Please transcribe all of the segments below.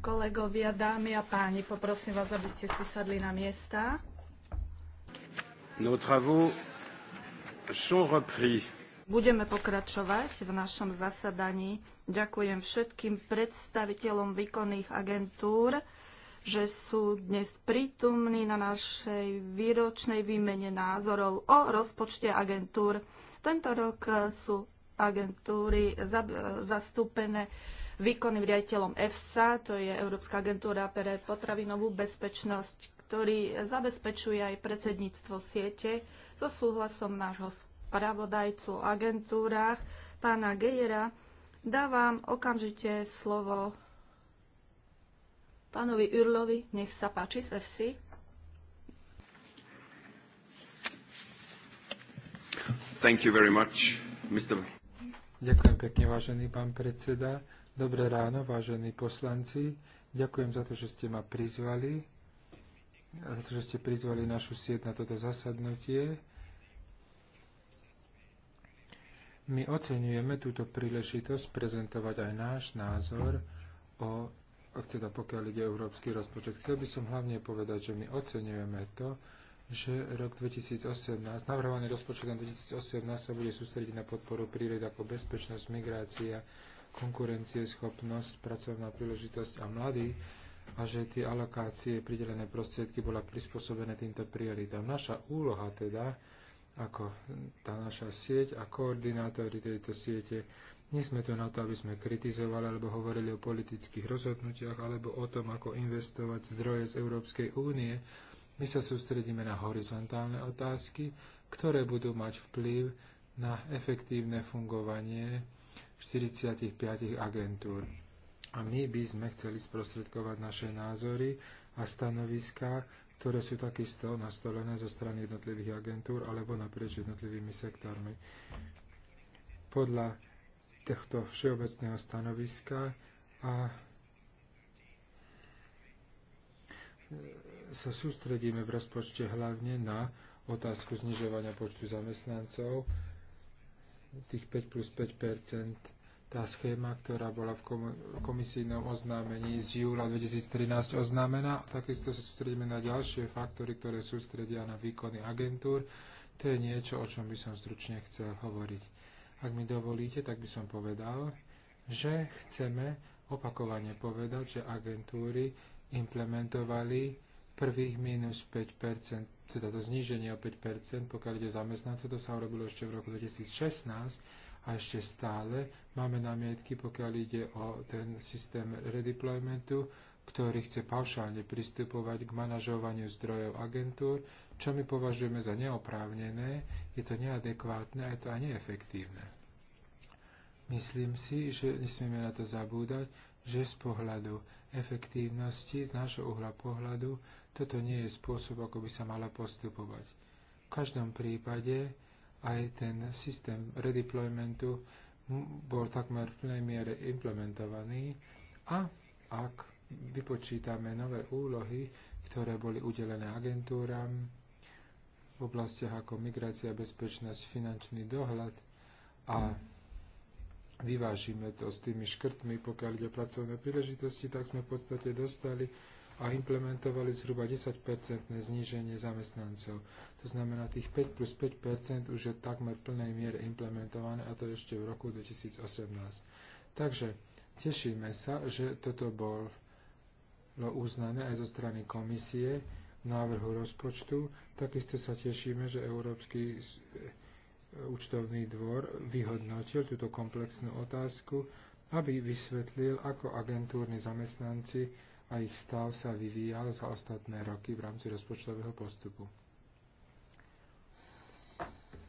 Kolegovia, dámy a páni, poprosím vás, aby ste si sadli na miesta. Nos travaux sont repris. Budeme pokračovať v našom zasadaní. Ďakujem všetkým predstaviteľom výkonných agentúr, že sú dnes prítomní na našej výročnej výmene názorov o rozpočte agentúr. Tento rok sú agentúry zastúpené výkonným riaditeľom EFSA, to je Európska agentúra pre potravinovú bezpečnosť, ktorý zabezpečuje aj predsedníctvo siete so súhlasom nášho spravodajcu o agentúrach, pána Gejera. Dávam okamžite slovo pánovi Urlovi, nech sa páči z FC. Thank you very much, Mr. Ďakujem pekne, vážený pán predseda. Dobré ráno, vážení poslanci. Ďakujem za to, že ste ma prizvali, za to, že ste prizvali našu sieť na toto zasadnutie. My oceňujeme túto príležitosť prezentovať aj náš názor o ak teda pokiaľ ide európsky rozpočet. Chcel by som hlavne povedať, že my oceňujeme to, že rok 2018, navrhovaný rozpočet na 2018 sa bude sústrediť na podporu prírod ako bezpečnosť, migrácia, schopnosť, pracovná príležitosť a mladí a že tie alokácie, pridelené prostriedky bola prispôsobené týmto prioritám. Naša úloha teda, ako tá naša sieť a koordinátori tejto siete, nie sme tu na to, aby sme kritizovali alebo hovorili o politických rozhodnutiach alebo o tom, ako investovať zdroje z Európskej únie my sa sústredíme na horizontálne otázky, ktoré budú mať vplyv na efektívne fungovanie 45 agentúr. A my by sme chceli sprostredkovať naše názory a stanoviská, ktoré sú takisto nastolené zo strany jednotlivých agentúr alebo naprieč jednotlivými sektormi. Podľa tohto všeobecného stanoviska a sa sústredíme v rozpočte hlavne na otázku znižovania počtu zamestnancov, tých 5 plus 5 tá schéma, ktorá bola v komisijnom oznámení z júla 2013 oznámená. Takisto sa sústredíme na ďalšie faktory, ktoré sústredia na výkony agentúr. To je niečo, o čom by som stručne chcel hovoriť. Ak mi dovolíte, tak by som povedal, že chceme opakovane povedať, že agentúry implementovali prvých minus 5%, teda to zníženie o 5%, pokiaľ ide o zamestnancov, to sa urobilo ešte v roku 2016 a ešte stále máme namietky, pokiaľ ide o ten systém redeploymentu, ktorý chce paušálne pristupovať k manažovaniu zdrojov agentúr, čo my považujeme za neoprávnené, je to neadekvátne a je to aj neefektívne. Myslím si, že nesmieme na to zabúdať, že z pohľadu efektívnosti, z nášho uhla pohľadu, toto nie je spôsob, ako by sa mala postupovať. V každom prípade aj ten systém redeploymentu bol takmer v plnej miere implementovaný a ak vypočítame nové úlohy, ktoré boli udelené agentúram v oblastiach ako migrácia, bezpečnosť, finančný dohľad a vyvážime to s tými škrtmi, pokiaľ ide pracovné príležitosti, tak sme v podstate dostali a implementovali zhruba 10-percentné zníženie zamestnancov. To znamená, tých 5 plus 5 už je takmer v plnej miere implementované a to ešte v roku 2018. Takže tešíme sa, že toto bolo uznané aj zo strany komisie návrhu rozpočtu. Takisto sa tešíme, že Európsky účtovný dvor vyhodnotil túto komplexnú otázku, aby vysvetlil, ako agentúrni zamestnanci a ich stav sa vyvíjal za ostatné roky v rámci rozpočtového postupu.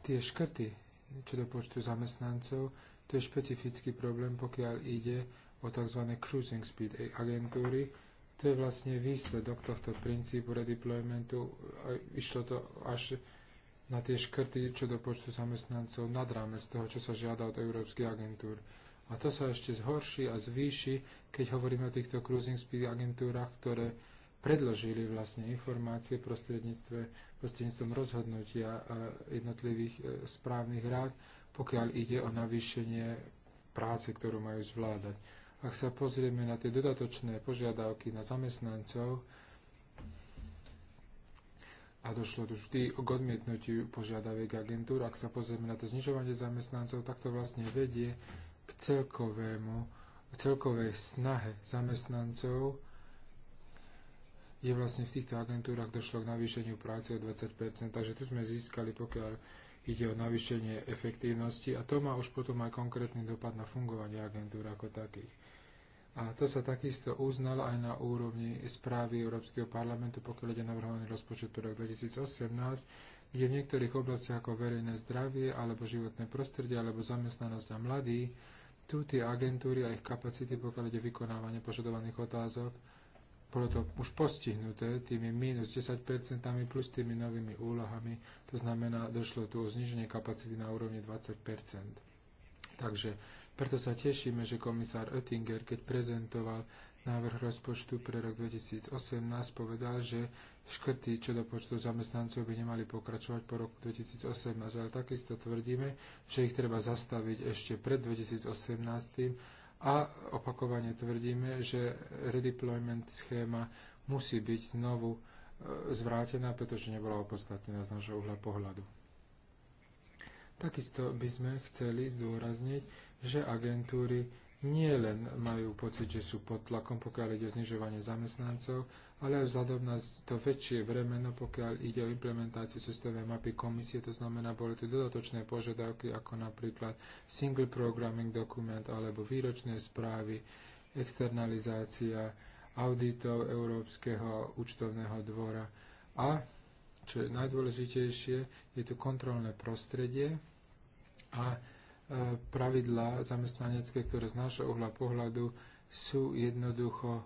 Tie škrty, čo do počtu zamestnancov, to je špecifický problém, pokiaľ ide o tzv. cruising speed agentúry. To je vlastne výsledok tohto princípu redeploymentu. Išlo to až na tie škrty, čo do počtu zamestnancov nad rámec toho, čo sa žiada od európskych agentúr. A to sa ešte zhorší a zvýši, keď hovoríme o týchto cruising speed agentúrach, ktoré predložili vlastne informácie prostredníctve, prostredníctvom rozhodnutia e, jednotlivých e, správnych rád, pokiaľ ide o navýšenie práce, ktorú majú zvládať. Ak sa pozrieme na tie dodatočné požiadavky na zamestnancov, a došlo tu vždy k odmietnutiu požiadaviek agentúr. Ak sa pozrieme na to znižovanie zamestnancov, tak to vlastne vedie k celkovému, k celkovej snahe zamestnancov je vlastne v týchto agentúrach došlo k navýšeniu práce o 20%, takže tu sme získali, pokiaľ ide o navýšenie efektívnosti a to má už potom aj konkrétny dopad na fungovanie agentúr ako takých. A to sa takisto uznalo aj na úrovni správy Európskeho parlamentu, pokiaľ ide navrhovaný rozpočet pre rok 2018, kde v niektorých oblastiach ako verejné zdravie alebo životné prostredie alebo zamestnanosť a mladí, tu tie agentúry a ich kapacity, pokiaľ ide vykonávanie požadovaných otázok, bolo to už postihnuté tými minus 10% plus tými novými úlohami. To znamená, došlo tu o zniženie kapacity na úrovni 20%. Takže preto sa tešíme, že komisár Oettinger, keď prezentoval návrh rozpočtu pre rok 2018 povedal, že škrty čo do počtu zamestnancov by nemali pokračovať po roku 2018, ale takisto tvrdíme, že ich treba zastaviť ešte pred 2018 a opakovane tvrdíme, že redeployment schéma musí byť znovu e, zvrátená, pretože nebola opodstatnená z nášho uhla pohľadu. Takisto by sme chceli zdôrazniť, že agentúry nie len majú pocit, že sú pod tlakom, pokiaľ ide o znižovanie zamestnancov, ale aj vzhľadom na to väčšie bremeno, pokiaľ ide o implementáciu cestovej mapy komisie, to znamená, boli tu dodatočné požiadavky, ako napríklad single programming dokument alebo výročné správy, externalizácia auditov Európskeho účtovného dvora a čo je najdôležitejšie, je tu kontrolné prostredie a E, pravidlá zamestnanecké, ktoré z nášho uhla pohľadu sú jednoducho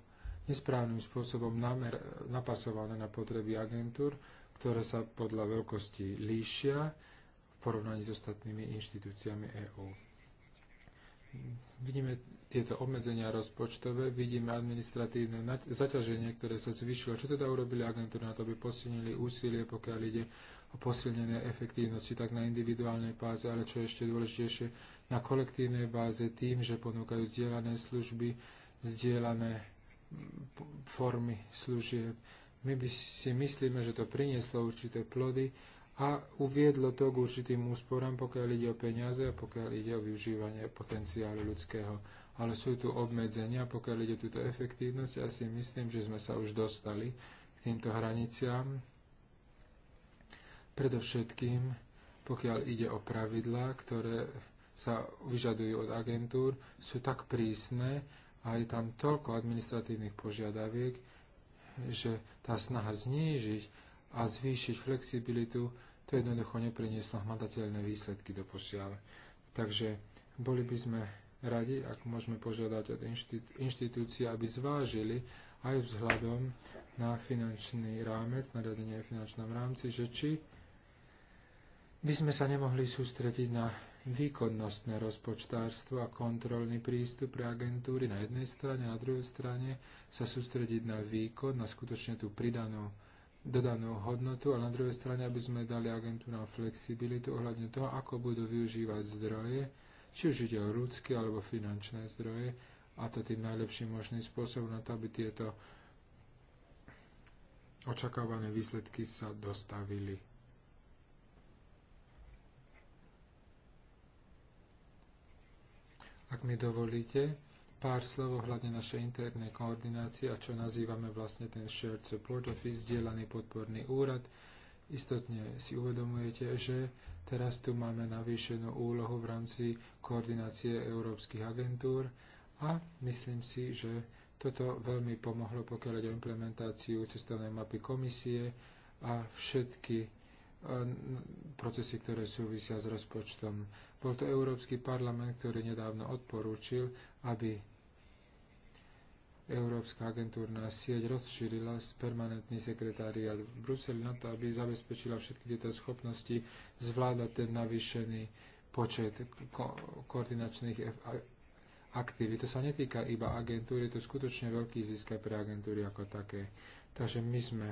nesprávnym spôsobom namer, napasované na potreby agentúr, ktoré sa podľa veľkosti líšia v porovnaní s ostatnými inštitúciami EÚ. Vidíme tieto obmedzenia rozpočtové, vidíme administratívne zaťaženie, ktoré sa zvyšilo. Čo teda urobili agentúry na to, aby posilnili úsilie, pokiaľ ide o posilnené efektívnosti tak na individuálnej báze, ale čo ešte dôležitejšie, na kolektívnej báze tým, že ponúkajú zdieľané služby, zdieľané formy služieb. My by si myslíme, že to prinieslo určité plody a uviedlo to k určitým úsporám, pokiaľ ide o peniaze a pokiaľ ide o využívanie potenciálu ľudského. Ale sú tu obmedzenia, pokiaľ ide o túto efektívnosť. Ja si myslím, že sme sa už dostali k týmto hraniciám Predovšetkým, pokiaľ ide o pravidlá, ktoré sa vyžadujú od agentúr, sú tak prísne a je tam toľko administratívnych požiadaviek, že tá snaha znížiť a zvýšiť flexibilitu, to jednoducho neprinieslo hmatateľné výsledky do posiaľ. Takže boli by sme radi, ak môžeme požiadať od inštitúcií, aby zvážili aj vzhľadom na finančný rámec, na riadenie finančnom rámci, že či by sme sa nemohli sústrediť na výkonnostné rozpočtárstvo a kontrolný prístup pre agentúry na jednej strane a na druhej strane sa sústrediť na výkon, na skutočne tú pridanú dodanú hodnotu, ale na druhej strane, aby sme dali agentúram flexibilitu ohľadne toho, ako budú využívať zdroje, či už ide o ľudské alebo finančné zdroje, a to tým najlepším možným spôsobom na to, aby tieto očakávané výsledky sa dostavili. Ak mi dovolíte, pár slov ohľadne našej internej koordinácie a čo nazývame vlastne ten Shared Support Office, zdieľaný podporný úrad. Istotne si uvedomujete, že teraz tu máme navýšenú úlohu v rámci koordinácie európskych agentúr a myslím si, že toto veľmi pomohlo, pokiaľ ide o implementáciu cestovnej mapy komisie a všetky procesy, ktoré súvisia s rozpočtom. Bol to Európsky parlament, ktorý nedávno odporúčil, aby Európska agentúrna sieť rozšírila permanentný sekretariat v Bruseli na to, aby zabezpečila všetky tieto schopnosti zvládať ten navýšený počet ko- koordinačných e-, aktivít. To sa netýka iba agentúry, to skutočne veľký získaj pre agentúry ako také. Takže my sme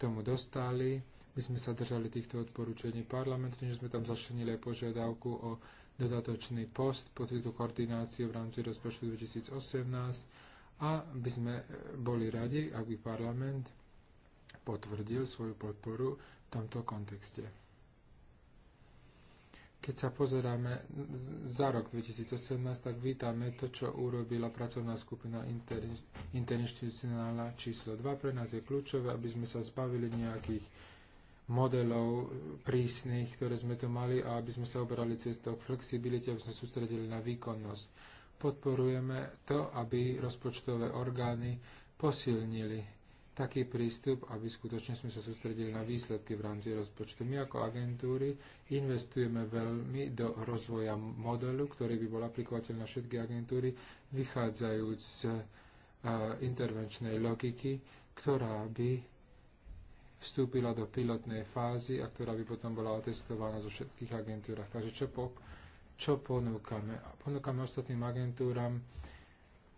tomu dostali by sme sa držali týchto odporúčení parlamentu, že sme tam začlenili aj požiadavku o dodatočný post po tejto koordinácii v rámci rozpočtu 2018 a by sme e, boli radi, ak by parlament potvrdil svoju podporu v tomto kontexte. Keď sa pozeráme za rok 2018, tak vítame to, čo urobila pracovná skupina interinstitucionálna číslo 2. Pre nás je kľúčové, aby sme sa zbavili nejakých modelov prísnych, ktoré sme tu mali a aby sme sa obrali cestou k flexibilite, aby sme sústredili na výkonnosť. Podporujeme to, aby rozpočtové orgány posilnili taký prístup, aby skutočne sme sa sústredili na výsledky v rámci rozpočtu. My ako agentúry investujeme veľmi do rozvoja modelu, ktorý by bol aplikovateľ na všetky agentúry, vychádzajúc z uh, intervenčnej logiky, ktorá by vstúpila do pilotnej fázy a ktorá by potom bola otestovaná zo všetkých agentúrach. Takže čo, po, čo ponúkame? Ponúkame ostatným agentúram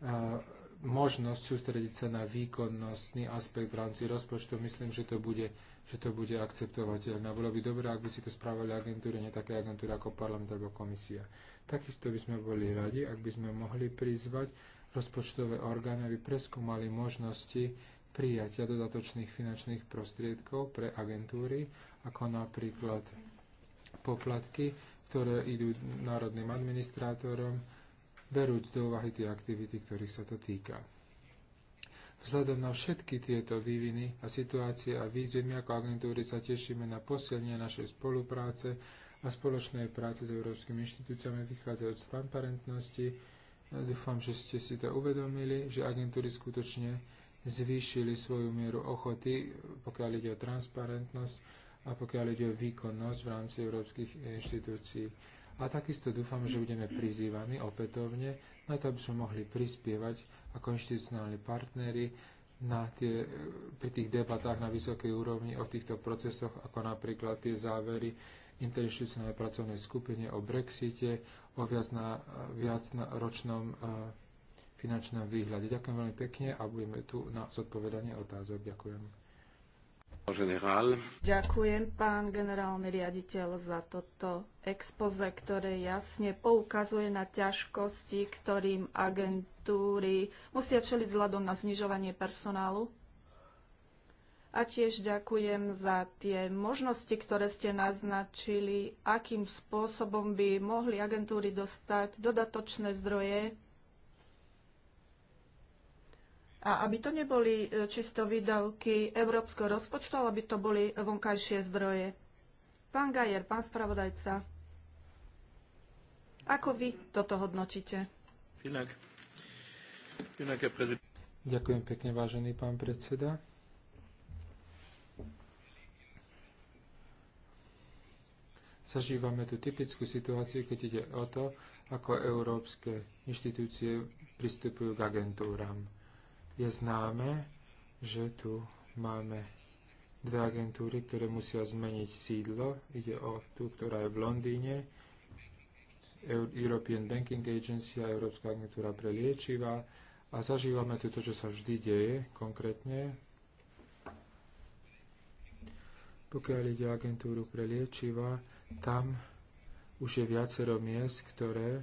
a, eh, možnosť sústrediť sa na výkonnostný aspekt v rámci rozpočtu. Myslím, že to bude, že to bude akceptovateľné. Bolo by dobré, ak by si to spravili agentúry, nie také agentúry ako parlament alebo komisia. Takisto by sme boli radi, ak by sme mohli prizvať rozpočtové orgány, aby preskúmali možnosti prijatia dodatočných finančných prostriedkov pre agentúry, ako napríklad poplatky, ktoré idú národným administrátorom, berúť do úvahy tie aktivity, ktorých sa to týka. Vzhľadom na všetky tieto výviny a situácie a výzvy, my ako agentúry sa tešíme na posilnenie našej spolupráce a spoločnej práce s európskymi inštitúciami vychádzajúc z transparentnosti. Dúfam, že ste si to uvedomili, že agentúry skutočne zvýšili svoju mieru ochoty, pokiaľ ide o transparentnosť a pokiaľ ide o výkonnosť v rámci európskych inštitúcií. A takisto dúfam, že budeme prizývaní opätovne na to, aby sme mohli prispievať ako inštitucionálni partnery na tie, pri tých debatách na vysokej úrovni o týchto procesoch, ako napríklad tie závery interinstitucionálnej pracovnej skupine o Brexite, o viac, na, viac na ročnom uh, finančnom výhľade. Ďakujem veľmi pekne a budeme tu na zodpovedanie otázok. Ďakujem. General. Ďakujem, pán generálny riaditeľ, za toto expoze, ktoré jasne poukazuje na ťažkosti, ktorým agentúry musia čeliť vzhľadom na znižovanie personálu. A tiež ďakujem za tie možnosti, ktoré ste naznačili, akým spôsobom by mohli agentúry dostať dodatočné zdroje a aby to neboli e, čisto výdavky európskeho rozpočtu, ale aby to boli vonkajšie zdroje. Pán Gajer, pán spravodajca, ako vy toto hodnotíte? Ďakujem pekne, vážený pán predseda. Zažívame tu typickú situáciu, keď ide o to, ako európske inštitúcie pristupujú k agentúram je známe, že tu máme dve agentúry, ktoré musia zmeniť sídlo. Ide o tú, ktorá je v Londýne, European Banking Agency a Európska agentúra pre liečiva. A zažívame tu to, čo sa vždy deje konkrétne. Pokiaľ ide o agentúru pre liečiva, tam už je viacero miest, ktoré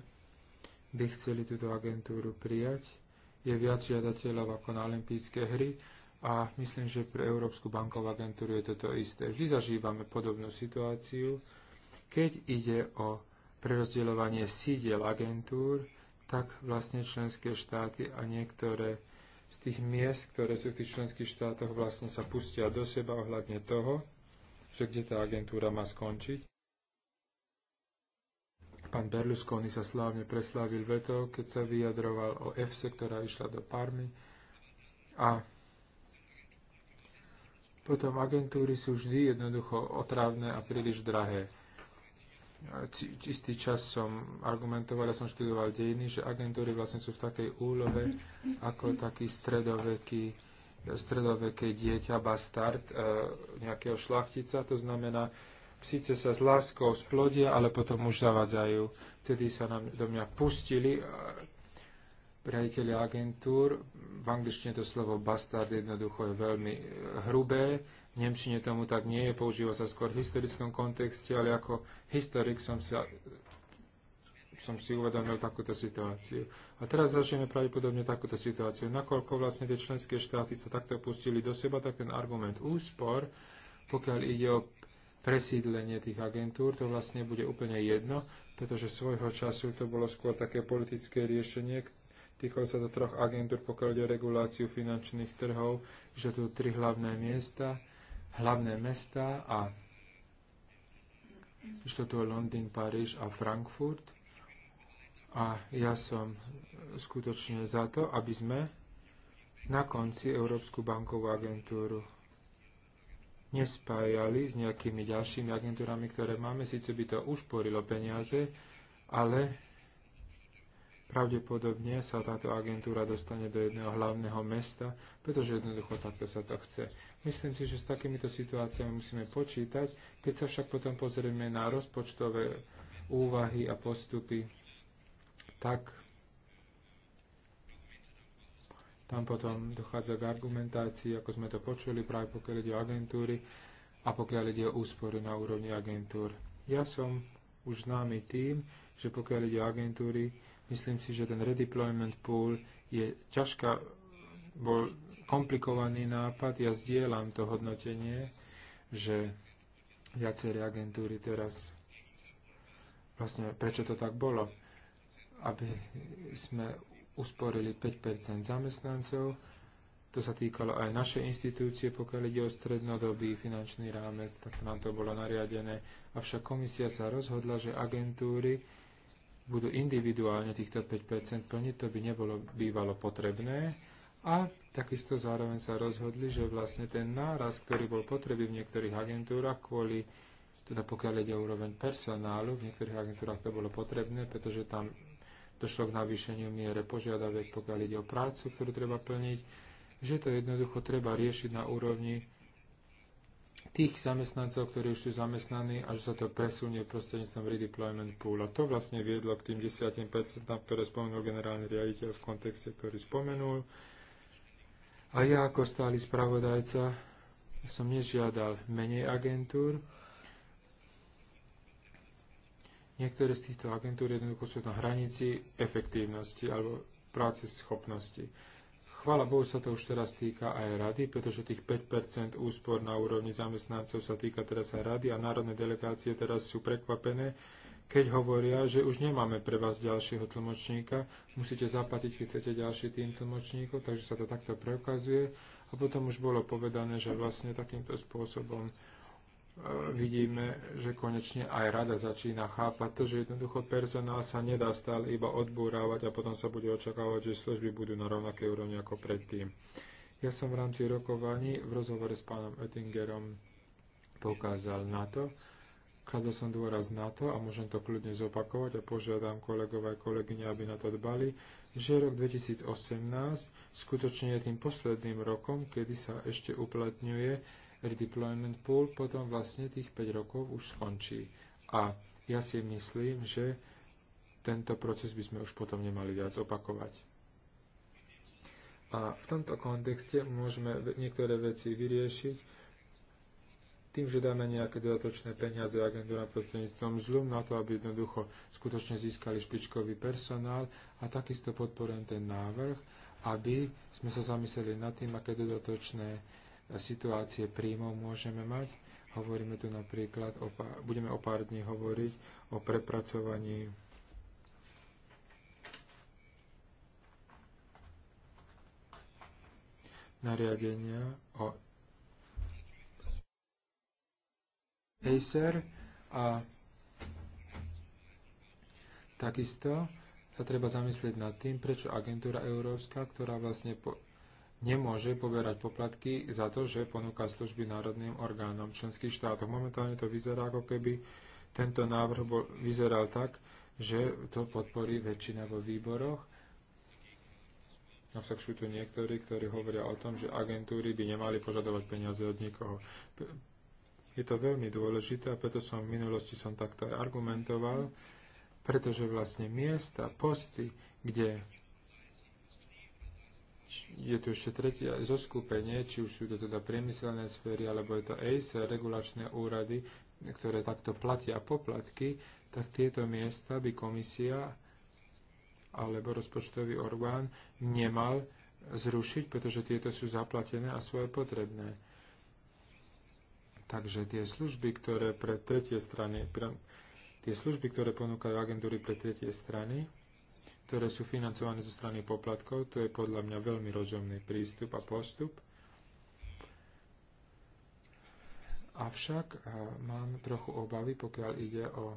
by chceli túto agentúru prijať je viac žiadateľov ako na olympijské hry a myslím, že pre Európsku bankovú agentúru je toto isté. Vždy zažívame podobnú situáciu, keď ide o prerozdeľovanie sídel agentúr, tak vlastne členské štáty a niektoré z tých miest, ktoré sú v tých členských štátoch, vlastne sa pustia do seba ohľadne toho, že kde tá agentúra má skončiť. Pán Berlusconi sa slávne preslávil veto, keď sa vyjadroval o FC, e, ktorá išla do Parmy. A potom agentúry sú vždy jednoducho otrávne a príliš drahé. Čistý čas som argumentoval, ja som študoval dejiny, že agentúry vlastne sú v takej úlohe ako taký stredoveký stredoveké dieťa bastard e, nejakého šlachtica, to znamená, síce sa s láskou splodia, ale potom už zavadzajú. Vtedy sa nám, do mňa pustili priateľi e, agentúr. V angličtine to slovo bastard jednoducho je veľmi e, hrubé. V Nemčine tomu tak nie je, používa sa skôr v historickom kontexte, ale ako historik som, sa, som si uvedomil takúto situáciu. A teraz zažijeme pravdepodobne takúto situáciu. Nakoľko vlastne tie členské štáty sa takto pustili do seba, tak ten argument úspor, pokiaľ ide o presídlenie tých agentúr, to vlastne bude úplne jedno, pretože svojho času to bolo skôr také politické riešenie, týkalo sa to troch agentúr, pokiaľ ide o reguláciu finančných trhov, že tu tri hlavné miesta, hlavné mesta a išlo tu o Londýn, Paríž a Frankfurt. A ja som skutočne za to, aby sme na konci Európsku bankovú agentúru nespájali s nejakými ďalšími agentúrami, ktoré máme. Sice by to už porilo peniaze, ale pravdepodobne sa táto agentúra dostane do jedného hlavného mesta, pretože jednoducho takto sa to chce. Myslím si, že s takýmito situáciami musíme počítať, keď sa však potom pozrieme na rozpočtové úvahy a postupy, tak Tam potom dochádza k argumentácii, ako sme to počuli, práve pokiaľ ide o agentúry a pokiaľ ide o úspory na úrovni agentúr. Ja som už známy tým, že pokiaľ ide o agentúry, myslím si, že ten redeployment pool je ťažká, bol komplikovaný nápad. Ja zdieľam to hodnotenie, že viaceré agentúry teraz vlastne prečo to tak bolo, aby sme usporili 5 zamestnancov. To sa týkalo aj našej inštitúcie, pokiaľ ide o strednodobý finančný rámec, tak nám to bolo nariadené. Avšak komisia sa rozhodla, že agentúry budú individuálne týchto 5 plniť, to by nebolo bývalo potrebné. A takisto zároveň sa rozhodli, že vlastne ten náraz, ktorý bol potreby v niektorých agentúrach kvôli teda pokiaľ ide o úroveň personálu, v niektorých agentúrach to bolo potrebné, pretože tam došlo k navýšeniu miere požiadavek, pokiaľ ide o prácu, ktorú treba plniť, že to jednoducho treba riešiť na úrovni tých zamestnancov, ktorí už sú zamestnaní a že sa to presunie prostredníctvom redeployment pool. A to vlastne viedlo k tým 10%, ktoré spomenul generálny riaditeľ v kontexte, ktorý spomenul. A ja ako stály spravodajca som nežiadal menej agentúr, Niektoré z týchto agentúr jednoducho sú na hranici efektívnosti alebo práce schopnosti. Chvála Bohu sa to už teraz týka aj rady, pretože tých 5% úspor na úrovni zamestnancov sa týka teraz aj rady a národné delegácie teraz sú prekvapené, keď hovoria, že už nemáme pre vás ďalšieho tlmočníka, musíte zaplatiť, keď chcete ďalší tým tlmočníkov, takže sa to takto preukazuje. A potom už bolo povedané, že vlastne takýmto spôsobom E, vidíme, že konečne aj rada začína chápať to, že jednoducho personál sa nedá stále iba odbúravať a potom sa bude očakávať, že služby budú na rovnakej úrovni ako predtým. Ja som v rámci rokovaní v rozhovore s pánom Oettingerom poukázal na to, kladol som dôraz na to a môžem to kľudne zopakovať a požiadam kolegov aj kolegyne, aby na to dbali, že rok 2018 skutočne je tým posledným rokom, kedy sa ešte uplatňuje redeployment pool potom vlastne tých 5 rokov už skončí. A ja si myslím, že tento proces by sme už potom nemali viac opakovať. A v tomto kontexte môžeme niektoré veci vyriešiť tým, že dáme nejaké dodatočné peniaze agentúram prostredníctvom zlom na to, aby jednoducho skutočne získali špičkový personál a takisto podporujem ten návrh, aby sme sa zamysleli nad tým, aké dodatočné situácie príjmov môžeme mať. Hovoríme tu napríklad, o pár, budeme o pár dní hovoriť o prepracovaní nariadenia o Acer a takisto sa treba zamyslieť nad tým, prečo agentúra európska, ktorá vlastne po, nemôže poberať poplatky za to, že ponúka služby národným orgánom členských štátov. Momentálne to vyzerá, ako keby tento návrh bol, vyzeral tak, že to podporí väčšina vo výboroch. Avšak sú tu niektorí, ktorí hovoria o tom, že agentúry by nemali požadovať peniaze od nikoho. Je to veľmi dôležité a preto som v minulosti som takto aj argumentoval, pretože vlastne miesta, posty, kde je tu ešte tretie zoskupenie, či už sú to teda priemyselné sféry, alebo je to ACE, regulačné úrady, ktoré takto platia poplatky, tak tieto miesta by komisia alebo rozpočtový orgán nemal zrušiť, pretože tieto sú zaplatené a svoje potrebné. Takže tie služby, ktoré pre tretie strany, pre, tie služby, ktoré ponúkajú agentúry pre tretie strany, ktoré sú financované zo strany poplatkov. To je podľa mňa veľmi rozumný prístup a postup. Avšak eh, mám trochu obavy, pokiaľ ide o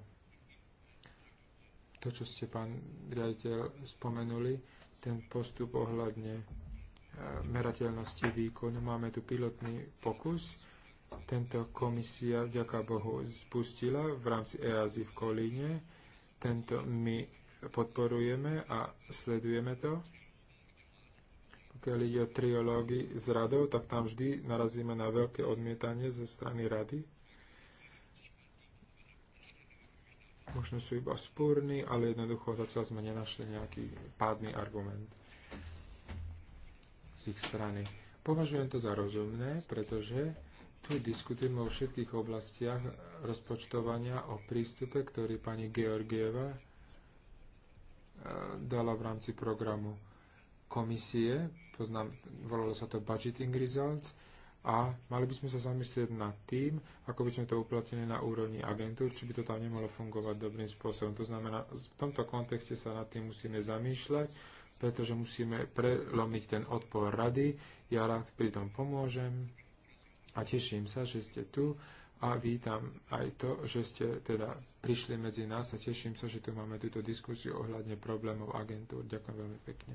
to, čo ste, pán riaditeľ, spomenuli, ten postup ohľadne eh, merateľnosti výkonu. Máme tu pilotný pokus. Tento komisia, vďaka Bohu, spustila v rámci EASI v Kolíne. Tento my podporujeme a sledujeme to. Pokiaľ ide o triológy s radou, tak tam vždy narazíme na veľké odmietanie ze strany rady. Možno sú iba spúrni, ale jednoducho zatiaľ sme nenašli nejaký pádny argument z ich strany. Považujem to za rozumné, pretože tu diskutujeme o všetkých oblastiach rozpočtovania, o prístupe, ktorý pani Georgieva E, dala v rámci programu komisie, poznám, volalo sa to Budgeting Results, a mali by sme sa zamyslieť nad tým, ako by sme to uplatnili na úrovni agentúr, či by to tam nemohlo fungovať dobrým spôsobom. To znamená, v tomto kontexte sa nad tým musíme zamýšľať, pretože musíme prelomiť ten odpor rady. Ja rád pri tom pomôžem a teším sa, že ste tu a vítam aj to, že ste teda prišli medzi nás a teším sa, že tu máme túto diskusiu ohľadne problémov agentúr. Ďakujem veľmi pekne.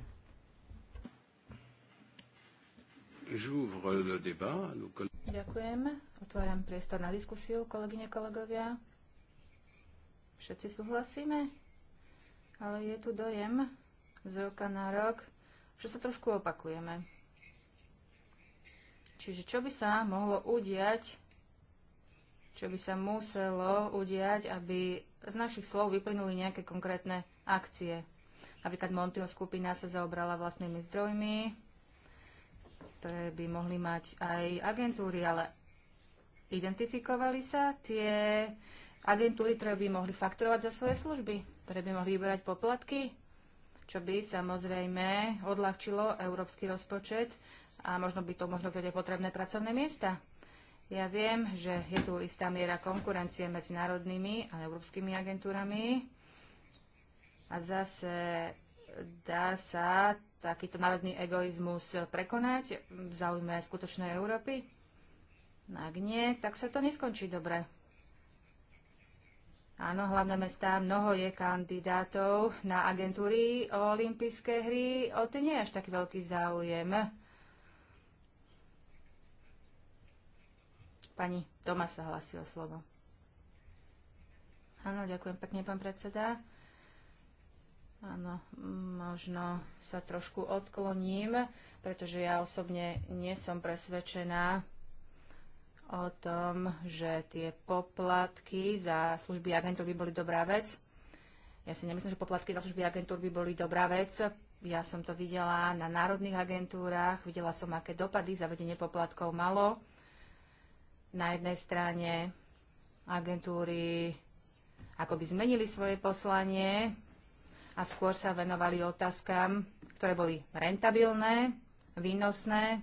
Ďakujem. Otváram priestor na diskusiu, kolegyne, kolegovia. Všetci súhlasíme, ale je tu dojem z roka na rok, že sa trošku opakujeme. Čiže čo by sa mohlo udiať, čo by sa muselo udiať, aby z našich slov vyplynuli nejaké konkrétne akcie. Napríklad Montyho skupina sa zaobrala vlastnými zdrojmi, ktoré by mohli mať aj agentúry, ale identifikovali sa tie agentúry, ktoré by mohli fakturovať za svoje služby, ktoré by mohli vyberať poplatky, čo by samozrejme odľahčilo európsky rozpočet a možno by to možno kde potrebné pracovné miesta. Ja viem, že je tu istá miera konkurencie medzi národnými a európskymi agentúrami. A zase dá sa takýto národný egoizmus prekonať v záujme skutočnej Európy? No ak nie, tak sa to neskončí dobre. Áno, hlavné mestá, mnoho je kandidátov na agentúry o olympijské hry, o to nie je až taký veľký záujem. Pani Toma sa hlasí o slovo. Áno, ďakujem pekne, pán predseda. Áno, možno sa trošku odkloním, pretože ja osobne nie som presvedčená o tom, že tie poplatky za služby agentúr by boli dobrá vec. Ja si nemyslím, že poplatky za služby agentúr by boli dobrá vec. Ja som to videla na národných agentúrach, videla som, aké dopady zavedenie poplatkov malo na jednej strane agentúry ako by zmenili svoje poslanie a skôr sa venovali otázkam, ktoré boli rentabilné, výnosné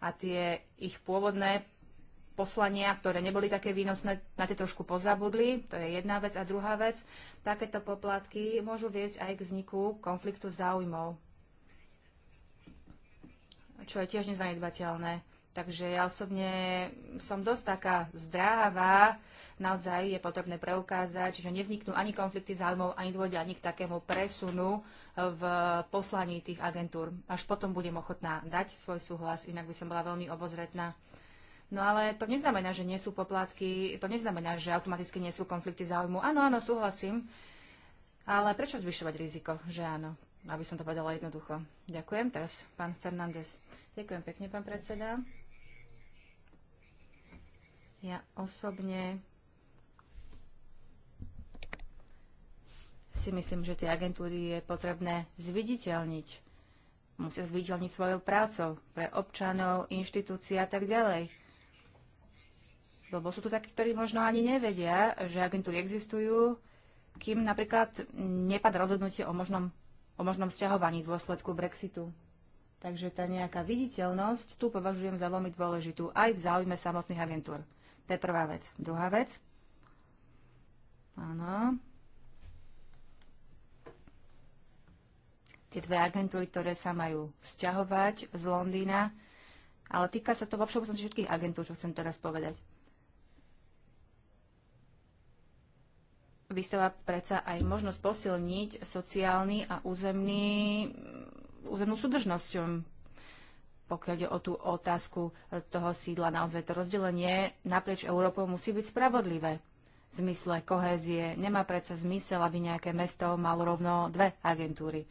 a tie ich pôvodné poslania, ktoré neboli také výnosné, na tie trošku pozabudli. To je jedna vec. A druhá vec, takéto poplatky môžu viesť aj k vzniku konfliktu záujmov čo je tiež nezanedbateľné. Takže ja osobne som dosť taká zdráva, naozaj je potrebné preukázať, že nevzniknú ani konflikty záujmov, ani dôjde ani k takému presunu v poslaní tých agentúr. Až potom budem ochotná dať svoj súhlas, inak by som bola veľmi obozretná. No ale to neznamená, že nie sú poplatky, to neznamená, že automaticky nie sú konflikty záujmu. Áno, áno, súhlasím. Ale prečo zvyšovať riziko, že áno? aby som to povedala jednoducho. Ďakujem. Teraz pán Fernández. Ďakujem pekne, pán predseda. Ja osobne si myslím, že tie agentúry je potrebné zviditeľniť. Musia zviditeľniť svojou prácou pre občanov, inštitúcie a tak ďalej. Lebo sú tu takí, ktorí možno ani nevedia, že agentúry existujú, kým napríklad nepadá rozhodnutie o možnom o možnom v dôsledku Brexitu. Takže tá nejaká viditeľnosť tu považujem za veľmi dôležitú aj v záujme samotných agentúr. To je prvá vec. Druhá vec. Áno. Tie dve agentúry, ktoré sa majú vzťahovať z Londýna, ale týka sa to vo všeobecnosti všetkých agentúr, čo chcem teraz povedať. vystáva predsa aj možnosť posilniť sociálny a územný, územnú súdržnosť, um, pokiaľ je o tú otázku toho sídla. Naozaj to rozdelenie naprieč Európou musí byť spravodlivé v zmysle kohézie. Nemá predsa zmysel, aby nejaké mesto malo rovno dve agentúry.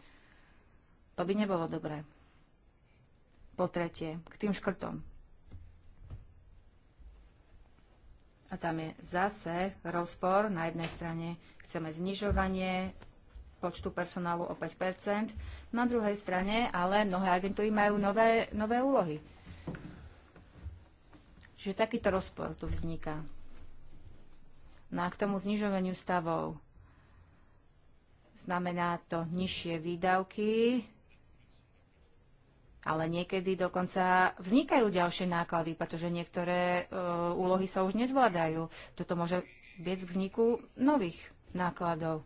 To by nebolo dobré. Po tretie, k tým škrtom. A tam je zase rozpor. Na jednej strane chceme znižovanie počtu personálu o 5 na druhej strane ale mnohé agentúry majú nové, nové úlohy. Čiže takýto rozpor tu vzniká. No a k tomu znižovaniu stavov znamená to nižšie výdavky, ale niekedy dokonca vznikajú ďalšie náklady, pretože niektoré e, úlohy sa už nezvládajú. Toto môže viesť k vzniku nových nákladov.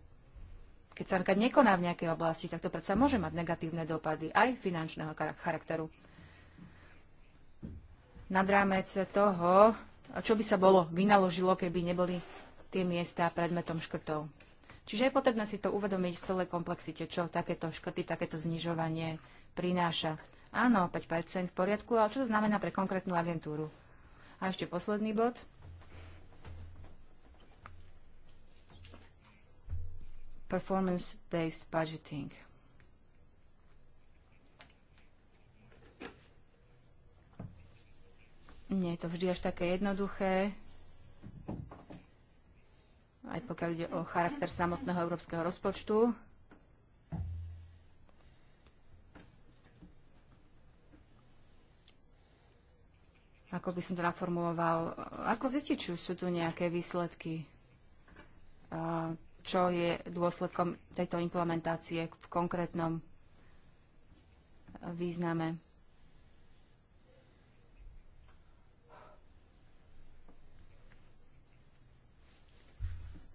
Keď sa nekoná v nejakej oblasti, tak to predsa môže mať negatívne dopady aj finančného charakteru. Nad rámec toho, čo by sa bolo vynaložilo, keby neboli tie miesta predmetom škrtov. Čiže je potrebné si to uvedomiť v celej komplexite, čo takéto škrty, takéto znižovanie prináša. Áno, 5% v poriadku, ale čo to znamená pre konkrétnu agentúru? A ešte posledný bod. Performance-based budgeting. Nie je to vždy až také jednoduché aj pokiaľ ide o charakter samotného európskeho rozpočtu. ako by som to naformuloval, ako zistiť, či sú tu nejaké výsledky, čo je dôsledkom tejto implementácie v konkrétnom význame.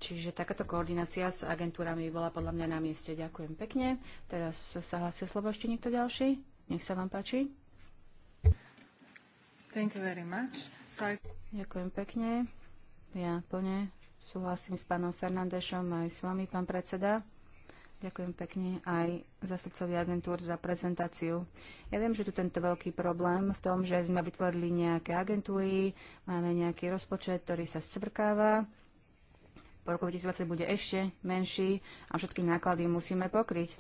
Čiže takáto koordinácia s agentúrami bola podľa mňa na mieste. Ďakujem pekne. Teraz sa hlásil slovo ešte niekto ďalší. Nech sa vám páči. Thank you very much. So I... Ďakujem pekne. Ja plne súhlasím s pánom Fernandešom aj s vami, pán predseda. Ďakujem pekne aj zastupcovi agentúr za prezentáciu. Ja viem, že tu tento veľký problém v tom, že sme vytvorili nejaké agentúry, máme nejaký rozpočet, ktorý sa scvrkáva, po roku 2020 bude ešte menší a všetky náklady musíme pokryť.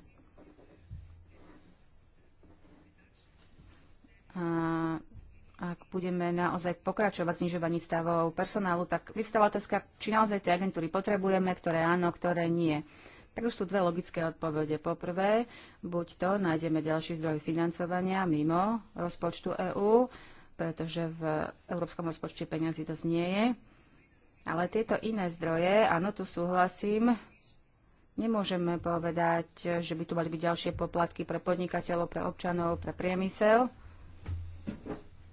A ak budeme naozaj pokračovať v znižovaní stavov personálu, tak vyvstáva otázka, či naozaj tie agentúry potrebujeme, ktoré áno, ktoré nie. Tak už sú dve logické odpovede. Poprvé, buď to nájdeme ďalší zdroj financovania mimo rozpočtu EÚ, pretože v európskom rozpočte peniazy dosť nie je. Ale tieto iné zdroje, áno, tu súhlasím, nemôžeme povedať, že by tu mali byť ďalšie poplatky pre podnikateľov, pre občanov, pre priemysel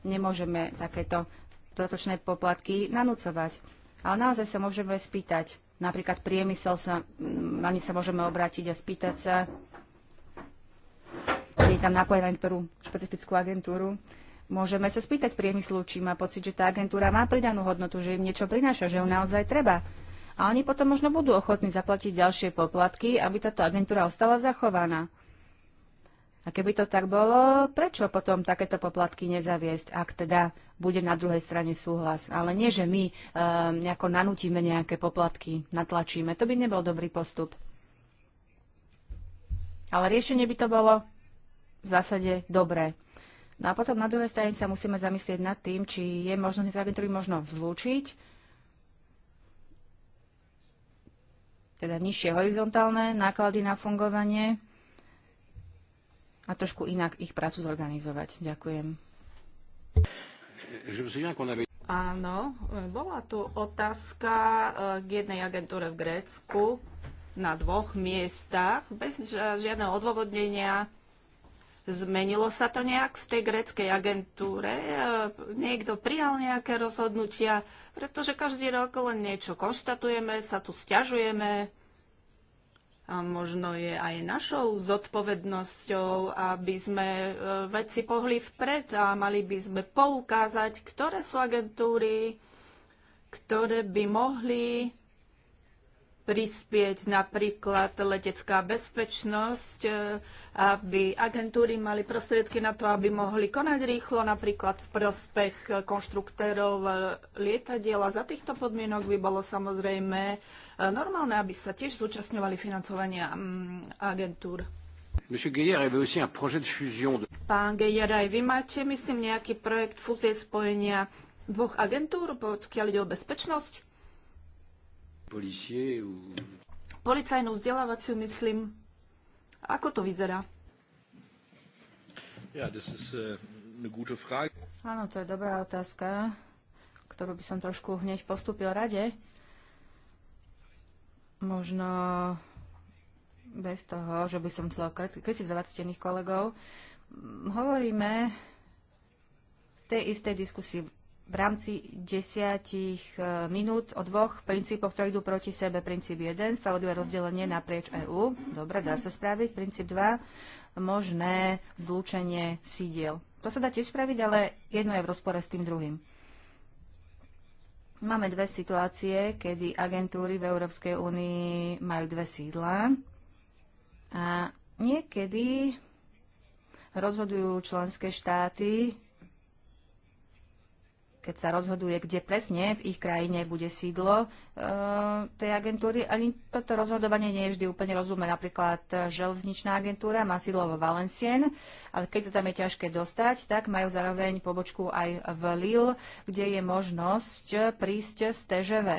nemôžeme takéto dodatočné poplatky nanúcovať. Ale naozaj sa môžeme spýtať. Napríklad priemysel, sa, mm, na ne sa môžeme obrátiť a spýtať sa, či je tam napojená ktorú špecifickú agentúru. Môžeme sa spýtať priemyslu, či má pocit, že tá agentúra má pridanú hodnotu, že im niečo prináša, že ju naozaj treba. A oni potom možno budú ochotní zaplatiť ďalšie poplatky, aby táto agentúra ostala zachovaná. A keby to tak bolo, prečo potom takéto poplatky nezaviesť, ak teda bude na druhej strane súhlas? Ale nie, že my um, nejako nanútime nejaké poplatky, natlačíme. To by nebol dobrý postup. Ale riešenie by to bolo v zásade dobré. No a potom na druhej strane sa musíme zamyslieť nad tým, či je možno tieto agentúry možno vzlúčiť, teda nižšie horizontálne náklady na fungovanie a trošku inak ich prácu zorganizovať. Ďakujem. Áno, bola tu otázka eh, k jednej agentúre v Grécku na dvoch miestach bez žiadneho odôvodnenia. Zmenilo sa to nejak v tej gréckej agentúre? Eh, niekto prijal nejaké rozhodnutia? Pretože každý rok len niečo konštatujeme, sa tu stiažujeme, a možno je aj našou zodpovednosťou, aby sme e, veci pohli vpred a mali by sme poukázať, ktoré sú agentúry, ktoré by mohli prispieť napríklad letecká bezpečnosť, e, aby agentúry mali prostriedky na to, aby mohli konať rýchlo, napríklad v prospech konštruktérov lietadiel. A za týchto podmienok by bolo samozrejme e, normálne, aby sa tiež zúčastňovali financovania mm, agentúr. Pán Geyer, aj vy máte, myslím, nejaký projekt fúzie spojenia dvoch agentúr, pokiaľ ide o bezpečnosť? Policier, Policajnú vzdelávaciu, myslím. Ako to vyzerá? Ja, das ist äh, eine gute Frage. Áno, to je dobrá otázka, ktorú by som trošku hneď postúpil rade. Možno bez toho, že by som chcel kritizovať stených kolegov. Hovoríme v tej istej diskusii v rámci desiatich e, minút o dvoch princípoch, ktoré idú proti sebe. Princíp 1, spravodlivé rozdelenie naprieč EÚ. Dobre, dá sa spraviť. Princíp 2, možné zlúčenie sídiel. To sa dá tiež spraviť, ale jedno je v rozpore s tým druhým. Máme dve situácie, kedy agentúry v Európskej únii majú dve sídla a niekedy rozhodujú členské štáty keď sa rozhoduje, kde presne v ich krajine bude sídlo e, tej agentúry. Ani toto rozhodovanie nie je vždy úplne rozumné. Napríklad e, železničná agentúra má sídlo vo Valencien, ale keď sa tam je ťažké dostať, tak majú zároveň pobočku aj v Lille, kde je možnosť e, prísť z TŽV.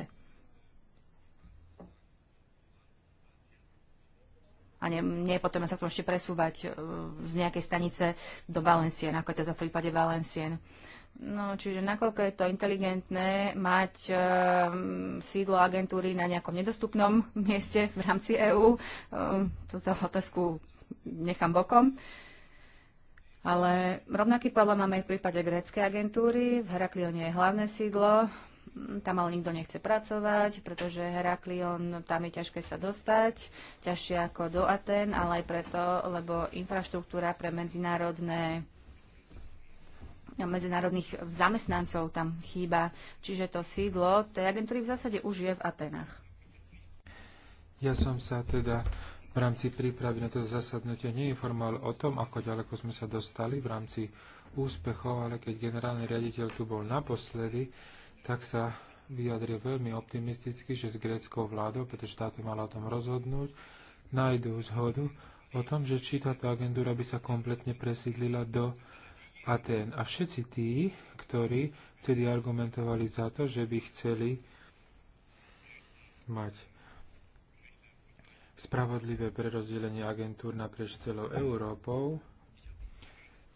a nie, nie je potrebné sa potom ešte presúvať e, z nejakej stanice do Valencien, ako je to v prípade Valencien. No, čiže nakoľko je to inteligentné mať um, sídlo agentúry na nejakom nedostupnom mieste v rámci EÚ, um, ehm, túto otázku nechám bokom. Ale rovnaký problém máme aj v prípade gréckej agentúry. V Heraklione je hlavné sídlo, tam ale nikto nechce pracovať, pretože Heraklion, tam je ťažké sa dostať, ťažšie ako do Aten, ale aj preto, lebo infraštruktúra pre medzinárodné medzinárodných zamestnancov tam chýba. Čiže to sídlo tej agentúry v zásade už je v Atenách. Ja som sa teda v rámci prípravy na toto zasadnutie neinformoval o tom, ako ďaleko sme sa dostali v rámci úspechov, ale keď generálny riaditeľ tu bol naposledy, tak sa vyjadril veľmi optimisticky, že s gréckou vládou, pretože táto mala o tom rozhodnúť, nájdú zhodu o tom, že či táto agentúra by sa kompletne presídlila do Atén. A všetci tí, ktorí vtedy argumentovali za to, že by chceli mať spravodlivé prerozdelenie agentúr naprieč celou Európou.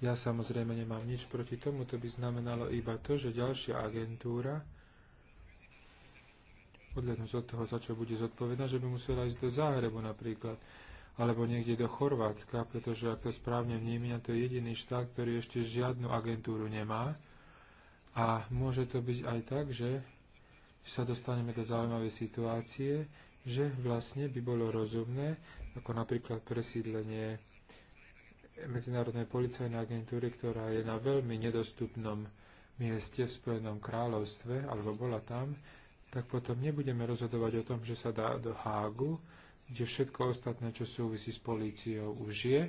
Ja samozrejme nemám nič proti tomu, to by znamenalo iba to, že ďalšia agentúra, odhľadnúť od toho, za čo bude zodpovedná, že by musela ísť do Záhrebu napríklad alebo niekde do Chorvátska, pretože ak to správne vnímia, to je jediný štát, ktorý ešte žiadnu agentúru nemá. A môže to byť aj tak, že sa dostaneme do zaujímavej situácie, že vlastne by bolo rozumné, ako napríklad presídlenie Medzinárodnej policajnej agentúry, ktorá je na veľmi nedostupnom mieste v Spojenom kráľovstve, alebo bola tam, tak potom nebudeme rozhodovať o tom, že sa dá do Hágu, kde všetko ostatné, čo súvisí s políciou, už je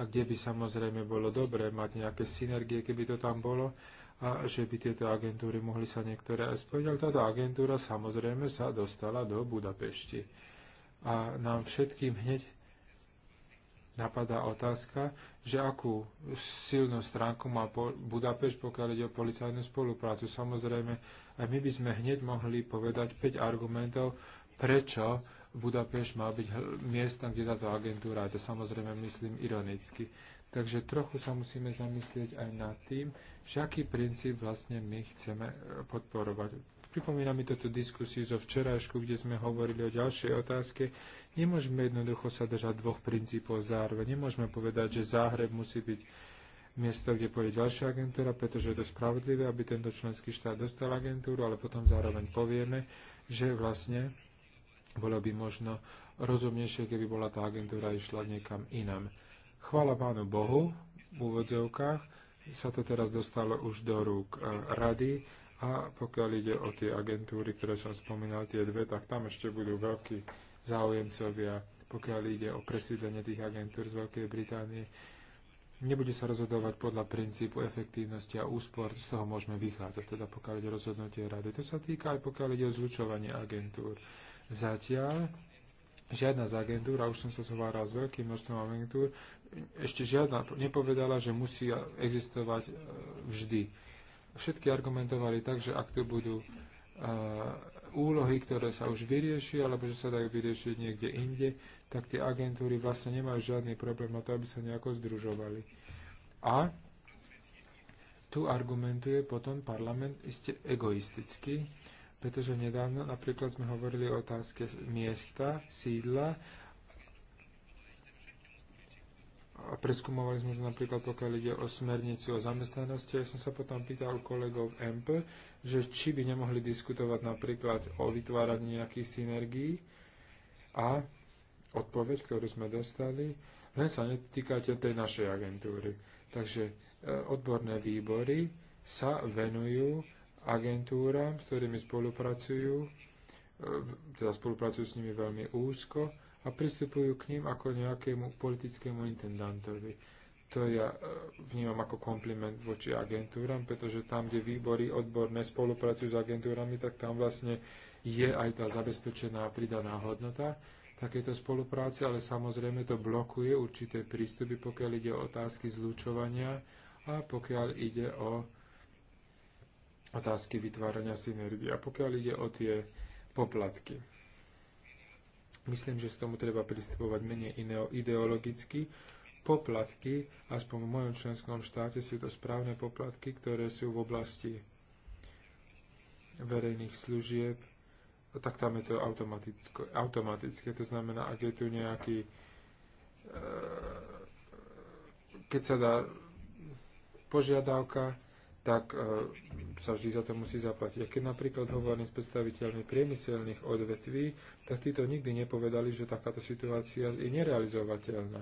a kde by samozrejme bolo dobré mať nejaké synergie, keby to tam bolo a že by tieto agentúry mohli sa niektoré aj spojiť. Ale táto agentúra samozrejme sa dostala do Budapešti. A nám všetkým hneď napadá otázka, že akú silnú stránku má Budapešť, pokiaľ ide o policajnú spoluprácu. Samozrejme, aj my by sme hneď mohli povedať 5 argumentov, prečo Budapešť má byť miestom, kde táto agentúra, a to samozrejme myslím ironicky. Takže trochu sa musíme zamyslieť aj nad tým, že aký princíp vlastne my chceme e, podporovať. Pripomína mi toto diskusiu zo včerajšku, kde sme hovorili o ďalšej otázke. Nemôžeme jednoducho sa držať dvoch princípov zároveň. Nemôžeme povedať, že záhreb musí byť miesto, kde pôjde ďalšia agentúra, pretože je to spravodlivé, aby tento členský štát dostal agentúru, ale potom zároveň povieme, že vlastne bolo by možno rozumnejšie, keby bola tá agentúra išla niekam inam. Chvála pánu Bohu, v úvodzovkách, sa to teraz dostalo už do rúk e, rady a pokiaľ ide o tie agentúry, ktoré som spomínal, tie dve, tak tam ešte budú veľkí záujemcovia, pokiaľ ide o presídlenie tých agentúr z Veľkej Británie. Nebude sa rozhodovať podľa princípu efektívnosti a úspor, z toho môžeme vychádzať, teda pokiaľ ide rozhodnutie rady. To sa týka aj pokiaľ ide o zlučovanie agentúr. Zatiaľ žiadna z agentúr, a už som sa zhováral s veľkým množstvom agentúr, ešte žiadna nepovedala, že musí existovať e, vždy. Všetky argumentovali tak, že ak tu budú e, úlohy, ktoré sa už vyrieši, alebo že sa dajú vyriešiť niekde inde, tak tie agentúry vlastne nemajú žiadny problém na to, aby sa nejako združovali. A tu argumentuje potom parlament iste egoisticky, pretože nedávno napríklad sme hovorili o otázke miesta, sídla a preskúmovali sme to napríklad pokiaľ ide o smernicu o zamestnanosti. Ja som sa potom pýtal kolegov v MP, že či by nemohli diskutovať napríklad o vytváraní nejakých synergií a odpoveď, ktorú sme dostali, len sa netýkate tej našej agentúry. Takže e, odborné výbory sa venujú agentúram, s ktorými spolupracujú, e, teda spolupracujú s nimi veľmi úzko a pristupujú k ním ako nejakému politickému intendantovi. To ja e, vnímam ako kompliment voči agentúram, pretože tam, kde výbory odborné spolupracujú s agentúrami, tak tam vlastne je aj tá zabezpečená pridaná hodnota takéto spolupráce, ale samozrejme to blokuje určité prístupy, pokiaľ ide o otázky zlučovania a pokiaľ ide o otázky vytvárania synergie. A pokiaľ ide o tie poplatky, myslím, že z tomu treba pristupovať menej ideologicky. Poplatky, aspoň v mojom členskom štáte, sú to správne poplatky, ktoré sú v oblasti verejných služieb, tak tam je to automatické. To znamená, ak je tu nejaký... E, keď sa dá požiadavka, tak e, sa vždy za to musí zaplatiť. A keď napríklad hovorím s predstaviteľmi priemyselných odvetví, tak títo nikdy nepovedali, že takáto situácia je nerealizovateľná.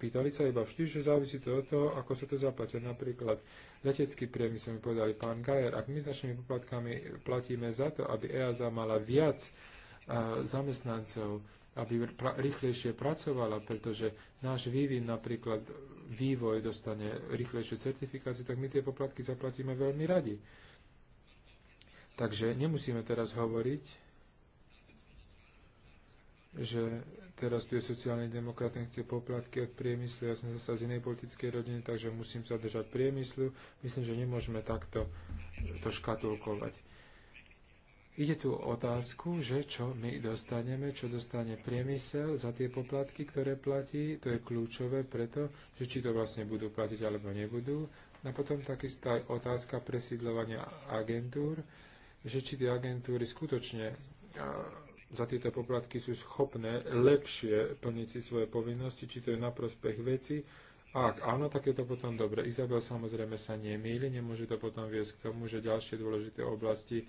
Pýtali sa iba vždy, že závisí to od toho, ako sa to zaplatia. Napríklad letecký priemysel mi povedali, pán Gajer, ak my s našimi poplatkami platíme za to, aby EASA mala viac e, zamestnancov, aby pra- rýchlejšie pracovala, pretože náš vývin napríklad vývoj dostane rýchlejšie certifikácie, tak my tie poplatky zaplatíme veľmi radi. Takže nemusíme teraz hovoriť, že teraz tu je sociálny demokrat, chce poplatky od priemyslu, ja som zase z inej politickej rodiny, takže musím sa držať priemyslu. Myslím, že nemôžeme takto to škatulkovať. Ide tu o otázku, že čo my dostaneme, čo dostane priemysel za tie poplatky, ktoré platí, to je kľúčové preto, že či to vlastne budú platiť alebo nebudú. A potom takisto aj otázka presídľovania agentúr, že či tie agentúry skutočne za tieto poplatky sú schopné lepšie plniť si svoje povinnosti, či to je na prospech veci. A ak áno, tak je to potom dobre. Izabel samozrejme sa nemýli, nemôže to potom viesť k tomu, že ďalšie dôležité oblasti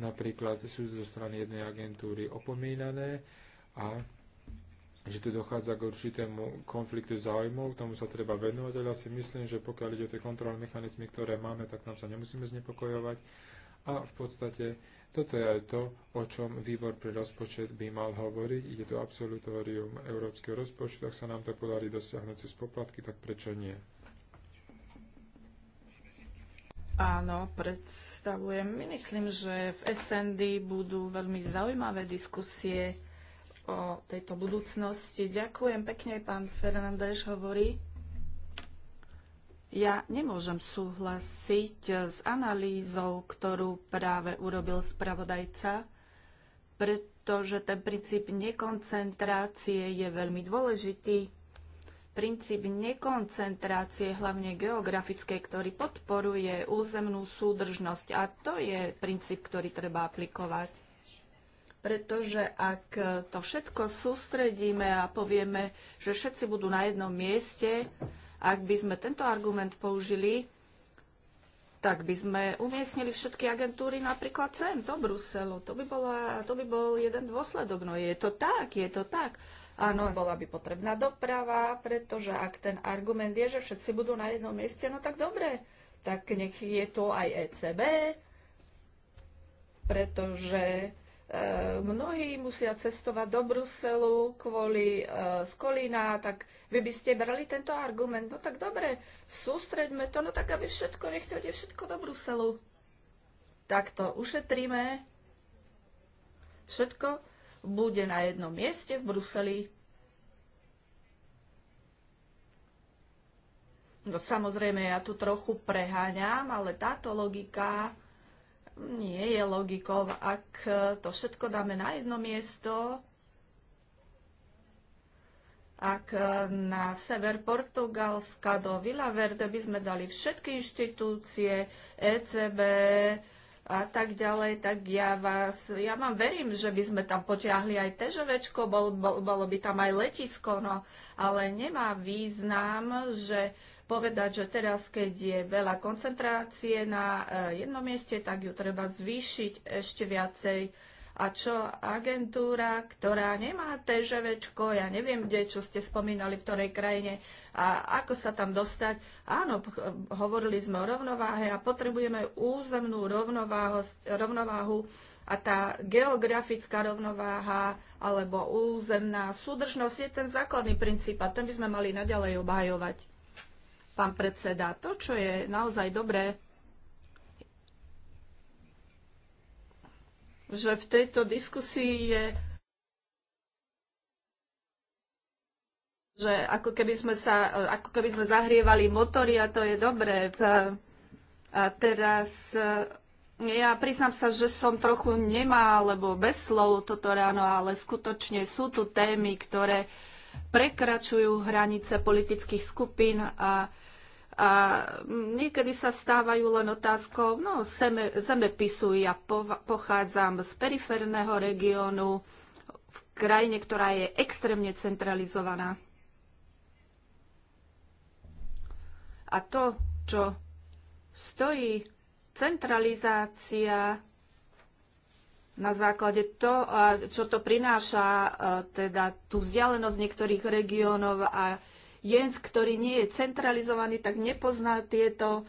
napríklad sú zo strany jednej agentúry opomínané a že tu dochádza k určitému konfliktu záujmov, tomu sa treba venovať, ale ja si myslím, že pokiaľ ide o tie kontrolné mechanizmy, ktoré máme, tak nám sa nemusíme znepokojovať. A v podstate toto je aj to, o čom výbor pre rozpočet by mal hovoriť. Ide to absolutórium európskeho rozpočtu, ak sa nám to podarí dosiahnuť cez poplatky, tak prečo nie? Áno, predstavujem. Myslím, že v SND budú veľmi zaujímavé diskusie o tejto budúcnosti. Ďakujem pekne, pán Fernández hovorí. Ja nemôžem súhlasiť s analýzou, ktorú práve urobil spravodajca, pretože ten princíp nekoncentrácie je veľmi dôležitý princíp nekoncentrácie, hlavne geografickej, ktorý podporuje územnú súdržnosť. A to je princíp, ktorý treba aplikovať. Pretože ak to všetko sústredíme a povieme, že všetci budú na jednom mieste, ak by sme tento argument použili, tak by sme umiestnili všetky agentúry napríklad sem, do Bruselu. To by, bola, to by bol jeden dôsledok. No je to tak, je to tak. Áno, bola by potrebná doprava, pretože ak ten argument je, že všetci budú na jednom mieste, no tak dobre, tak nech je to aj ECB, pretože e, mnohí musia cestovať do Bruselu kvôli e, z Kolína, tak vy by ste brali tento argument. No tak dobre, sústreďme to, no tak aby všetko, nech to ide všetko do Bruselu. Tak to ušetríme. Všetko bude na jednom mieste v Bruseli. No samozrejme, ja tu trochu preháňam, ale táto logika nie je logikou. Ak e, to všetko dáme na jedno miesto, ak e, na sever Portugalska do Vila Verde by sme dali všetky inštitúcie, ECB, a tak ďalej, tak ja vás, ja vám verím, že by sme tam potiahli aj težovečko, bol, bol, bolo by tam aj letisko, no, ale nemá význam, že povedať, že teraz, keď je veľa koncentrácie na eh, jednom mieste, tak ju treba zvýšiť ešte viacej a čo agentúra, ktorá nemá TŽVčko, ja neviem kde, čo ste spomínali, v ktorej krajine a ako sa tam dostať. Áno, hovorili sme o rovnováhe a potrebujeme územnú rovnováhu, rovnováhu a tá geografická rovnováha alebo územná súdržnosť je ten základný princíp a ten by sme mali naďalej obhajovať. Pán predseda, to, čo je naozaj dobré že v tejto diskusii je že ako keby sme sa, ako keby sme zahrievali motory a to je dobré. A teraz e, ja priznám sa, že som trochu nemá alebo bez slov toto ráno, ale skutočne sú tu témy, ktoré prekračujú hranice politických skupín a a niekedy sa stávajú len otázkou, no zeme, zemepisu, ja po, pochádzam z periférneho regiónu, v krajine, ktorá je extrémne centralizovaná. A to, čo stojí centralizácia na základe to, čo to prináša, teda tú vzdialenosť niektorých regiónov a Jens, ktorý nie je centralizovaný, tak nepozná tieto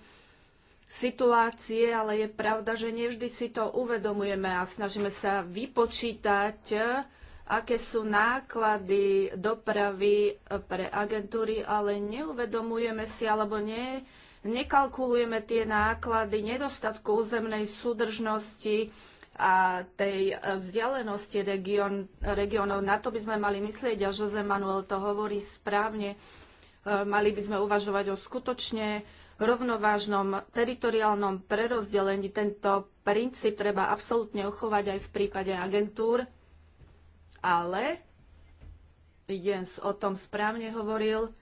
situácie, ale je pravda, že nevždy si to uvedomujeme a snažíme sa vypočítať, aké sú náklady dopravy pre agentúry, ale neuvedomujeme si alebo nie, nekalkulujeme tie náklady nedostatku územnej súdržnosti, a tej e, vzdialenosti region, regionov. Na to by sme mali myslieť a Jose Manuel to hovorí správne. E, mali by sme uvažovať o skutočne rovnovážnom teritoriálnom prerozdelení. Tento princíp treba absolútne ochovať aj v prípade agentúr, ale Jens o tom správne hovoril,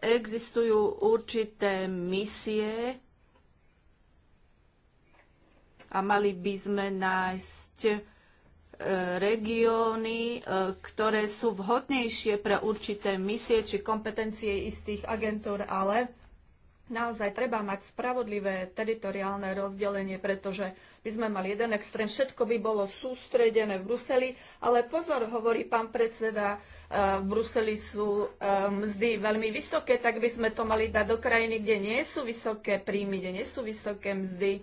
existujú určité misie a mali by sme nájsť regióny, e, ktoré sú vhodnejšie pre určité misie či kompetencie istých agentúr, ale naozaj treba mať spravodlivé teritoriálne rozdelenie, pretože by sme mali jeden extrém, všetko by bolo sústredené v Bruseli, ale pozor, hovorí pán predseda, e, v Bruseli sú e, mzdy veľmi vysoké, tak by sme to mali dať do krajiny, kde nie sú vysoké príjmy, kde nie sú vysoké mzdy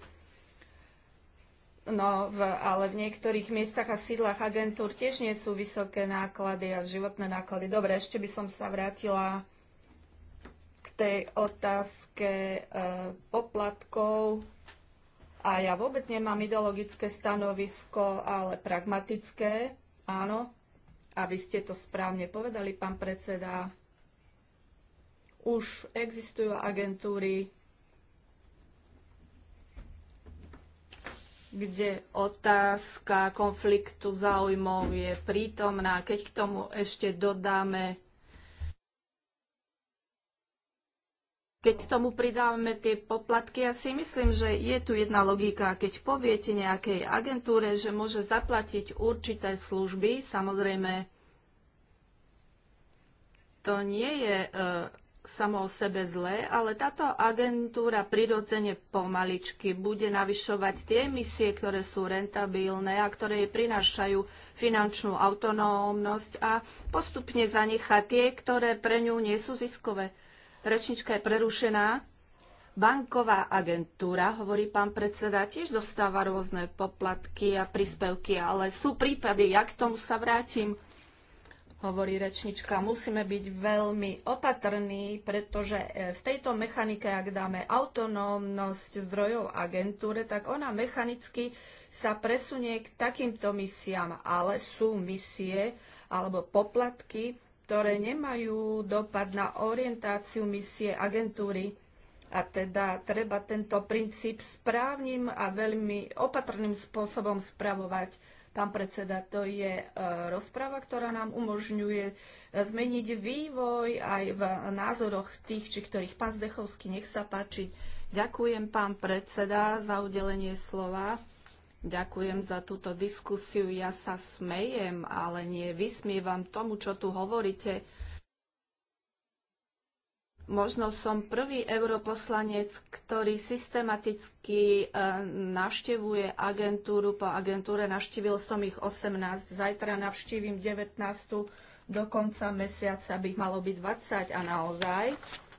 No, v, ale v niektorých miestach a sídlach agentúr tiež nie sú vysoké náklady a životné náklady. Dobre, ešte by som sa vrátila k tej otázke e, poplatkov. A ja vôbec nemám ideologické stanovisko, ale pragmatické, áno. A vy ste to správne povedali, pán predseda. Už existujú agentúry, kde otázka konfliktu záujmov je prítomná. Keď k tomu ešte dodáme Keď k tomu pridáme tie poplatky, ja si myslím, že je tu jedna logika. Keď poviete nejakej agentúre, že môže zaplatiť určité služby, samozrejme, to nie je e, samo o sebe zlé, ale táto agentúra prirodzene pomaličky bude navyšovať tie emisie, ktoré sú rentabilné a ktoré jej prinášajú finančnú autonómnosť a postupne zanecha tie, ktoré pre ňu nie sú ziskové. Rečnička je prerušená. Banková agentúra, hovorí pán predseda, tiež dostáva rôzne poplatky a príspevky, ale sú prípady, ja k tomu sa vrátim hovorí rečnička, musíme byť veľmi opatrní, pretože e, v tejto mechanike, ak dáme autonómnosť zdrojov agentúre, tak ona mechanicky sa presunie k takýmto misiám, ale sú misie alebo poplatky, ktoré nemajú dopad na orientáciu misie agentúry. A teda treba tento princíp správnym a veľmi opatrným spôsobom spravovať Pán predseda, to je e, rozpráva, ktorá nám umožňuje e, zmeniť vývoj aj v názoroch tých, či ktorých. Pán Zdechovský, nech sa páči. Ďakujem, pán predseda, za udelenie slova. Ďakujem za túto diskusiu. Ja sa smejem, ale nie vysmievam tomu, čo tu hovoríte. Možno som prvý europoslanec, ktorý systematicky e, navštevuje agentúru. Po agentúre navštívil som ich 18, zajtra navštívim 19, do konca mesiaca by malo byť 20 a naozaj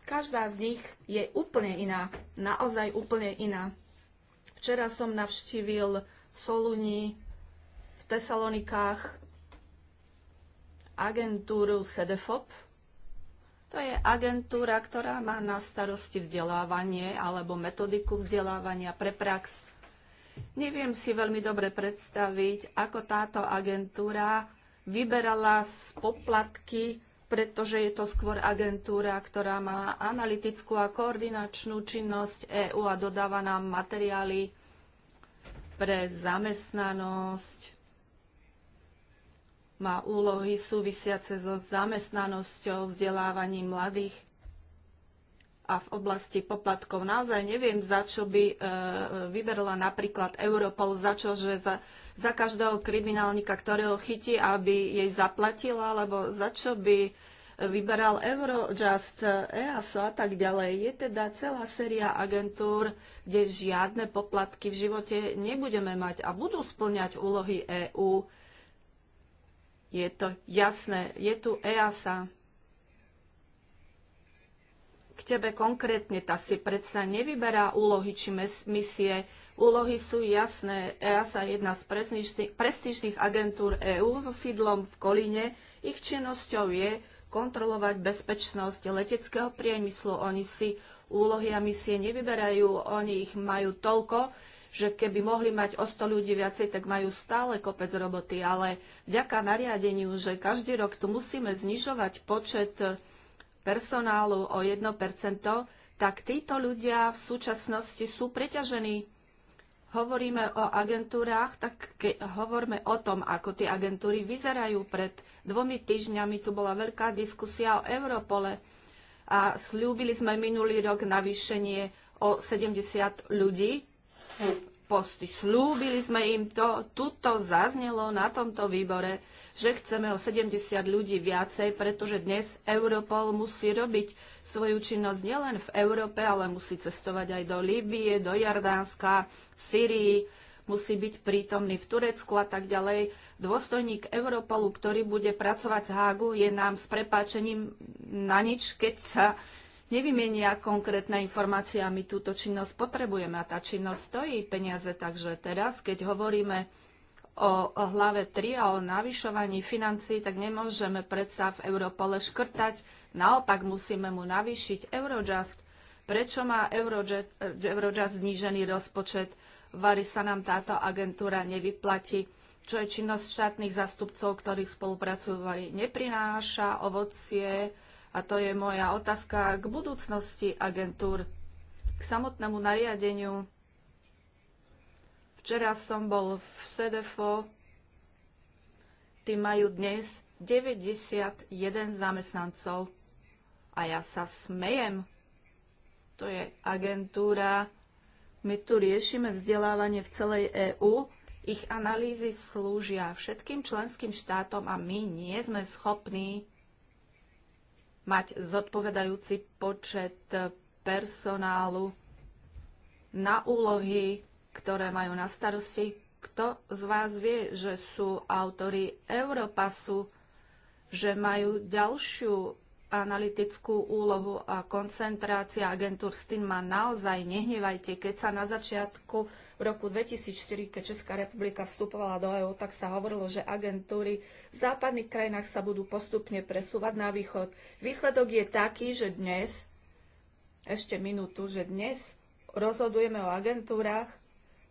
každá z nich je úplne iná. Naozaj úplne iná. Včera som navštívil v Soluni, v Tesalonikách agentúru SEDEFOP, to je agentúra, ktorá má na starosti vzdelávanie alebo metodiku vzdelávania pre prax. Neviem si veľmi dobre predstaviť, ako táto agentúra vyberala z poplatky, pretože je to skôr agentúra, ktorá má analytickú a koordinačnú činnosť EÚ a dodáva nám materiály pre zamestnanosť, má úlohy súvisiace so zamestnanosťou, vzdelávaním mladých a v oblasti poplatkov. Naozaj neviem, za čo by e, vyberala napríklad Europol, za čo, že za, za každého kriminálnika, ktorého chytí, aby jej zaplatila, alebo za čo by vyberal Eurojust, EASO a tak ďalej. Je teda celá séria agentúr, kde žiadne poplatky v živote nebudeme mať a budú splňať úlohy EÚ. EU je to jasné. Je tu EASA. K tebe konkrétne tá si predsa nevyberá úlohy či misie. Úlohy sú jasné. EASA je jedna z prestížnych agentúr EÚ so sídlom v Kolíne. Ich činnosťou je kontrolovať bezpečnosť leteckého priemyslu. Oni si úlohy a misie nevyberajú, oni ich majú toľko, že keby mohli mať o 100 ľudí viacej, tak majú stále kopec roboty, ale vďaka nariadeniu, že každý rok tu musíme znižovať počet personálu o 1%, tak títo ľudia v súčasnosti sú preťažení. Hovoríme o agentúrách, tak ke, hovorme o tom, ako tie agentúry vyzerajú. Pred dvomi týždňami tu bola veľká diskusia o Europole a slúbili sme minulý rok navýšenie o 70 ľudí posty. Slúbili sme im to, tuto zaznelo na tomto výbore, že chceme o 70 ľudí viacej, pretože dnes Europol musí robiť svoju činnosť nielen v Európe, ale musí cestovať aj do Líbie, do Jardánska, v Syrii, musí byť prítomný v Turecku a tak ďalej. Dôstojník Europolu, ktorý bude pracovať z Hágu, je nám s prepáčením na nič, keď sa nevymenia konkrétne informácie a my túto činnosť potrebujeme a tá činnosť stojí peniaze. Takže teraz, keď hovoríme o, hlave 3 a o navyšovaní financií, tak nemôžeme predsa v Europole škrtať. Naopak musíme mu navýšiť Eurojust. Prečo má Eurojust znížený rozpočet? Vary sa nám táto agentúra nevyplatí čo je činnosť štátnych zastupcov, ktorí spolupracujú, neprináša ovocie, a to je moja otázka k budúcnosti agentúr, k samotnému nariadeniu. Včera som bol v SEDEFO, tí majú dnes 91 zamestnancov a ja sa smejem. To je agentúra, my tu riešime vzdelávanie v celej EÚ, ich analýzy slúžia všetkým členským štátom a my nie sme schopní mať zodpovedajúci počet personálu na úlohy, ktoré majú na starosti. Kto z vás vie, že sú autory Europasu, že majú ďalšiu analytickú úlohu a koncentrácia agentúr s tým naozaj nehnevajte. Keď sa na začiatku v roku 2004, keď Česká republika vstupovala do EÚ, tak sa hovorilo, že agentúry v západných krajinách sa budú postupne presúvať na východ. Výsledok je taký, že dnes, ešte minútu, že dnes rozhodujeme o agentúrach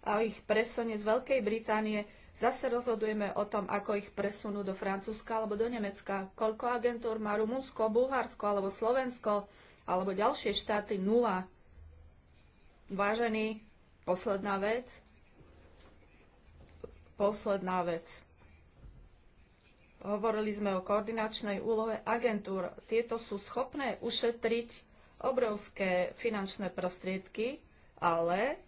a o ich presone z Veľkej Británie Zase rozhodujeme o tom, ako ich presunú do Francúzska alebo do Nemecka. Koľko agentúr má Rumunsko, Bulharsko alebo Slovensko alebo ďalšie štáty? Nula. Vážený, posledná vec. Posledná vec. Hovorili sme o koordinačnej úlohe agentúr. Tieto sú schopné ušetriť obrovské finančné prostriedky, ale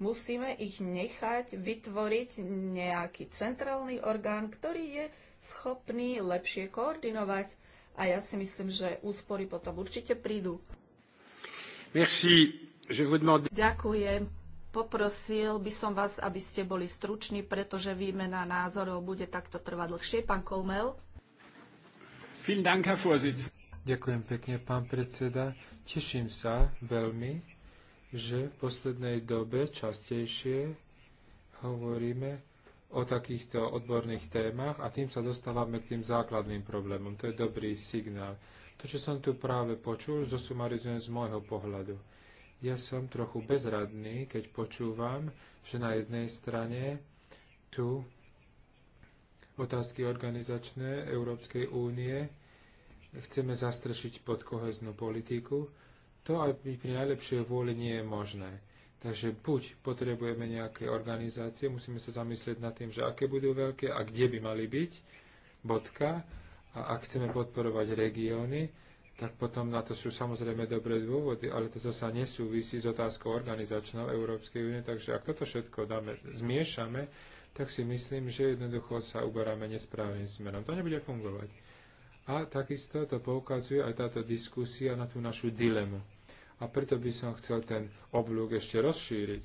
musíme ich nechať vytvoriť nejaký centrálny orgán, ktorý je schopný lepšie koordinovať. A ja si myslím, že úspory potom určite prídu. Merci. Je vous demande... Ďakujem. Poprosil by som vás, aby ste boli struční, pretože výmena názorov bude takto trvať dlhšie. Pán Kolmel. Dank, Ďakujem pekne, pán predseda. Teším sa veľmi, že v poslednej dobe častejšie hovoríme o takýchto odborných témach a tým sa dostávame k tým základným problémom. To je dobrý signál. To, čo som tu práve počul, zosumarizujem z môjho pohľadu. Ja som trochu bezradný, keď počúvam, že na jednej strane tu otázky organizačné Európskej únie chceme zastrešiť pod koheznú politiku, to aj pri najlepšej vôli nie je možné. Takže buď potrebujeme nejaké organizácie, musíme sa zamyslieť nad tým, že aké budú veľké a kde by mali byť, bodka. A ak chceme podporovať regióny, tak potom na to sú samozrejme dobré dôvody, ale to zasa nesúvisí s otázkou organizačnou Európskej únie, takže ak toto všetko dáme, zmiešame, tak si myslím, že jednoducho sa uberáme nesprávnym smerom. To nebude fungovať. A takisto to poukazuje aj táto diskusia na tú našu dilemu a preto by som chcel ten oblúk ešte rozšíriť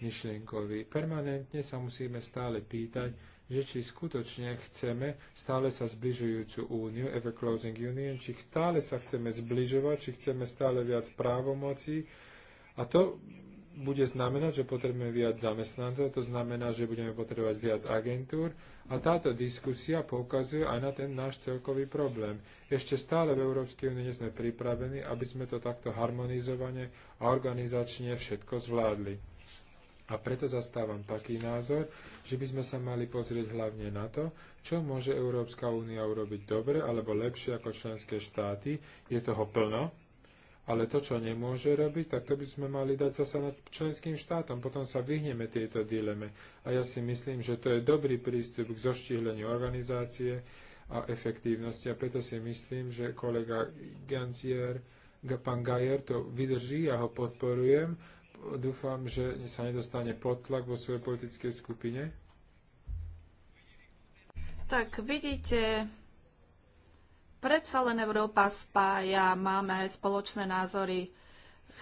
myšlienkový. Permanentne sa musíme stále pýtať, že či skutočne chceme stále sa zbližujúcu úniu, ever closing union, či stále sa chceme zbližovať, či chceme stále viac právomocí. A to bude znamenať, že potrebujeme viac zamestnancov, to znamená, že budeme potrebovať viac agentúr a táto diskusia poukazuje aj na ten náš celkový problém. Ešte stále v Európskej únii sme pripravení, aby sme to takto harmonizovane a organizačne všetko zvládli. A preto zastávam taký názor, že by sme sa mali pozrieť hlavne na to, čo môže Európska únia urobiť dobre alebo lepšie ako členské štáty. Je toho plno, ale to, čo nemôže robiť, tak to by sme mali dať zase nad členským štátom. Potom sa vyhneme tieto dileme. A ja si myslím, že to je dobrý prístup k zoštíhleniu organizácie a efektívnosti. A preto si myslím, že kolega Gancier, pán Gajer to vydrží, ja ho podporujem. Dúfam, že sa nedostane podtlak vo svojej politickej skupine. Tak vidíte, Predsa len Európa spája, máme spoločné názory.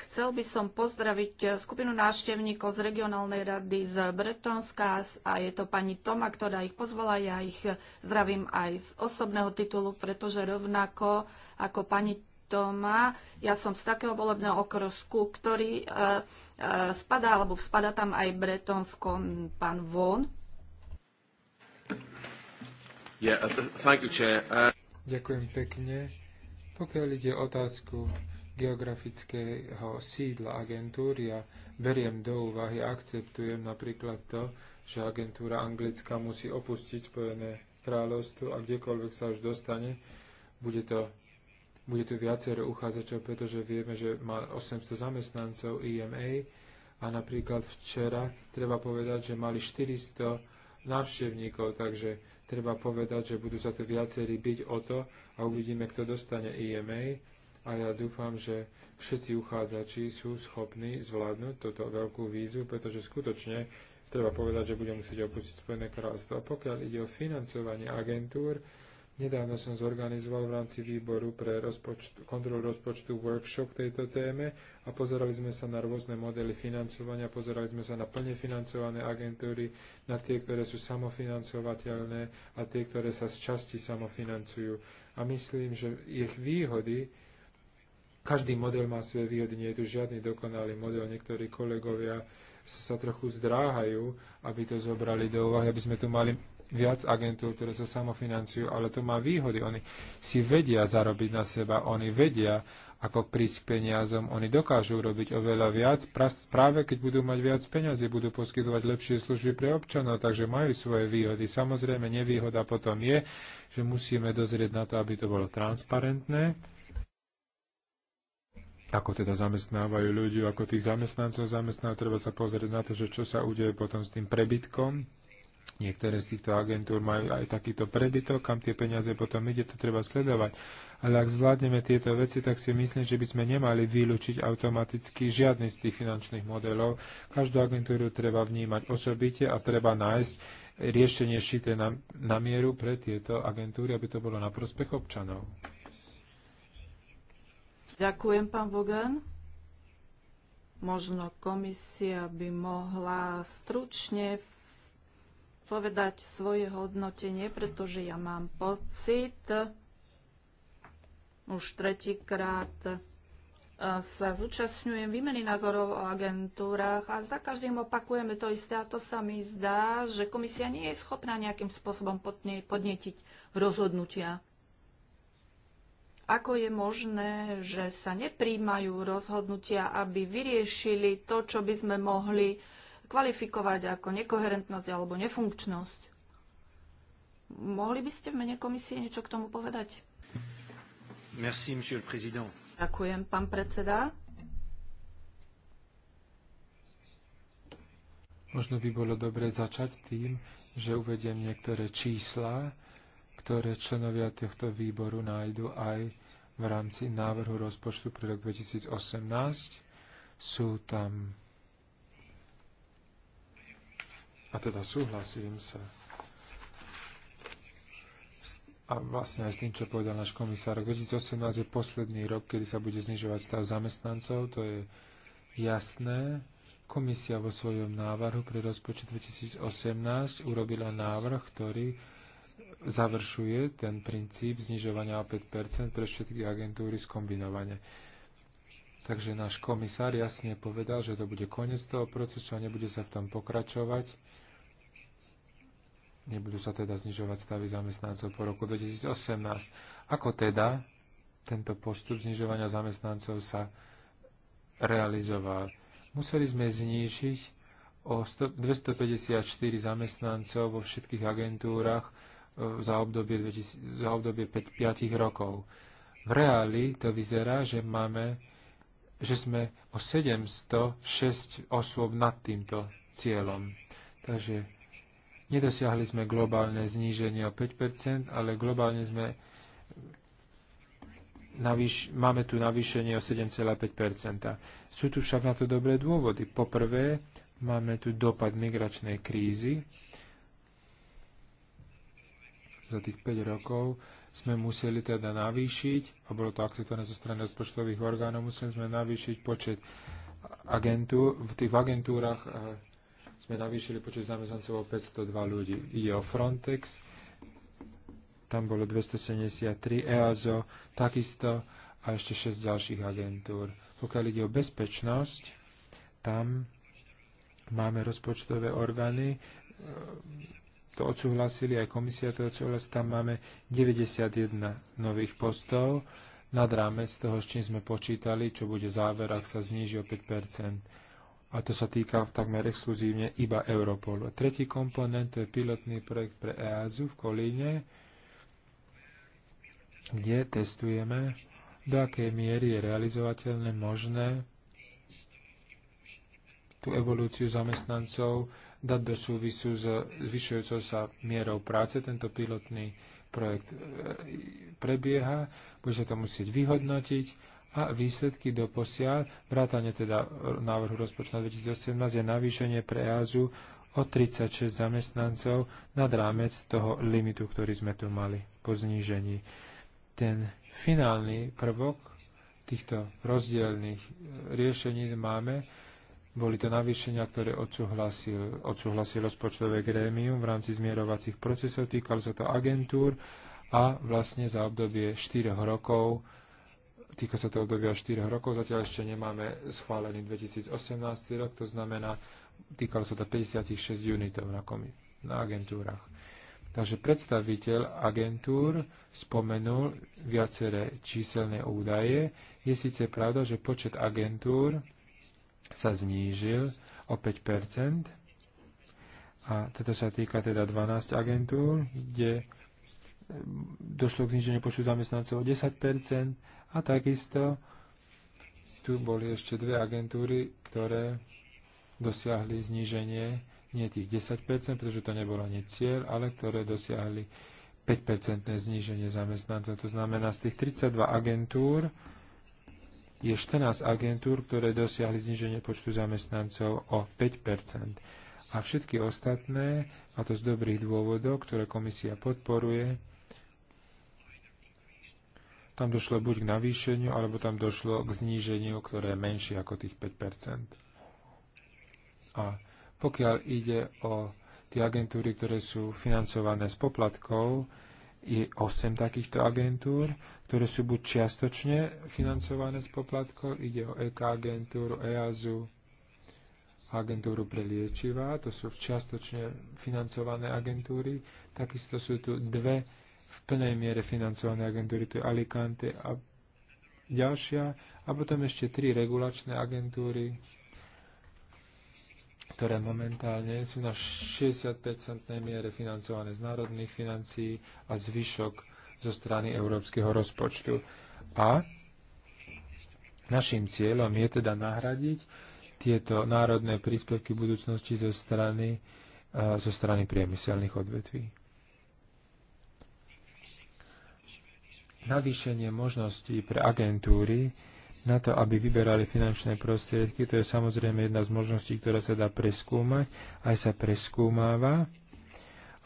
Chcel by som pozdraviť skupinu návštevníkov z regionálnej rady z Bretonska a je to pani Toma, ktorá ich pozvala. Ja ich zdravím aj z osobného titulu, pretože rovnako ako pani Toma, ja som z takého volebného okresku, ktorý e, e, spadá, alebo spadá tam aj Bretonsko, pán Von. Yeah, uh, thank you, Chair. Uh... Ďakujem pekne. Pokiaľ ide o otázku geografického sídla agentúry, ja beriem do úvahy a akceptujem napríklad to, že agentúra anglická musí opustiť Spojené kráľovstvo a kdekoľvek sa už dostane, bude to bude tu viacero uchádzačov, pretože vieme, že má 800 zamestnancov EMA a napríklad včera treba povedať, že mali 400 návštevníkov, takže treba povedať, že budú sa tu viacerí byť o to a uvidíme, kto dostane EMA a ja dúfam, že všetci uchádzači sú schopní zvládnuť túto veľkú vízu, pretože skutočne treba povedať, že budeme musieť opustiť Spojené kráľstvo. A pokiaľ ide o financovanie agentúr, Nedávno som zorganizoval v rámci výboru pre rozpočt, kontrolu rozpočtu workshop k tejto téme a pozerali sme sa na rôzne modely financovania, pozerali sme sa na plne financované agentúry, na tie, ktoré sú samofinancovateľné a tie, ktoré sa z časti samofinancujú. A myslím, že ich výhody, každý model má svoje výhody, nie je tu žiadny dokonalý model, niektorí kolegovia sa trochu zdráhajú, aby to zobrali do úvahy, aby sme tu mali viac agentúr, ktoré sa samofinancujú, ale to má výhody. Oni si vedia zarobiť na seba, oni vedia, ako prísť k peniazom. Oni dokážu robiť oveľa viac, práve keď budú mať viac peniazy, budú poskytovať lepšie služby pre občanov, takže majú svoje výhody. Samozrejme, nevýhoda potom je, že musíme dozrieť na to, aby to bolo transparentné, ako teda zamestnávajú ľudí, ako tých zamestnancov zamestnávajú, treba sa pozrieť na to, že čo sa udeje potom s tým prebytkom, Niektoré z týchto agentúr majú aj takýto prebytok, kam tie peniaze potom ide, to treba sledovať. Ale ak zvládneme tieto veci, tak si myslím, že by sme nemali vylúčiť automaticky žiadny z tých finančných modelov. Každú agentúru treba vnímať osobite a treba nájsť riešenie šité na, na mieru pre tieto agentúry, aby to bolo na prospech občanov. Ďakujem, pán Vogan. Možno komisia by mohla stručne v povedať svoje hodnotenie, pretože ja mám pocit, už tretíkrát e, sa zúčastňujem výmeny názorov o agentúrach a za každým opakujeme to isté a to sa mi zdá, že komisia nie je schopná nejakým spôsobom podnetiť rozhodnutia. Ako je možné, že sa nepríjmajú rozhodnutia, aby vyriešili to, čo by sme mohli uh, kvalifikovať ako nekoherentnosť alebo nefunkčnosť. Mohli by ste v mene komisie niečo k tomu povedať? Merci, monsieur le président. Ďakujem, pán predseda. Možno by bolo dobre začať tým, že uvediem niektoré čísla, ktoré členovia tohto výboru nájdu aj v rámci návrhu rozpočtu pre rok 2018. Sú tam a teda súhlasím sa a vlastne aj s tým, čo povedal náš komisár. 2018 je posledný rok, kedy sa bude znižovať stav zamestnancov, to je jasné. Komisia vo svojom návrhu pre rozpočet 2018 urobila návrh, ktorý završuje ten princíp znižovania o 5 pre všetky agentúry skombinovane. Takže náš komisár jasne povedal, že to bude koniec toho procesu a nebude sa v tom pokračovať Nebudú sa teda znižovať stavy zamestnancov po roku 2018. Ako teda tento postup znižovania zamestnancov sa realizoval? Museli sme znížiť o 254 zamestnancov vo všetkých agentúrach e, za obdobie, 2000, za obdobie 5, 5 rokov. V reáli to vyzerá, že máme že sme o 706 osôb nad týmto cieľom. Takže Nedosiahli sme globálne zníženie o 5%, ale globálne sme navýš, máme tu navýšenie o 7,5%. Sú tu však na to dobré dôvody. Poprvé, máme tu dopad migračnej krízy. Za tých 5 rokov sme museli teda navýšiť, a bolo to akceptované zo strany rozpočtových orgánov, museli sme navýšiť počet agentúr, v tých agentúrach eh, sme navýšili počet zamestnancov o 502 ľudí. Ide o Frontex, tam bolo 273, EASO, takisto a ešte 6 ďalších agentúr. Pokiaľ ide o bezpečnosť, tam máme rozpočtové orgány, e, to odsúhlasili, aj komisia to odsúhlasila, tam máme 91 nových postov nad rámec toho, s čím sme počítali, čo bude záver, ak sa zniží o 5 a to sa týka takmer exkluzívne iba Europolu. A tretí komponent to je pilotný projekt pre EASU v Kolíne, kde testujeme, do akej miery je realizovateľné možné tú evolúciu zamestnancov dať do súvisu s zvyšujúcou sa mierou práce. Tento pilotný projekt e, prebieha, bude sa to musieť vyhodnotiť a výsledky do posiaľ, vrátane teda návrhu rozpočtu 2018 je navýšenie pre EASU o 36 zamestnancov nad rámec toho limitu, ktorý sme tu mali po znížení. Ten finálny prvok týchto rozdielných e, riešení máme, boli to navýšenia, ktoré odsúhlasil, odsúhlasil rozpočtové grémium v rámci zmierovacích procesov, týkalo sa to agentúr a vlastne za obdobie 4 rokov týka sa to obdobia 4 rokov, zatiaľ ešte nemáme schválený 2018 rok, to znamená, týkalo sa to 56 unitov na, komi, na agentúrach. Takže predstaviteľ agentúr spomenul viaceré číselné údaje. Je síce pravda, že počet agentúr sa znížil o 5 a toto sa týka teda 12 agentúr, kde došlo k zniženiu počtu zamestnancov o 10 a takisto tu boli ešte dve agentúry, ktoré dosiahli zníženie nie tých 10%, pretože to nebolo ani cieľ, ale ktoré dosiahli 5-percentné zníženie zamestnancov. To znamená, z tých 32 agentúr je 14 agentúr, ktoré dosiahli zníženie počtu zamestnancov o 5 A všetky ostatné, a to z dobrých dôvodov, ktoré komisia podporuje, tam došlo buď k navýšeniu, alebo tam došlo k zníženiu, ktoré je menšie ako tých 5 A pokiaľ ide o tie agentúry, ktoré sú financované s poplatkov, je 8 takýchto agentúr, ktoré sú buď čiastočne financované s poplatkov, ide o EK agentúru, EASU, agentúru pre liečivá, to sú čiastočne financované agentúry, takisto sú tu dve v plnej miere financované agentúry, tu je Alicante a ďalšia, a potom ešte tri regulačné agentúry, ktoré momentálne sú na 60-percentnej miere financované z národných financií a zvyšok zo strany európskeho rozpočtu. A našim cieľom je teda nahradiť tieto národné príspevky budúcnosti zo strany, eh, zo strany priemyselných odvetví. navýšenie možností pre agentúry na to, aby vyberali finančné prostriedky. To je samozrejme jedna z možností, ktorá sa dá preskúmať, aj sa preskúmáva,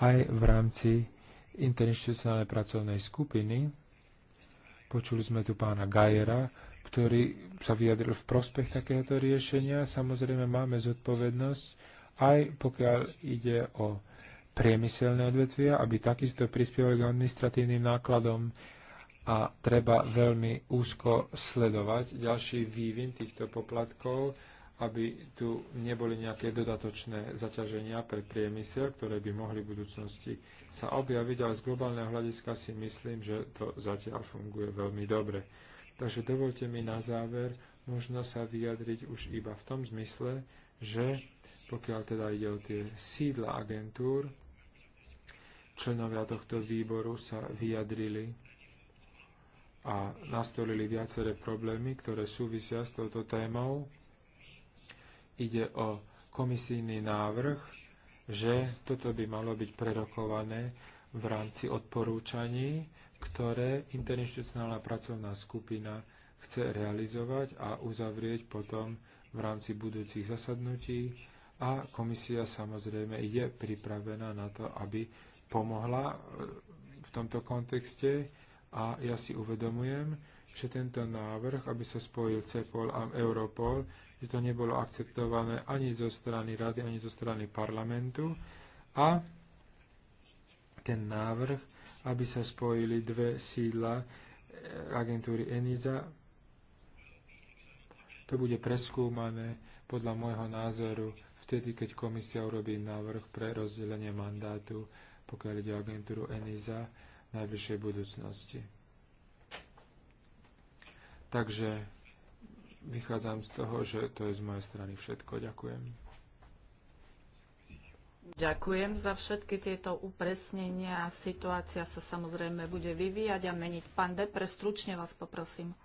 aj v rámci interinstitucionálnej pracovnej skupiny. Počuli sme tu pána Gajera, ktorý sa vyjadril v prospech takéhoto riešenia. Samozrejme máme zodpovednosť, aj pokiaľ ide o priemyselné odvetvia, aby takisto prispievali k administratívnym nákladom a treba veľmi úzko sledovať ďalší vývin týchto poplatkov, aby tu neboli nejaké dodatočné zaťaženia pre priemysel, ktoré by mohli v budúcnosti sa objaviť, ale z globálneho hľadiska si myslím, že to zatiaľ funguje veľmi dobre. Takže dovolte mi na záver možno sa vyjadriť už iba v tom zmysle, že pokiaľ teda ide o tie sídla agentúr, členovia tohto výboru sa vyjadrili a nastolili viaceré problémy, ktoré súvisia s touto témou. Ide o komisijný návrh, že toto by malo byť prerokované v rámci odporúčaní, ktoré interinstitucionálna pracovná skupina chce realizovať a uzavrieť potom v rámci budúcich zasadnutí a komisia samozrejme je pripravená na to, aby pomohla e, v tomto kontexte a ja si uvedomujem, že tento návrh, aby sa spojil CEPOL a Europol, že to nebolo akceptované ani zo strany rady, ani zo strany parlamentu. A ten návrh, aby sa spojili dve sídla e, agentúry ENISA, to bude preskúmané podľa môjho názoru vtedy, keď komisia urobí návrh pre rozdelenie mandátu, pokiaľ ide o agentúru ENISA najbližšej budúcnosti. Takže vychádzam z toho, že to je z mojej strany všetko. Ďakujem. Ďakujem za všetky tieto upresnenia. Situácia sa samozrejme bude vyvíjať a meniť. Pán Depre, stručne vás poprosím.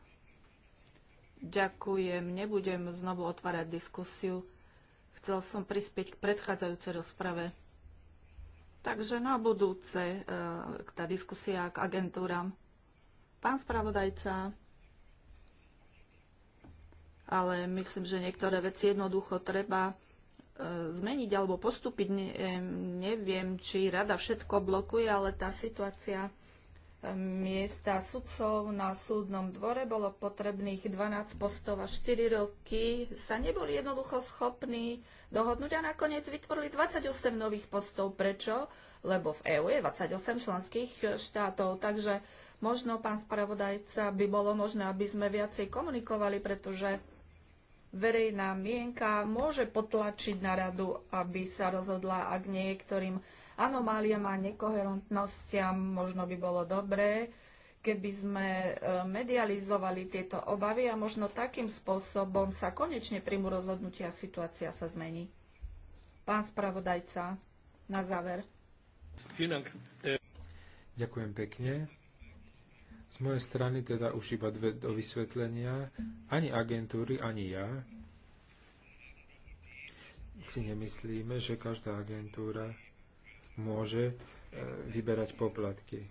Ďakujem. Nebudem znovu otvárať diskusiu. Chcel som prispieť k predchádzajúcej rozprave. Takže na budúce e, tá diskusia k agentúram. Pán spravodajca, ale myslím, že niektoré veci jednoducho treba e, zmeniť alebo postúpiť. E, neviem, či rada všetko blokuje, ale tá situácia miesta sudcov na súdnom dvore bolo potrebných 12 postov a 4 roky sa neboli jednoducho schopní dohodnúť a nakoniec vytvorili 28 nových postov. Prečo? Lebo v EÚ je 28 členských štátov, takže možno, pán spravodajca, by bolo možné, aby sme viacej komunikovali, pretože verejná mienka môže potlačiť na radu, aby sa rozhodla, ak niektorým nekoherentnosť a Možno by bolo dobré, keby sme e, medializovali tieto obavy a možno takým spôsobom sa konečne príjmu rozhodnutia a situácia sa zmení. Pán spravodajca, na záver. Ďakujem pekne. Z mojej strany teda už iba dve do vysvetlenia. Ani agentúry, ani ja si nemyslíme, že každá agentúra môže e, vyberať poplatky.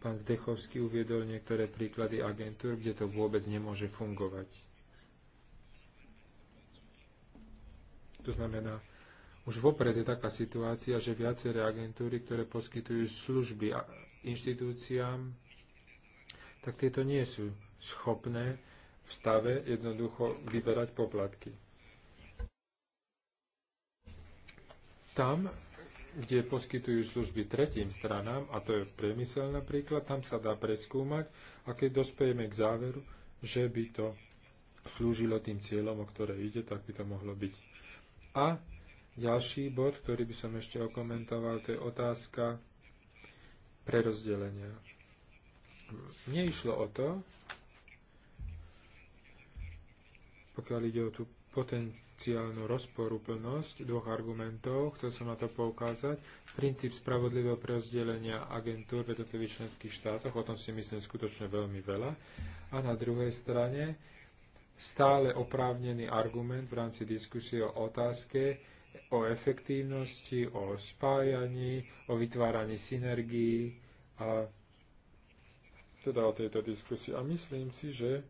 Pán Zdechovský uviedol niektoré príklady agentúr, kde to vôbec nemôže fungovať. To znamená, už vopred je taká situácia, že viaceré agentúry, ktoré poskytujú služby inštitúciám, tak tieto nie sú schopné v stave jednoducho vyberať poplatky. Tam, kde poskytujú služby tretím stranám, a to je priemysel napríklad, tam sa dá preskúmať a keď dospejeme k záveru, že by to slúžilo tým cieľom, o ktoré ide, tak by to mohlo byť. A ďalší bod, ktorý by som ešte okomentoval, to je otázka prerozdelenia. Mne išlo o to, pokiaľ ide o tú poten- potenciálnu rozporuplnosť dvoch argumentov. Chcel som na to poukázať. Princíp spravodlivého prerozdelenia agentúr v jednotlivých členských štátoch, o tom si myslím skutočne veľmi veľa. A na druhej strane stále oprávnený argument v rámci diskusie o otázke, o efektívnosti, o spájaní, o vytváraní synergií a teda o tejto diskusii. A myslím si, že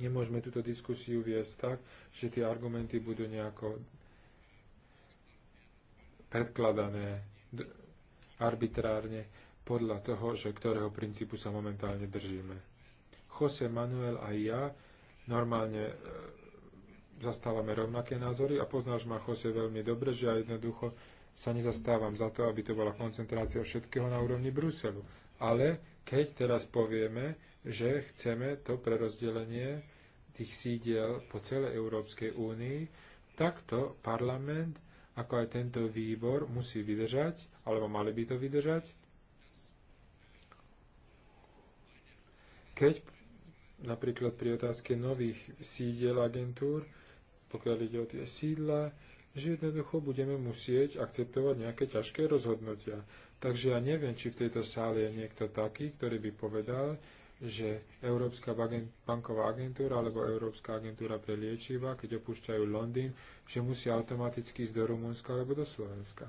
Nemôžeme túto diskusiu viesť tak, že tie argumenty budú nejako predkladané arbitrárne podľa toho, že ktorého princípu sa momentálne držíme. Jose Manuel a ja normálne e, zastávame rovnaké názory a poznáš ma Jose veľmi dobre, že ja jednoducho sa nezastávam za to, aby to bola koncentrácia všetkého na úrovni Bruselu. Ale keď teraz povieme, že chceme to prerozdelenie tých sídiel po celej Európskej únii, takto parlament, ako aj tento výbor, musí vydržať, alebo mali by to vydržať, keď napríklad pri otázke nových sídiel agentúr, pokiaľ ide o tie sídla, že jednoducho budeme musieť akceptovať nejaké ťažké rozhodnutia. Takže ja neviem, či v tejto sále je niekto taký, ktorý by povedal, že Európska banková agentúra alebo Európska agentúra pre liečiva, keď opúšťajú Londýn, že musia automaticky ísť do Rumunska alebo do Slovenska.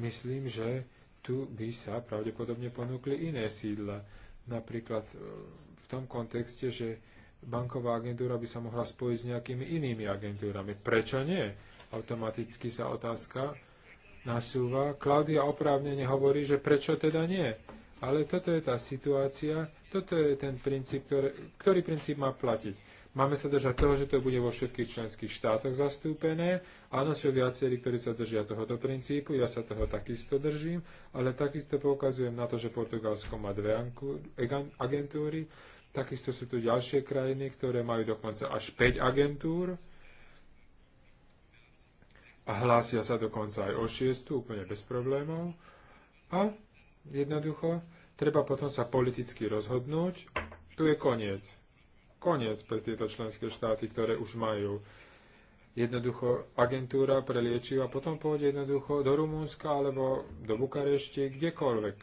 Myslím, že tu by sa pravdepodobne ponúkli iné sídla. Napríklad e, v tom kontexte, že banková agentúra by sa mohla spojiť s nejakými inými agentúrami. Prečo nie? Automaticky sa otázka nasúva. Klaudia oprávnene hovorí, že prečo teda nie? Ale toto je tá situácia, toto je ten princíp, ktorý, ktorý princíp má platiť. Máme sa držať toho, že to bude vo všetkých členských štátoch zastúpené. Áno, sú viacerí, ktorí sa držia tohoto princípu, ja sa toho takisto držím, ale takisto poukazujem na to, že Portugalsko má dve agentúry, takisto sú tu ďalšie krajiny, ktoré majú dokonca až 5 agentúr a hlásia sa dokonca aj o 6, úplne bez problémov. A jednoducho Treba potom sa politicky rozhodnúť. Tu je koniec. Koniec pre tieto členské štáty, ktoré už majú jednoducho agentúra pre a potom pôjde jednoducho do Rumúnska alebo do Bukarešti, kdekoľvek.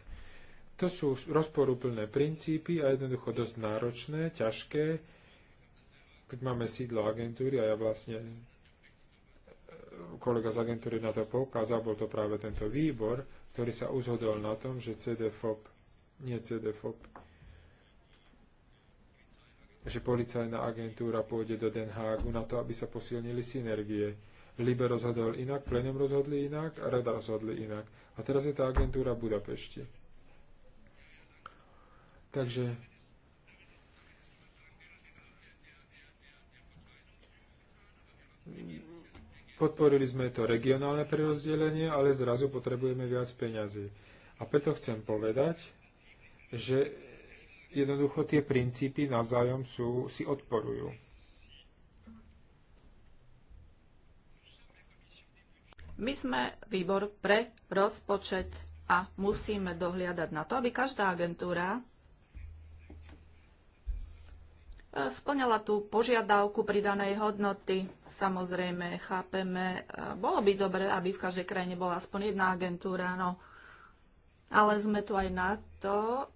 To sú rozporúplné princípy a jednoducho dosť náročné, ťažké. Keď máme sídlo agentúry a ja vlastne kolega z agentúry na to poukázal, bol to práve tento výbor, ktorý sa uzhodol na tom, že CDFOP nie CDFOP. Že policajná agentúra pôjde do Den Haagu na to, aby sa posilnili synergie. Libe rozhodol inak, plenum rozhodli inak a rada rozhodli inak. A teraz je tá agentúra v Budapešti. Takže podporili sme to regionálne prerozdelenie, ale zrazu potrebujeme viac peňazí. A preto chcem povedať, že jednoducho tie princípy navzájom sú, si odporujú. My sme výbor pre rozpočet a musíme dohliadať na to, aby každá agentúra e, splňala tú požiadavku pridanej hodnoty. Samozrejme, chápeme, e, bolo by dobre, aby v každej krajine bola aspoň jedna agentúra, no. Ale sme tu aj na to,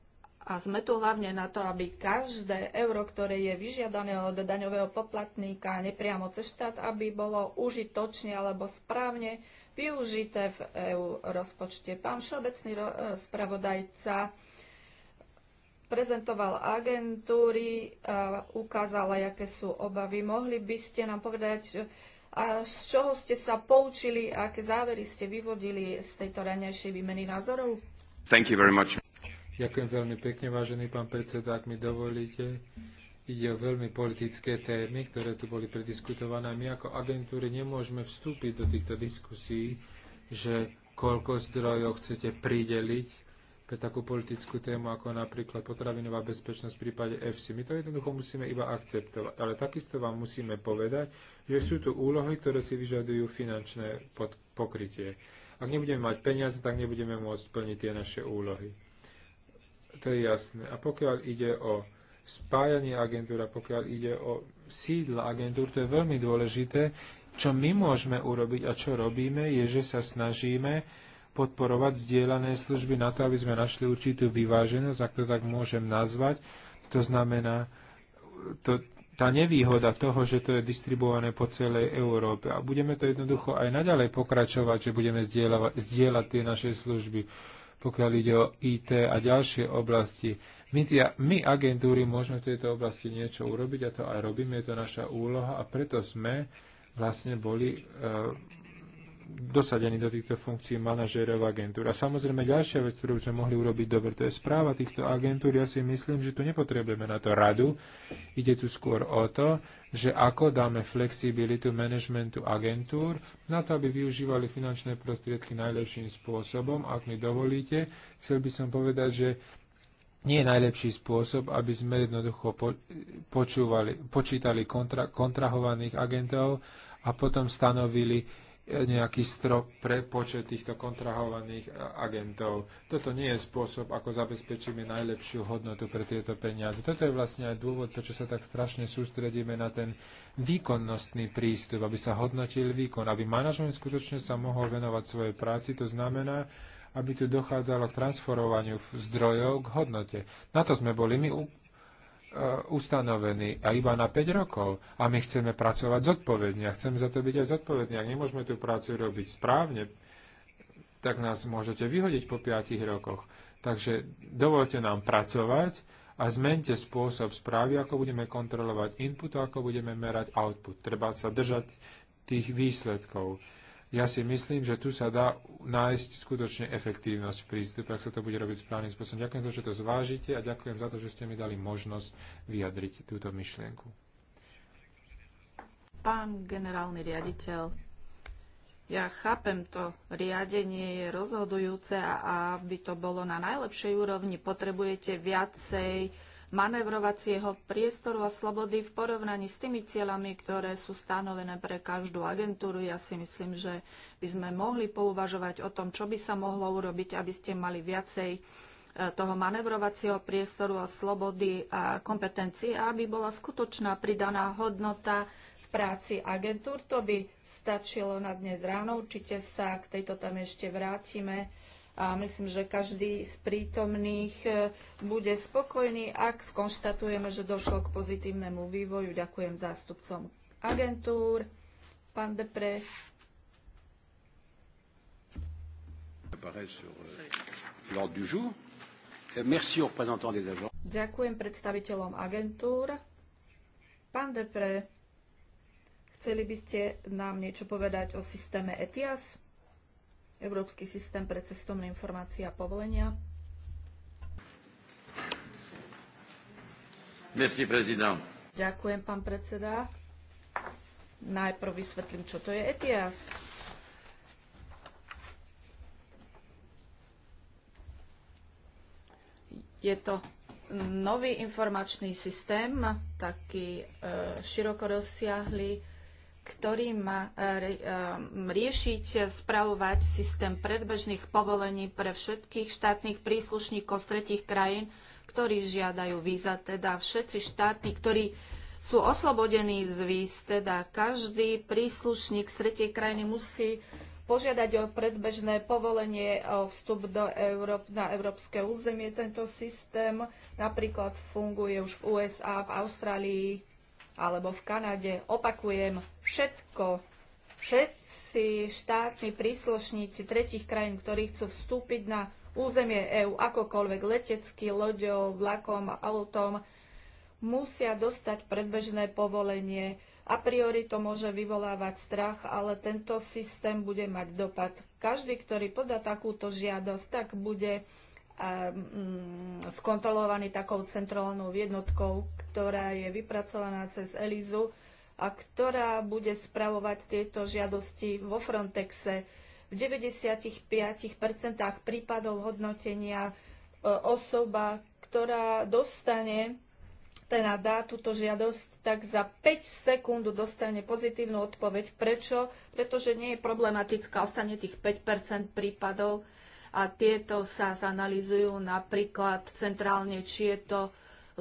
a sme tu hlavne na to, aby každé euro, ktoré je vyžiadané od daňového poplatníka nepriamo cez štát, aby bolo užitočne alebo správne využité v EU rozpočte. Pán všeobecný e, spravodajca prezentoval agentúry, ukázal, aké sú obavy. Mohli by ste nám povedať, e, a z čoho ste sa poučili a aké závery ste vyvodili z tejto ranejšej výmeny názorov? Thank you very much. Ďakujem veľmi pekne, vážený pán predseda, ak mi dovolíte. Ide o veľmi politické témy, ktoré tu boli prediskutované. My ako agentúry nemôžeme vstúpiť do týchto diskusí, že koľko zdrojov chcete prideliť pre takú politickú tému ako napríklad potravinová bezpečnosť v prípade FC. My to jednoducho musíme iba akceptovať. Ale takisto vám musíme povedať, že sú tu úlohy, ktoré si vyžadujú finančné pokrytie. Ak nebudeme mať peniaze, tak nebudeme môcť splniť tie naše úlohy. To je jasné. A pokiaľ ide o spájanie agentúr a pokiaľ ide o sídla agentúr, to je veľmi dôležité. Čo my môžeme urobiť a čo robíme, je, že sa snažíme podporovať zdieľané služby na to, aby sme našli určitú vyváženosť, ak to tak môžem nazvať. To znamená, to, tá nevýhoda toho, že to je distribuované po celej Európe. A budeme to jednoducho aj naďalej pokračovať, že budeme zdieľať, zdieľať tie naše služby pokiaľ ide o IT a ďalšie oblasti. My, tia, my agentúry môžeme v tejto oblasti niečo urobiť a to aj robíme, je to naša úloha a preto sme vlastne boli e, dosadení do týchto funkcií manažérov agentúr. A samozrejme ďalšia vec, ktorú sme mohli urobiť dobre, to je správa týchto agentúr. Ja si myslím, že tu nepotrebujeme na to radu. Ide tu skôr o to, že ako dáme flexibilitu manažmentu agentúr na to, aby využívali finančné prostriedky najlepším spôsobom. Ak mi dovolíte, chcel by som povedať, že nie je najlepší spôsob, aby sme jednoducho počúvali, počítali kontra, kontrahovaných agentov a potom stanovili nejaký strop pre počet týchto kontrahovaných agentov. Toto nie je spôsob, ako zabezpečíme najlepšiu hodnotu pre tieto peniaze. Toto je vlastne aj dôvod, prečo sa tak strašne sústredíme na ten výkonnostný prístup, aby sa hodnotil výkon, aby manažment skutočne sa mohol venovať svojej práci. To znamená, aby tu dochádzalo k transferovaniu zdrojov k hodnote. Na to sme boli my Eh, ustanovený a iba na 5 rokov. A my chceme pracovať zodpovedne a chceme za to byť aj zodpovední. Ak nemôžeme tú prácu robiť správne, tak nás môžete vyhodiť po 5 rokoch. Takže dovolte nám pracovať a zmente spôsob správy, ako budeme kontrolovať input, a ako budeme merať output. Treba sa držať tých výsledkov ja si myslím, že tu sa dá nájsť skutočne efektívnosť v prístupe, ak sa to bude robiť správnym spôsobom. Ďakujem za to, že to zvážite a ďakujem za to, že ste mi dali možnosť vyjadriť túto myšlienku. Pán generálny riaditeľ, ja chápem to, riadenie je rozhodujúce a aby to bolo na najlepšej úrovni, potrebujete viacej manevrovacieho priestoru a slobody v porovnaní s tými cieľami, ktoré sú stanovené pre každú agentúru. Ja si myslím, že by sme mohli pouvažovať o tom, čo by sa mohlo urobiť, aby ste mali viacej e, toho manevrovacieho priestoru a slobody a kompetencií, aby bola skutočná pridaná hodnota v práci agentúr. To by stačilo na dnes ráno. Určite sa k tejto téme ešte vrátime a myslím, že každý z prítomných e, bude spokojný, ak skonštatujeme, že došlo k pozitívnemu vývoju. Ďakujem zástupcom agentúr. Pán Depre. Ďakujem predstaviteľom agentúr. Pán Depre, chceli by ste nám niečo povedať o systéme ETIAS? Európsky systém pre cestovné informácie a povolenia. Merci, prezident. Ďakujem, pán predseda. Najprv vysvetlím, čo to je ETIAS. Je to nový informačný systém, taký e, široko rozsiahly, ktorý má e, e, riešiť, e, spravovať systém predbežných povolení pre všetkých štátnych príslušníkov z tretich krajín, ktorí žiadajú víza, teda všetci štáty, ktorí sú oslobodení z víz, teda každý príslušník z tretej krajiny musí požiadať o predbežné povolenie o vstup do Európ, na európske územie. Tento systém napríklad funguje už v USA, v Austrálii alebo v Kanade. Opakujem, všetko, všetci štátni príslušníci tretich krajín, ktorí chcú vstúpiť na územie EÚ akokoľvek letecky, loďou, vlakom, autom, musia dostať predbežné povolenie. A priori to môže vyvolávať strach, ale tento systém bude mať dopad. Každý, ktorý podá takúto žiadosť, tak bude um, skontrolovaný takou centrálnou jednotkou, ktorá je vypracovaná cez ELIZU a ktorá bude spravovať tieto žiadosti vo Frontexe. V 95% prípadov hodnotenia e, osoba, ktorá dostane teda dá túto žiadosť, tak za 5 sekúnd dostane pozitívnu odpoveď. Prečo? Pretože nie je problematická, ostane tých 5 prípadov a tieto sa zanalizujú napríklad centrálne, či je to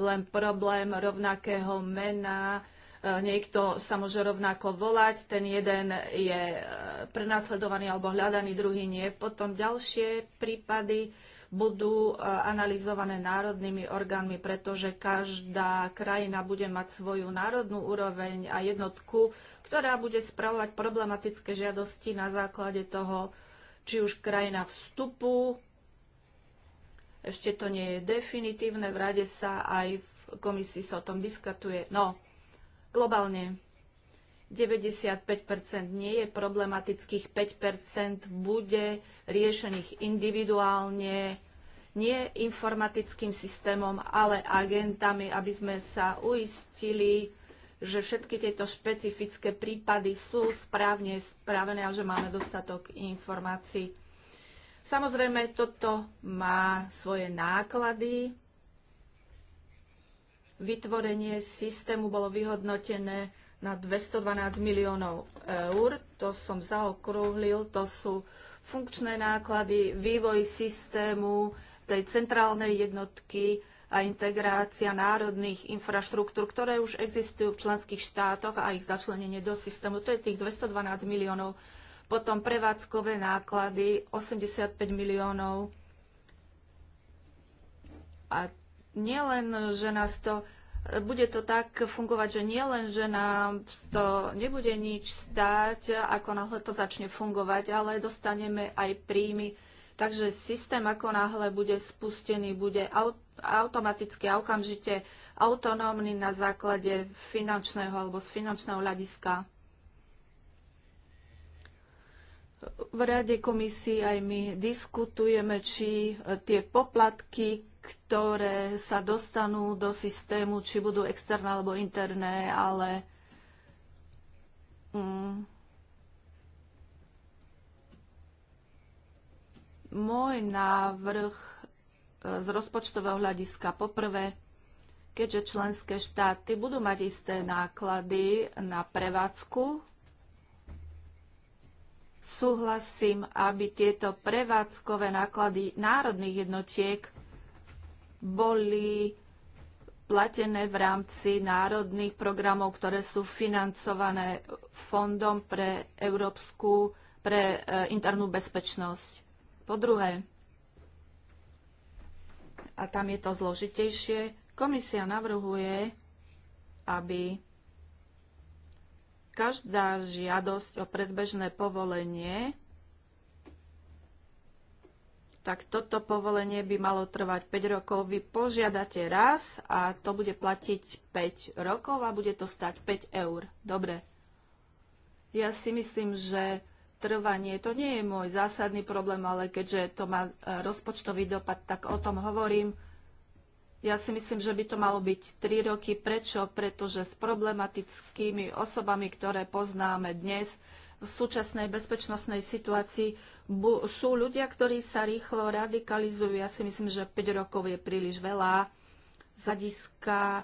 len problém rovnakého mena, Eh, niekto sa môže rovnako volať, ten jeden je eh, prenasledovaný alebo hľadaný, druhý nie. Potom ďalšie prípady budú eh, analyzované národnými orgánmi, pretože každá krajina bude mať svoju národnú úroveň a jednotku, ktorá bude spravovať problematické žiadosti na základe toho, či už krajina vstupu, ešte to nie je definitívne, v rade sa aj v komisii sa o tom diskutuje. No, globálne. 95 nie je problematických, 5 bude riešených individuálne, nie informatickým systémom, ale agentami, aby sme sa uistili, že všetky tieto špecifické prípady sú správne spravené a že máme dostatok informácií. Samozrejme, toto má svoje náklady, Vytvorenie systému bolo vyhodnotené na 212 miliónov eur. To som zaokrúhlil, to sú funkčné náklady, vývoj systému, tej centrálnej jednotky a integrácia národných infraštruktúr, ktoré už existujú v členských štátoch a ich začlenenie do systému. To je tých 212 miliónov. Potom prevádzkové náklady 85 miliónov. A nielen, že nás to bude to tak fungovať, že nie len, že nám to nebude nič stáť, ako náhle to začne fungovať, ale dostaneme aj príjmy. Takže systém, ako náhle bude spustený, bude automaticky a okamžite autonómny na základe finančného alebo z finančného hľadiska. V Rade komisii aj my diskutujeme, či tie poplatky, ktoré sa dostanú do systému, či budú externé alebo interné, ale mm, môj návrh e, z rozpočtového hľadiska poprvé, keďže členské štáty budú mať isté náklady na prevádzku, súhlasím, aby tieto prevádzkové náklady národných jednotiek boli platené v rámci národných programov, ktoré sú financované Fondom pre európsku, pre e, internú bezpečnosť. Po druhé, a tam je to zložitejšie, komisia navrhuje, aby každá žiadosť o predbežné povolenie tak toto povolenie by malo trvať 5 rokov. Vy požiadate raz a to bude platiť 5 rokov a bude to stať 5 eur. Dobre. Ja si myslím, že trvanie to nie je môj zásadný problém, ale keďže to má e, rozpočtový dopad, tak o tom hovorím. Ja si myslím, že by to malo byť 3 roky. Prečo? Pretože s problematickými osobami, ktoré poznáme dnes, v súčasnej bezpečnostnej situácii sú ľudia, ktorí sa rýchlo radikalizujú. Ja si myslím, že 5 rokov je príliš veľa zadiska e,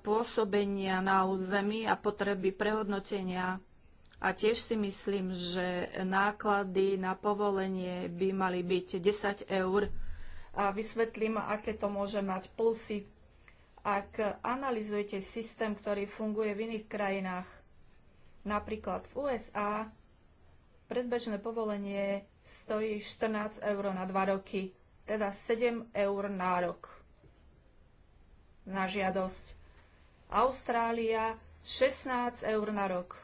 pôsobenia na území a potreby prehodnotenia. A tiež si myslím, že náklady na povolenie by mali byť 10 eur. A vysvetlím, aké to môže mať plusy. Ak analizujete systém, ktorý funguje v iných krajinách, Napríklad v USA predbežné povolenie stojí 14 eur na 2 roky, teda 7 eur na rok na žiadosť. Austrália 16 eur na rok.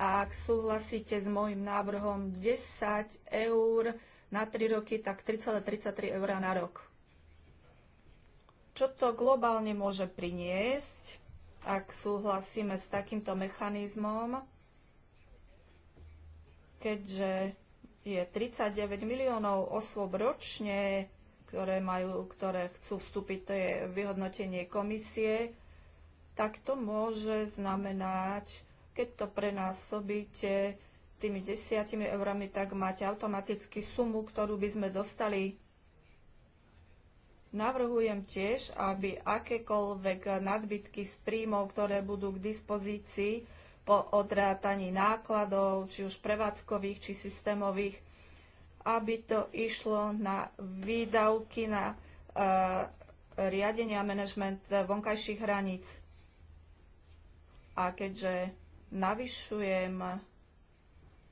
A ak súhlasíte s môjim návrhom 10 eur na 3 roky, tak 3,33 eur na rok. Čo to globálne môže priniesť? ak súhlasíme s takýmto mechanizmom, keďže je 39 miliónov osôb ročne, ktoré, majú, ktoré chcú vstúpiť, to je vyhodnotenie komisie, tak to môže znamenať, keď to prenásobíte tými desiatimi eurami, tak máte automaticky sumu, ktorú by sme dostali Navrhujem tiež, aby akékoľvek nadbytky z príjmov, ktoré budú k dispozícii po odrátaní nákladov, či už prevádzkových, či systémových, aby to išlo na výdavky na e, riadenie a manažment vonkajších hraníc. A keďže navyšujem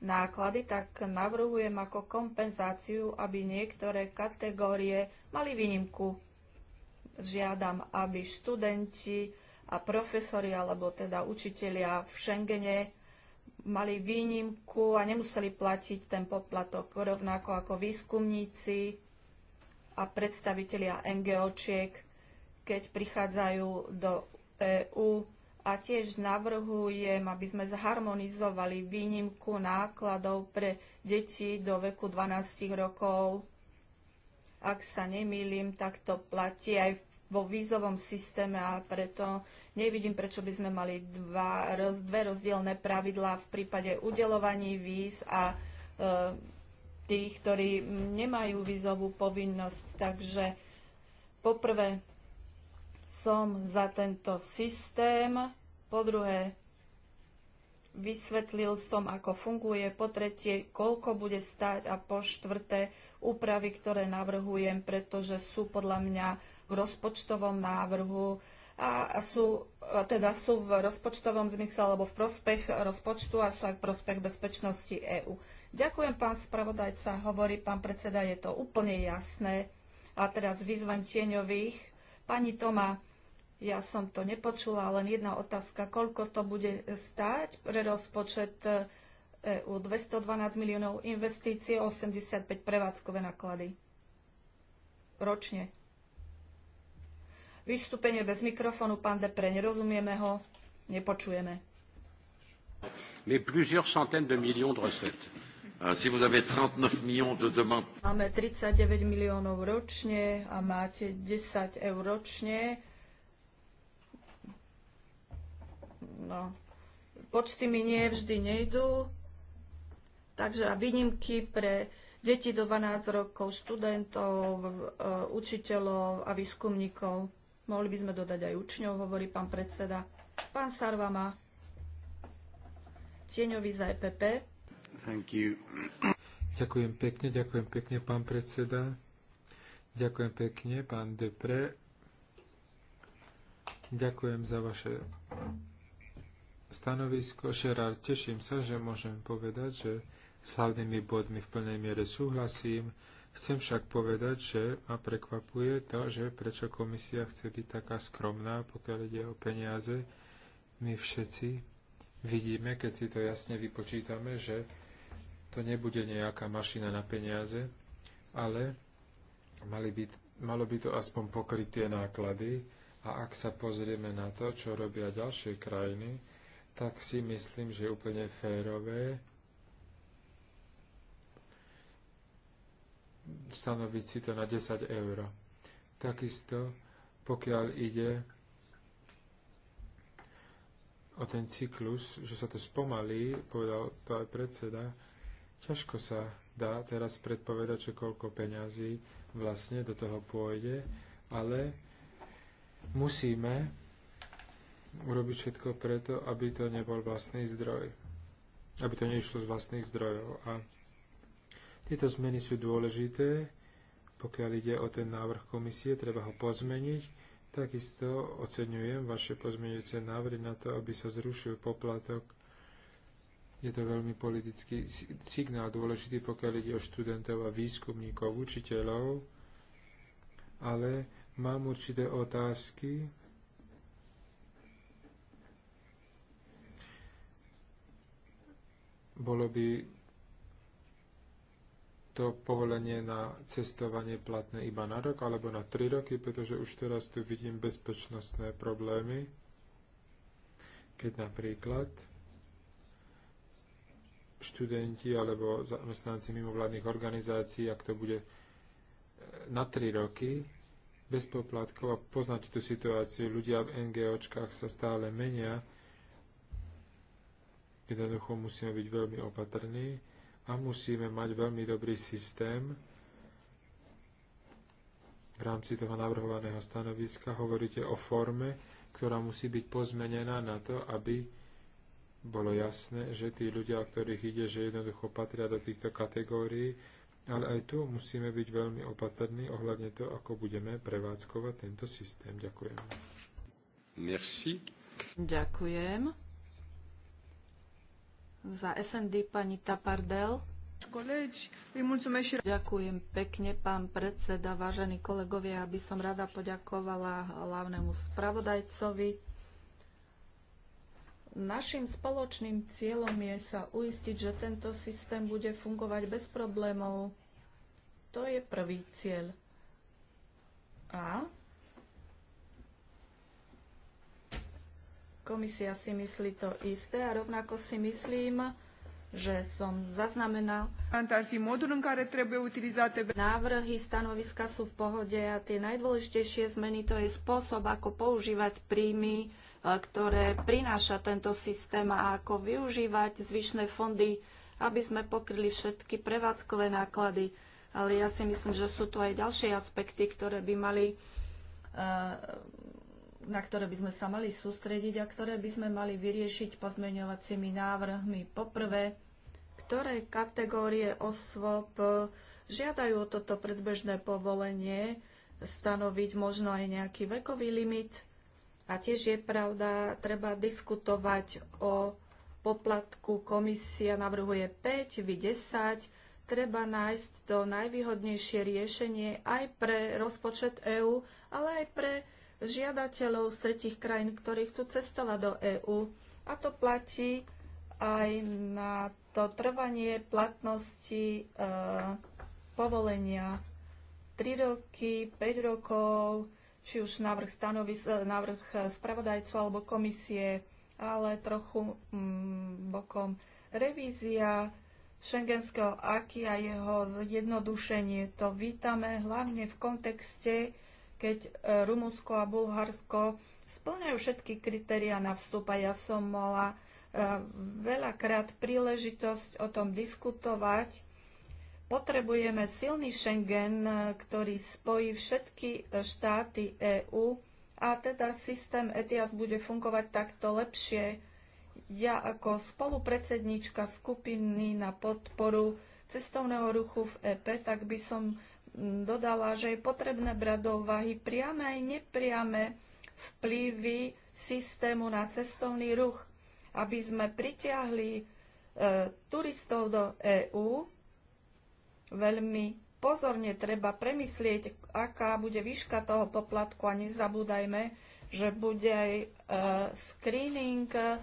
náklady, tak navrhujem ako kompenzáciu, aby niektoré kategórie mali výnimku. Žiadam, aby študenti a profesori alebo teda učitelia v Schengene mali výnimku a nemuseli platiť ten poplatok rovnako ako výskumníci a predstavitelia NGOčiek, keď prichádzajú do EÚ a tiež navrhujem, aby sme zharmonizovali výnimku nákladov pre deti do veku 12 rokov. Ak sa nemýlim, tak to platí aj vo vízovom systéme a preto nevidím, prečo by sme mali dva, roz, dve rozdielne pravidlá v prípade udelovaní víz a e, tých, ktorí nemajú vízovú povinnosť. Takže poprvé som za tento systém. Po druhé, vysvetlil som, ako funguje. Po tretie, koľko bude stáť. A po štvrté, úpravy, ktoré navrhujem, pretože sú podľa mňa v rozpočtovom návrhu a sú, teda sú v rozpočtovom zmysle alebo v prospech rozpočtu a sú aj v prospech bezpečnosti EÚ. Ďakujem, pán spravodajca, hovorí pán predseda, je to úplne jasné. A teraz vyzvem tieňových. Pani Toma, ja som to nepočula, len jedna otázka, koľko to bude stáť pre rozpočet e, EU 212 miliónov investície, 85 prevádzkové náklady. Ročne. Vystúpenie bez mikrofónu, pán Depre, nerozumieme ho, nepočujeme. Mais plusieurs centaines de millions de recettes. Ah, si vous avez 39 millions de demandes. Máme 39 miliónov ročne a máte 10 eur ročne No, počty mi nie vždy nejdú, takže a výnimky pre deti do 12 rokov, študentov, e, učiteľov a výskumníkov. Mohli by sme dodať aj učňov, hovorí pán predseda. Pán Sarvama, tieňový za EPP. Thank you. Ďakujem pekne, ďakujem pekne, pán predseda. Ďakujem pekne, pán Depre. Ďakujem za vaše stanovisko. Šerár, teším sa, že môžem povedať, že s hlavnými bodmi v plnej miere súhlasím. Chcem však povedať, že ma prekvapuje to, že prečo komisia chce byť taká skromná, pokiaľ ide o peniaze. My všetci vidíme, keď si to jasne vypočítame, že to nebude nejaká mašina na peniaze, ale mali by, malo by to aspoň pokryť tie náklady. A ak sa pozrieme na to, čo robia ďalšie krajiny, tak si myslím, že je úplne férové stanoviť si to na 10 eur. Takisto, pokiaľ ide o ten cyklus, že sa to spomalí, povedal to aj predseda, ťažko sa dá teraz predpovedať, čo koľko peňazí vlastne do toho pôjde, ale musíme urobiť všetko preto, aby to nebol vlastný zdroj. Aby to neišlo z vlastných zdrojov. A tieto zmeny sú dôležité, pokiaľ ide o ten návrh komisie, treba ho pozmeniť. Takisto oceňujem vaše pozmeňujúce návrhy na to, aby sa zrušil poplatok. Je to veľmi politický signál dôležitý, pokiaľ ide o študentov a výskumníkov, učiteľov, ale mám určité otázky, bolo by to povolenie na cestovanie platné iba na rok alebo na tri roky, pretože už teraz tu vidím bezpečnostné problémy, keď napríklad študenti alebo zamestnanci mimovládnych organizácií, ak to bude e, na tri roky, bez poplatkov a poznáte tú situáciu, ľudia v NGOčkách sa stále menia, Jednoducho musíme byť veľmi opatrní a musíme mať veľmi dobrý systém. V rámci toho navrhovaného stanoviska hovoríte o forme, ktorá musí byť pozmenená na to, aby bolo jasné, že tí ľudia, o ktorých ide, že jednoducho patria do týchto kategórií, ale aj tu musíme byť veľmi opatrní ohľadne to, ako budeme prevádzkovať tento systém. Ďakujem. Merci. Ďakujem. Za SND pani Tapardel. Ďakujem pekne, pán predseda, vážení kolegovia. Aby som rada poďakovala hlavnému spravodajcovi. Našim spoločným cieľom je sa uistiť, že tento systém bude fungovať bez problémov. To je prvý cieľ. A Komisia si myslí to isté a rovnako si myslím, že som zaznamenal. Návrhy stanoviska sú v pohode a tie najdôležitejšie zmeny to je spôsob, ako používať príjmy, e, ktoré prináša tento systém a ako využívať zvyšné fondy, aby sme pokryli všetky prevádzkové náklady. Ale ja si myslím, že sú tu aj ďalšie aspekty, ktoré by mali uh, na ktoré by sme sa mali sústrediť a ktoré by sme mali vyriešiť pozmeňovacími návrhmi. Poprvé, ktoré kategórie osôb žiadajú o toto predbežné povolenie, stanoviť možno aj nejaký vekový limit. A tiež je pravda, treba diskutovať o poplatku. Komisia navrhuje 5, vy 10 treba nájsť to najvýhodnejšie riešenie aj pre rozpočet EÚ, ale aj pre žiadateľov z tretich krajín, ktorí chcú cestovať do EÚ. A to platí aj na to trvanie platnosti e, povolenia 3 roky, 5 rokov, či už návrh, stanovis, e, návrh spravodajcu alebo komisie, ale trochu mm, bokom revízia šengenského aky a jeho zjednodušenie. To vítame hlavne v kontexte keď e, Rumunsko a Bulharsko splňajú všetky kritéria na vstup a ja som mala e, veľakrát príležitosť o tom diskutovať. Potrebujeme silný Schengen, e, ktorý spojí všetky štáty EÚ a teda systém ETIAS bude fungovať takto lepšie. Ja ako spolupredsednička skupiny na podporu cestovného ruchu v EP, tak by som dodala, že je potrebné brať do úvahy priame aj nepriame vplyvy systému na cestovný ruch, aby sme pritiahli e, turistov do EÚ. Veľmi pozorne treba premyslieť, aká bude výška toho poplatku a nezabúdajme, že bude aj e, screening e,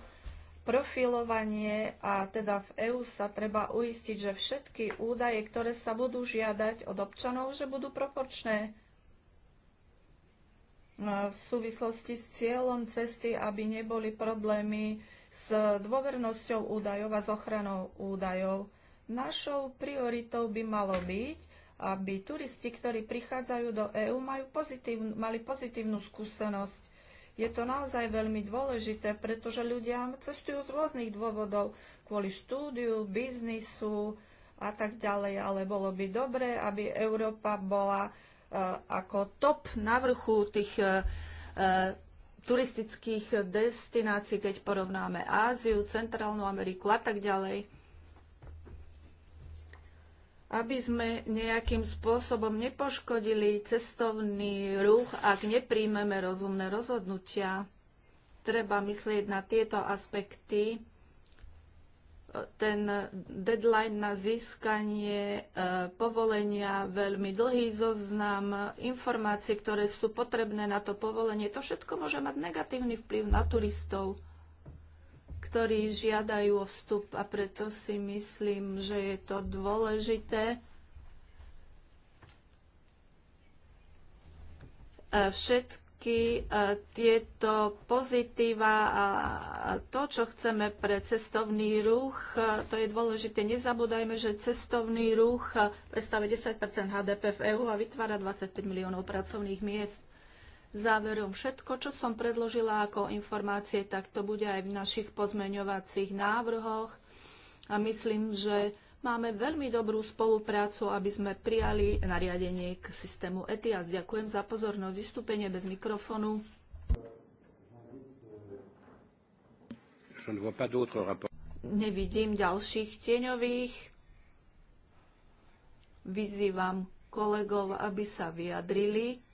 profilovanie a teda v EÚ sa treba uistiť, že všetky údaje, ktoré sa budú žiadať od občanov, že budú proporčné no, v súvislosti s cieľom cesty, aby neboli problémy s dôvernosťou údajov a s ochranou údajov. Našou prioritou by malo byť, aby turisti, ktorí prichádzajú do EÚ, mali pozitívnu skúsenosť je to naozaj veľmi dôležité, pretože ľudia cestujú z rôznych dôvodov, kvôli štúdiu, biznisu a tak ďalej, ale bolo by dobré, aby Európa bola e, ako top na vrchu tých e, e, turistických destinácií, keď porovnáme Áziu, Centrálnu Ameriku a tak ďalej aby sme nejakým spôsobom nepoškodili cestovný ruch, ak nepríjmeme rozumné rozhodnutia. Treba myslieť na tieto aspekty. Ten deadline na získanie e, povolenia, veľmi dlhý zoznam informácií, ktoré sú potrebné na to povolenie, to všetko môže mať negatívny vplyv na turistov ktorí žiadajú o vstup a preto si myslím, že je to dôležité. E, všetky e, tieto pozitíva a to, čo chceme pre cestovný ruch, e, to je dôležité. Nezabúdajme, že cestovný ruch predstavuje 10 HDP v EÚ a vytvára 25 miliónov pracovných miest. Záverom všetko, čo som predložila ako informácie, tak to bude aj v našich pozmeňovacích návrhoch a myslím, že máme veľmi dobrú spoluprácu, aby sme prijali nariadenie k systému ETIAS. Ďakujem za pozornosť. Vystúpenie bez mikrofonu. Nevidím ďalších tieňových. Vyzývam kolegov, aby sa vyjadrili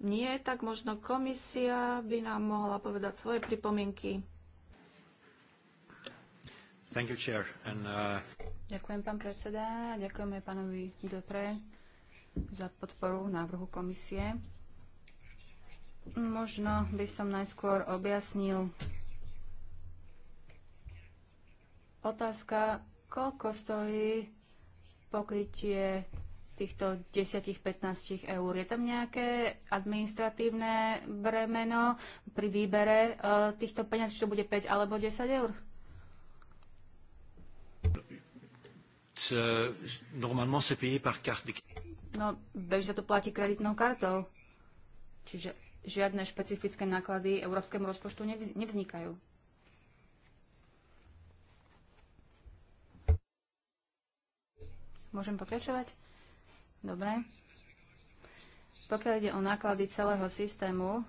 nie, tak možno komisia by nám mohla povedať svoje pripomienky. Thank you, chair. And, uh... Ďakujem, pán predseda. Ďakujeme pánovi Dopre za podporu návrhu komisie. Možno by som najskôr objasnil otázka, koľko stojí pokrytie týchto 10-15 eur. Je tam nejaké administratívne bremeno pri výbere e, týchto peňazí, či to bude 5 alebo 10 eur? No, bežne to platí kreditnou kartou. Čiže žiadne špecifické náklady európskemu rozpočtu nevznikajú. Môžem pokračovať? Dobre. Pokiaľ ide o náklady celého systému,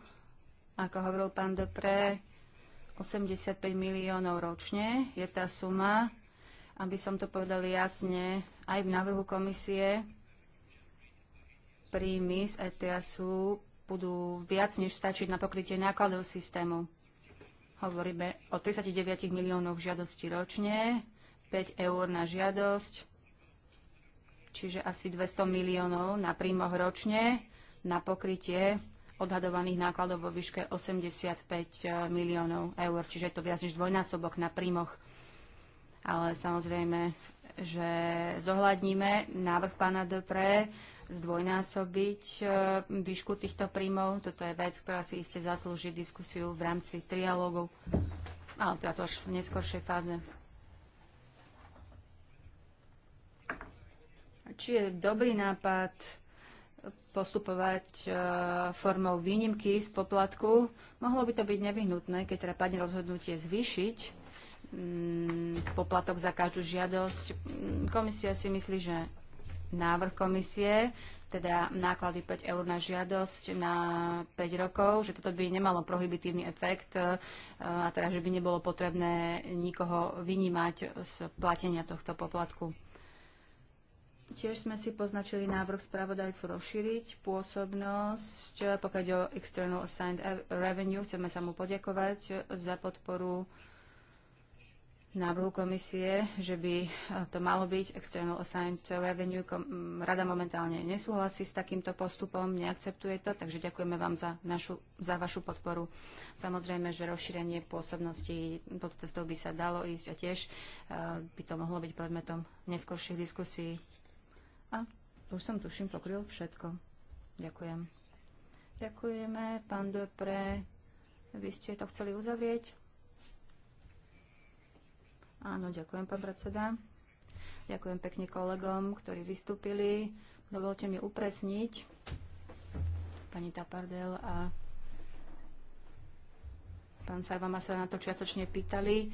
ako hovoril pán Depre, 85 miliónov ročne je tá suma, aby som to povedal jasne, aj v návrhu komisie príjmy z ETSu budú viac než stačiť na pokrytie nákladov systému. Hovoríme o 39 miliónoch žiadostí ročne, 5 eur na žiadosť, čiže asi 200 miliónov na príjmoch ročne na pokrytie odhadovaných nákladov vo výške 85 e, miliónov eur, čiže je to viac než dvojnásobok na príjmoch. Ale samozrejme, že zohľadníme návrh pána Dopre zdvojnásobiť e, výšku týchto príjmov. Toto je vec, ktorá si iste zaslúži diskusiu v rámci trialógu, ale teda to až v neskoršej fáze. či je dobrý nápad postupovať e, formou výnimky z poplatku. Mohlo by to byť nevyhnutné, keď teda padne rozhodnutie zvýšiť mm, poplatok za každú žiadosť. Mm, komisia si myslí, že návrh komisie, teda náklady 5 eur na žiadosť na 5 rokov, že toto by nemalo prohibitívny efekt e, a teda, že by nebolo potrebné nikoho vynímať z platenia tohto poplatku. Tiež sme si poznačili návrh spravodajcu rozšíriť pôsobnosť, pokiaľ ide o External Assigned e- Revenue. Chceme sa mu poďakovať za podporu návrhu komisie, že by e, to malo byť External Assigned Revenue. Rada momentálne nesúhlasí s takýmto postupom, neakceptuje to, takže ďakujeme vám za, našu, za vašu podporu. Samozrejme, že rozšírenie pôsobnosti pod cestou by sa dalo ísť a tiež e, by to mohlo byť predmetom neskorších diskusí. A už som tuším pokryl všetko. Ďakujem. Ďakujeme, pán Dopre. Vy ste to chceli uzavrieť? Áno, ďakujem, pán predseda. Ďakujem pekne kolegom, ktorí vystúpili. Dovolte mi upresniť pani Tapardel a pán Sarvama sa na to čiastočne pýtali.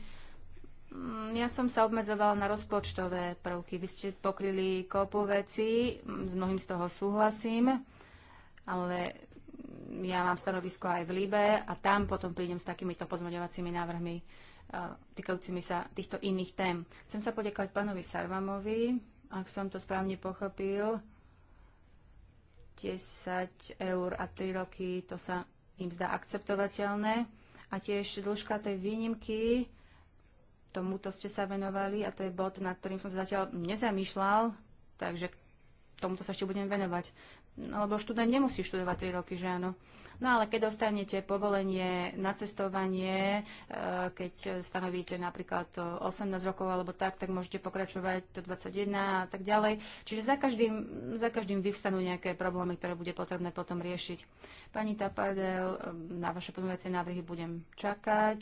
Mm, ja som sa obmedzovala na rozpočtové prvky. Vy ste pokryli kopu veci, mm, s mnohým z toho súhlasím, ale ja mám stanovisko aj v líbe a tam potom prídem s takýmito pozmeňovacími návrhmi eh, týkajúcimi sa týchto iných tém. Chcem sa poďakovať pánovi Sarvamovi, ak som to správne pochopil. 10 eur a 3 roky, to sa im zdá akceptovateľné. A tiež dĺžka tej výnimky, Tomuto ste sa venovali a to je bod, nad ktorým som sa zatiaľ nezamýšľal, takže tomuto sa ešte budem venovať. No, lebo študent nemusí študovať 3 roky, že áno. No ale keď dostanete povolenie na cestovanie, e, keď stanovíte napríklad 18 rokov alebo tak, tak môžete pokračovať do 21 a tak ďalej. Čiže za každým, za každým vyvstanú nejaké problémy, ktoré bude potrebné potom riešiť. Pani Tapadel, e, na vaše podmienujúce návrhy budem čakať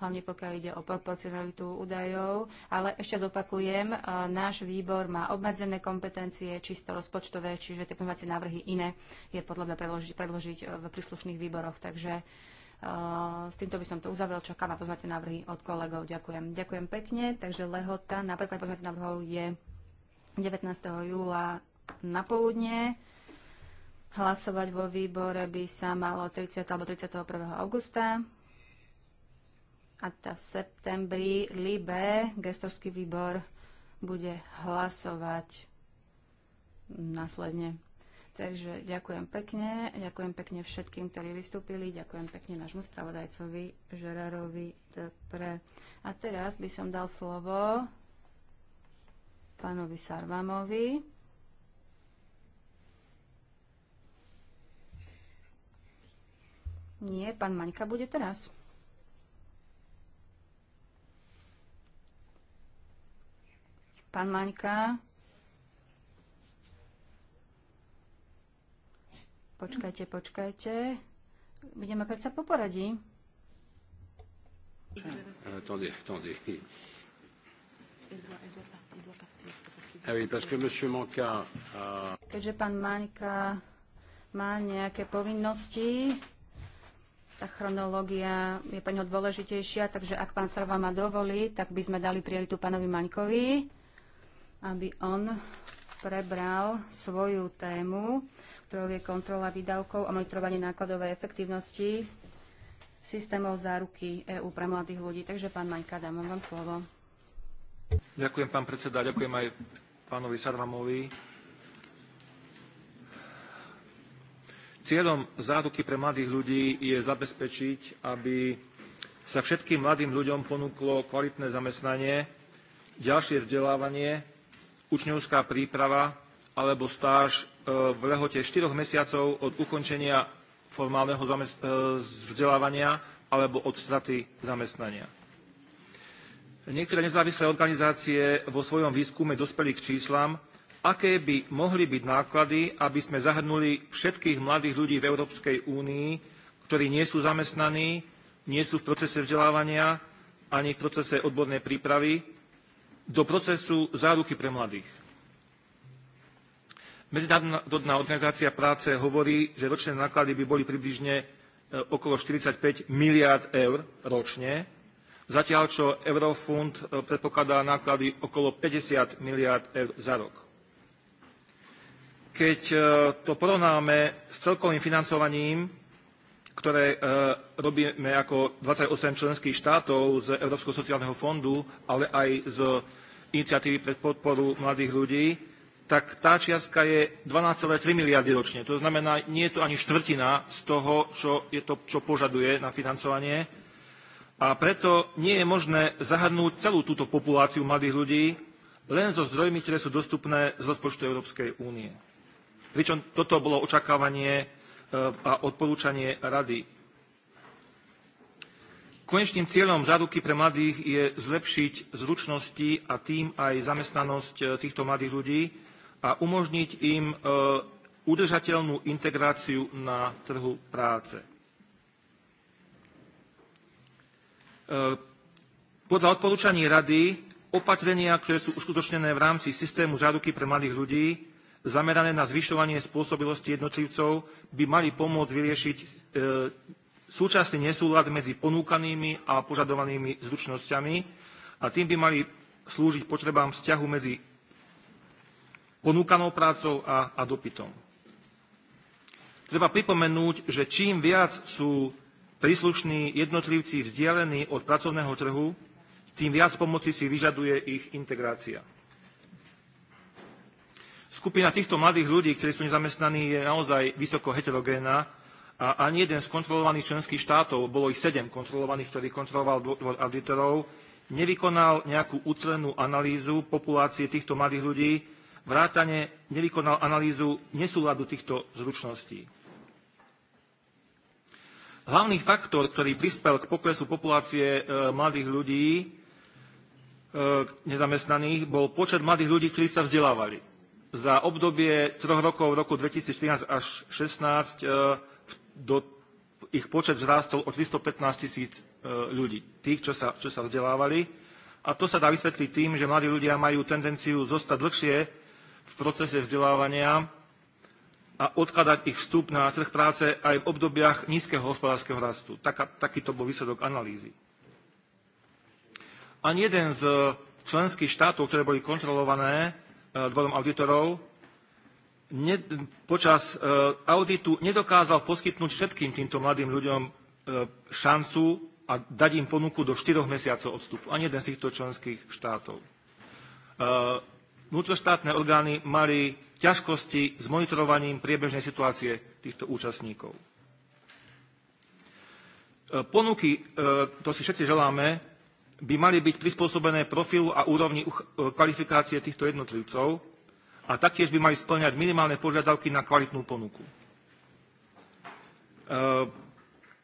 hlavne pokiaľ ide o proporcionalitu údajov. Ale ešte zopakujem, e, náš výbor má obmedzené kompetencie, čisto rozpočtové, čiže tie pozmeňovacie návrhy iné je podľa mňa predložiť, predložiť v príslušných výboroch. Takže e, s týmto by som to uzavrel, čakám na pozmeňovacie návrhy od kolegov. Ďakujem. Ďakujem pekne. Takže lehota napríklad pozmeňovacích návrhov je 19. júla na poludne. Hlasovať vo výbore by sa malo 30. alebo 31. augusta a tá v septembri Libe, gestorský výbor, bude hlasovať následne. Takže ďakujem pekne, ďakujem pekne všetkým, ktorí vystúpili, ďakujem pekne nášmu spravodajcovi Žerarovi Depre. A teraz by som dal slovo pánovi Sarvamovi. Nie, pán Maňka bude teraz. Pán Maňka. Počkajte, počkajte. Budeme predsa po poradí. Eh, attendez, attendez. Eh Keďže pán Maňka má nejaké povinnosti, tá chronológia je pre neho dôležitejšia, takže ak pán Sarva má dovolí, tak by sme dali prioritu pánovi Maňkovi aby on prebral svoju tému, ktorou je kontrola výdavkov a monitorovanie nákladovej efektívnosti systémov záruky EÚ pre mladých ľudí. Takže pán Majka, dám vám slovo. Ďakujem, pán predseda. Ďakujem aj pánovi Sarvamovi. Cieľom záruky pre mladých ľudí je zabezpečiť, aby sa všetkým mladým ľuďom ponúklo kvalitné zamestnanie, ďalšie vzdelávanie učňovská príprava alebo stáž e, v lehote 4 mesiacov od ukončenia formálneho e, vzdelávania alebo od straty zamestnania. Niektoré nezávislé organizácie vo svojom výskume dospeli k číslam, aké by mohli byť náklady, aby sme zahrnuli všetkých mladých ľudí v Európskej únii, ktorí nie sú zamestnaní, nie sú v procese vzdelávania ani v procese odbornej prípravy do procesu záruky pre mladých. Medzinárodná organizácia práce hovorí, že ročné náklady by boli približne e, okolo 45 miliard eur ročne, zatiaľ čo Eurofund e, predpokladá náklady okolo 50 miliard eur za rok. Keď e, to porovnáme s celkovým financovaním ktoré e, robíme ako 28 členských štátov z Európskeho sociálneho fondu, ale aj z iniciatívy pre podporu mladých ľudí, tak tá čiastka je 12,3 miliardy ročne. To znamená, nie je to ani štvrtina z toho, čo, je to, čo požaduje na financovanie. A preto nie je možné zahrnúť celú túto populáciu mladých ľudí len so zdrojmi, ktoré sú dostupné z rozpočtu Európskej únie. Pričom toto bolo očakávanie E, a odporúčanie Rady. Konečným cieľom záruky pre mladých je zlepšiť zručnosti a tým aj zamestnanosť e, týchto mladých ľudí a umožniť im e, udržateľnú integráciu na trhu práce. Podľa odporúčaní Rady opatrenia, ktoré sú uskutočnené v rámci systému záruky pre mladých ľudí, zamerané na zvyšovanie spôsobilosti jednotlivcov by mali pomôcť vyriešiť e, súčasný nesúlad medzi ponúkanými a požadovanými zručnosťami a tým by mali slúžiť potrebám vzťahu medzi ponúkanou prácou a, a dopytom. Treba pripomenúť, že čím viac sú príslušní jednotlivci vzdialení od pracovného trhu, tým viac pomoci si vyžaduje ich integrácia. Skupina týchto mladých ľudí, ktorí sú nezamestnaní, je naozaj vysoko heterogénna a ani jeden z kontrolovaných členských štátov, bolo ich sedem kontrolovaných, ktorý kontroloval dvor auditorov, nevykonal nejakú ucelenú analýzu populácie týchto mladých ľudí, vrátane nevykonal analýzu nesúladu týchto zručností. Hlavný faktor, ktorý prispel k poklesu populácie e, mladých ľudí, e, nezamestnaných, bol počet mladých ľudí, ktorí sa vzdelávali za obdobie troch rokov, roku 2014 až 2016, e, do, ich počet zrástol o 315 tisíc e, ľudí, tých, čo sa, čo sa vzdelávali. A to sa dá vysvetliť tým, že mladí ľudia majú tendenciu zostať dlhšie v procese vzdelávania a odkladať ich vstup na trh práce aj v obdobiach nízkeho hospodárskeho rastu. Taká, takýto bol výsledok analýzy. Ani jeden z členských štátov, ktoré boli kontrolované, Eh, dvorom auditorov ne, počas eh, auditu nedokázal poskytnúť všetkým týmto mladým ľuďom eh, šancu a dať im ponuku do 4 mesiacov odstupu. Ani jeden z týchto členských štátov. Vnútroštátne orgány mali ťažkosti s monitorovaním priebežnej situácie týchto účastníkov. Ponuky, to si všetci želáme, by mali byť prispôsobené profilu a úrovni e, kvalifikácie týchto jednotlivcov a taktiež by mali splňať minimálne požiadavky na kvalitnú ponuku. E,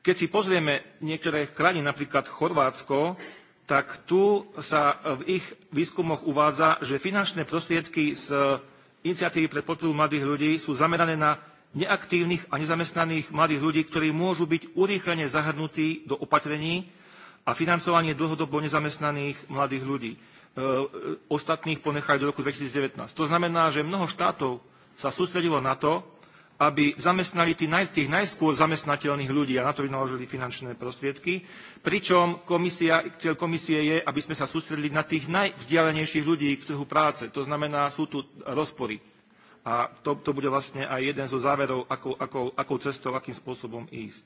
keď si pozrieme niektoré krajiny, napríklad Chorvátsko, tak tu sa v ich výskumoch uvádza, že finančné prostriedky z iniciatívy pre podporu mladých ľudí sú zamerané na neaktívnych a nezamestnaných mladých ľudí, ktorí môžu byť urýchlene zahrnutí do opatrení, a financovanie dlhodobo nezamestnaných mladých ľudí. E, e, ostatných ponechali do roku 2019. To znamená, že mnoho štátov sa sústredilo na to, aby zamestnali tých, najskôr zamestnateľných ľudí a na to vynaložili finančné prostriedky. Pričom komisia, cieľ komisie je, aby sme sa sústredili na tých najvzdialenejších ľudí k trhu práce. To znamená, sú tu rozpory. A to, to bude vlastne aj jeden zo záverov, ako akou, akou cestou, akým spôsobom ísť.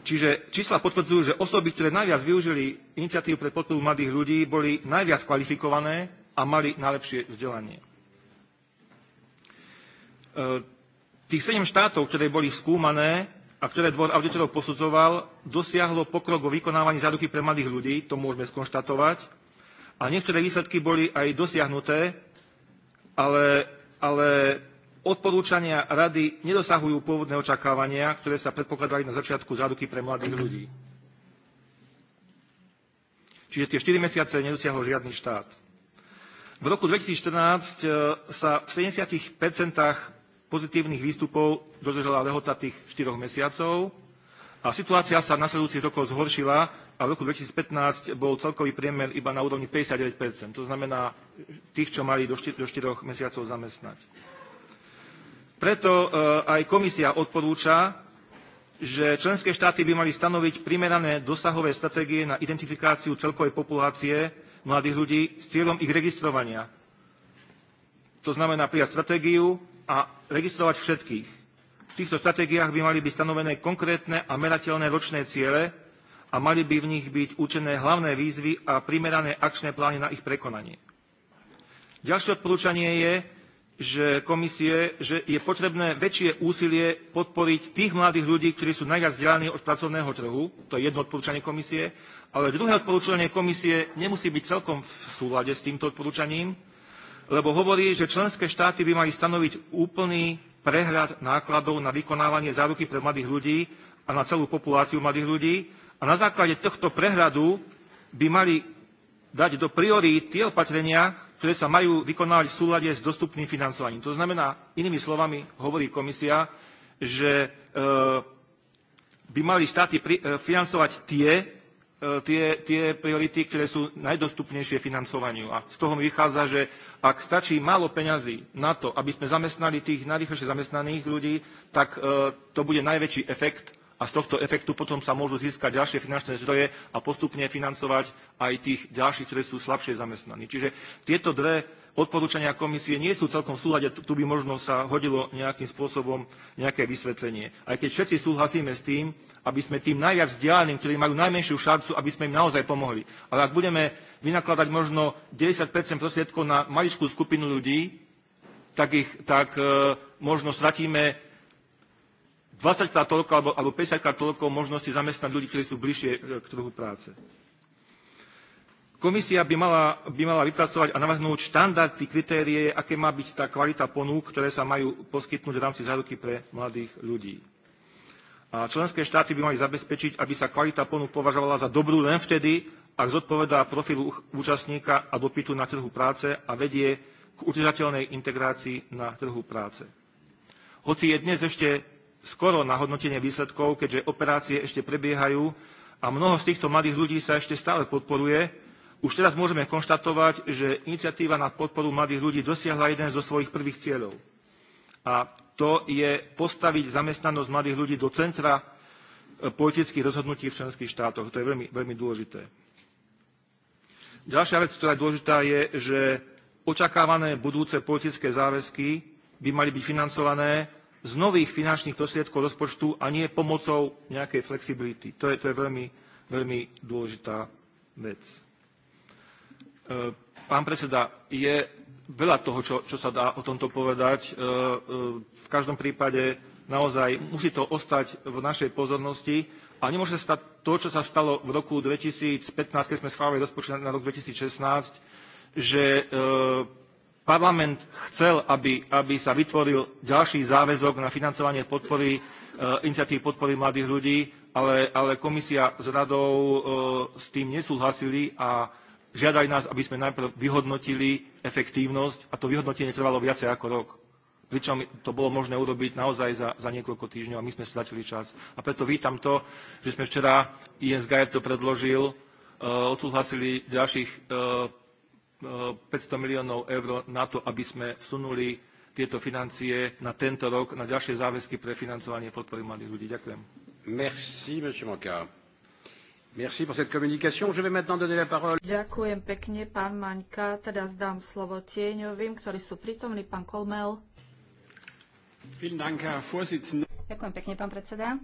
Čiže čísla potvrdzujú, že osoby, ktoré najviac využili iniciatívu pre podporu mladých ľudí, boli najviac kvalifikované a mali najlepšie vzdelanie. E, tých sedem štátov, ktoré boli skúmané a ktoré dvor auditorov posudzoval, dosiahlo pokrok vo vykonávaní záruky pre mladých ľudí, to môžeme skonštatovať, a niektoré výsledky boli aj dosiahnuté, ale, ale Odporúčania rady nedosahujú pôvodné očakávania, ktoré sa predpokladali na začiatku záruky pre mladých mhm. ľudí. Čiže tie 4 mesiace nedosiahol žiadny štát. V roku 2014 e, sa v 70 pozitívnych výstupov dodržala lehota tých 4 mesiacov a situácia sa v nasledujúcich rokoch zhoršila a v roku 2015 bol celkový priemer iba na úrovni 59 To znamená tých, čo mali do 4 mesiacov zamestnať. Preto eh, aj komisia odporúča, že členské štáty by mali stanoviť primerané dosahové stratégie na identifikáciu celkovej populácie mladých ľudí s cieľom ich registrovania. To znamená prijať stratégiu a registrovať všetkých. V týchto stratégiách by mali byť stanovené konkrétne a merateľné ročné ciele a mali by v nich byť určené hlavné výzvy a primerané akčné plány na ich prekonanie. Ďalšie odporúčanie je, že komisie, že je potrebné väčšie úsilie podporiť tých mladých ľudí, ktorí sú najviac vzdialení od pracovného trhu. To je jedno odporúčanie komisie. Ale druhé odporúčanie komisie nemusí byť celkom v súlade s týmto odporúčaním, lebo hovorí, že členské štáty by mali stanoviť úplný prehľad nákladov na vykonávanie záruky pre mladých ľudí a na celú populáciu mladých ľudí. A na základe tohto prehľadu by mali dať do priorít tie opatrenia, ktoré sa majú vykonávať v súlade s dostupným financovaním. To znamená, inými slovami hovorí komisia, že e, by mali štáty e, financovať tie, e, tie, tie priority, ktoré sú najdostupnejšie financovaniu. A z toho mi vychádza, že ak stačí málo peňazí na to, aby sme zamestnali tých najrychlejšie zamestnaných ľudí, tak to bude najväčší efekt a z tohto efektu potom sa môžu získať ďalšie finančné zdroje a postupne financovať aj tých ďalších, ktorí sú slabšie zamestnaní. Čiže tieto dve odporúčania komisie nie sú celkom v súlade, tu by možno sa hodilo nejakým spôsobom nejaké vysvetlenie. Aj keď všetci súhlasíme s tým, aby sme tým najviac vzdialeným, ktorí majú najmenšiu šancu, aby sme im naozaj pomohli. Ale ak budeme vynakladať možno 90 prostriedkov na maličkú skupinu ľudí, tak, ich, tak e, možno stratíme 20 krát toľko alebo, alebo 50 krát toľko možností zamestnať ľudí, ktorí sú bližšie e, k trhu práce. Komisia by mala, by mala vypracovať a navrhnúť štandardy, kritérie, aké má byť tá kvalita ponúk, ktoré sa majú poskytnúť v rámci záruky pre mladých ľudí. A členské štáty by mali zabezpečiť, aby sa kvalita ponúk považovala za dobrú len vtedy, ak zodpovedá profilu účastníka a dopytu na trhu práce a vedie k utržateľnej integrácii na trhu práce. Hoci je dnes ešte skoro na hodnotenie výsledkov, keďže operácie ešte prebiehajú a mnoho z týchto mladých ľudí sa ešte stále podporuje, už teraz môžeme konštatovať, že iniciatíva na podporu mladých ľudí dosiahla jeden zo svojich prvých cieľov. A to je postaviť zamestnanosť mladých ľudí do centra e, politických rozhodnutí v členských štátoch. To je veľmi, veľmi dôležité. Ďalšia vec, ktorá je dôležitá, je, že očakávané budúce politické záväzky by mali byť financované z nových finančných prostriedkov rozpočtu a nie pomocou nejakej flexibility. To je, to je veľmi, veľmi dôležitá vec. E, pán predseda, je veľa toho, čo, čo sa dá o tomto povedať. E, e, v každom prípade naozaj musí to ostať v našej pozornosti a nemôže sa stať to, čo sa stalo v roku 2015, keď sme schválili rozpočet na rok 2016, že Parlament chcel, aby, aby sa vytvoril ďalší záväzok na financovanie podpory, e, iniciatív podpory mladých ľudí, ale, ale komisia s radou e, s tým nesúhlasili a žiadali nás, aby sme najprv vyhodnotili efektívnosť a to vyhodnotenie trvalo viacej ako rok. Pričom to bolo možné urobiť naozaj za, za niekoľko týždňov a my sme stratili čas. A preto vítam to, že sme včera ISGR to predložil, e, odsúhlasili ďalších 500 eh, miliónov eur na to, aby sme vsunuli tieto financie na tento rok, na ďalšie záväzky pre financovanie podpory mladých ľudí. Ďakujem. Merci, monsieur Manka. Merci pour cette communication. Je vais maintenant donner la parole. Ďakujem pekne, pán Maňka. Teda zdám slovo tieňovým, ktorí sú prítomní. Pán Kolmel. Ďakujem pekne, pán predseda.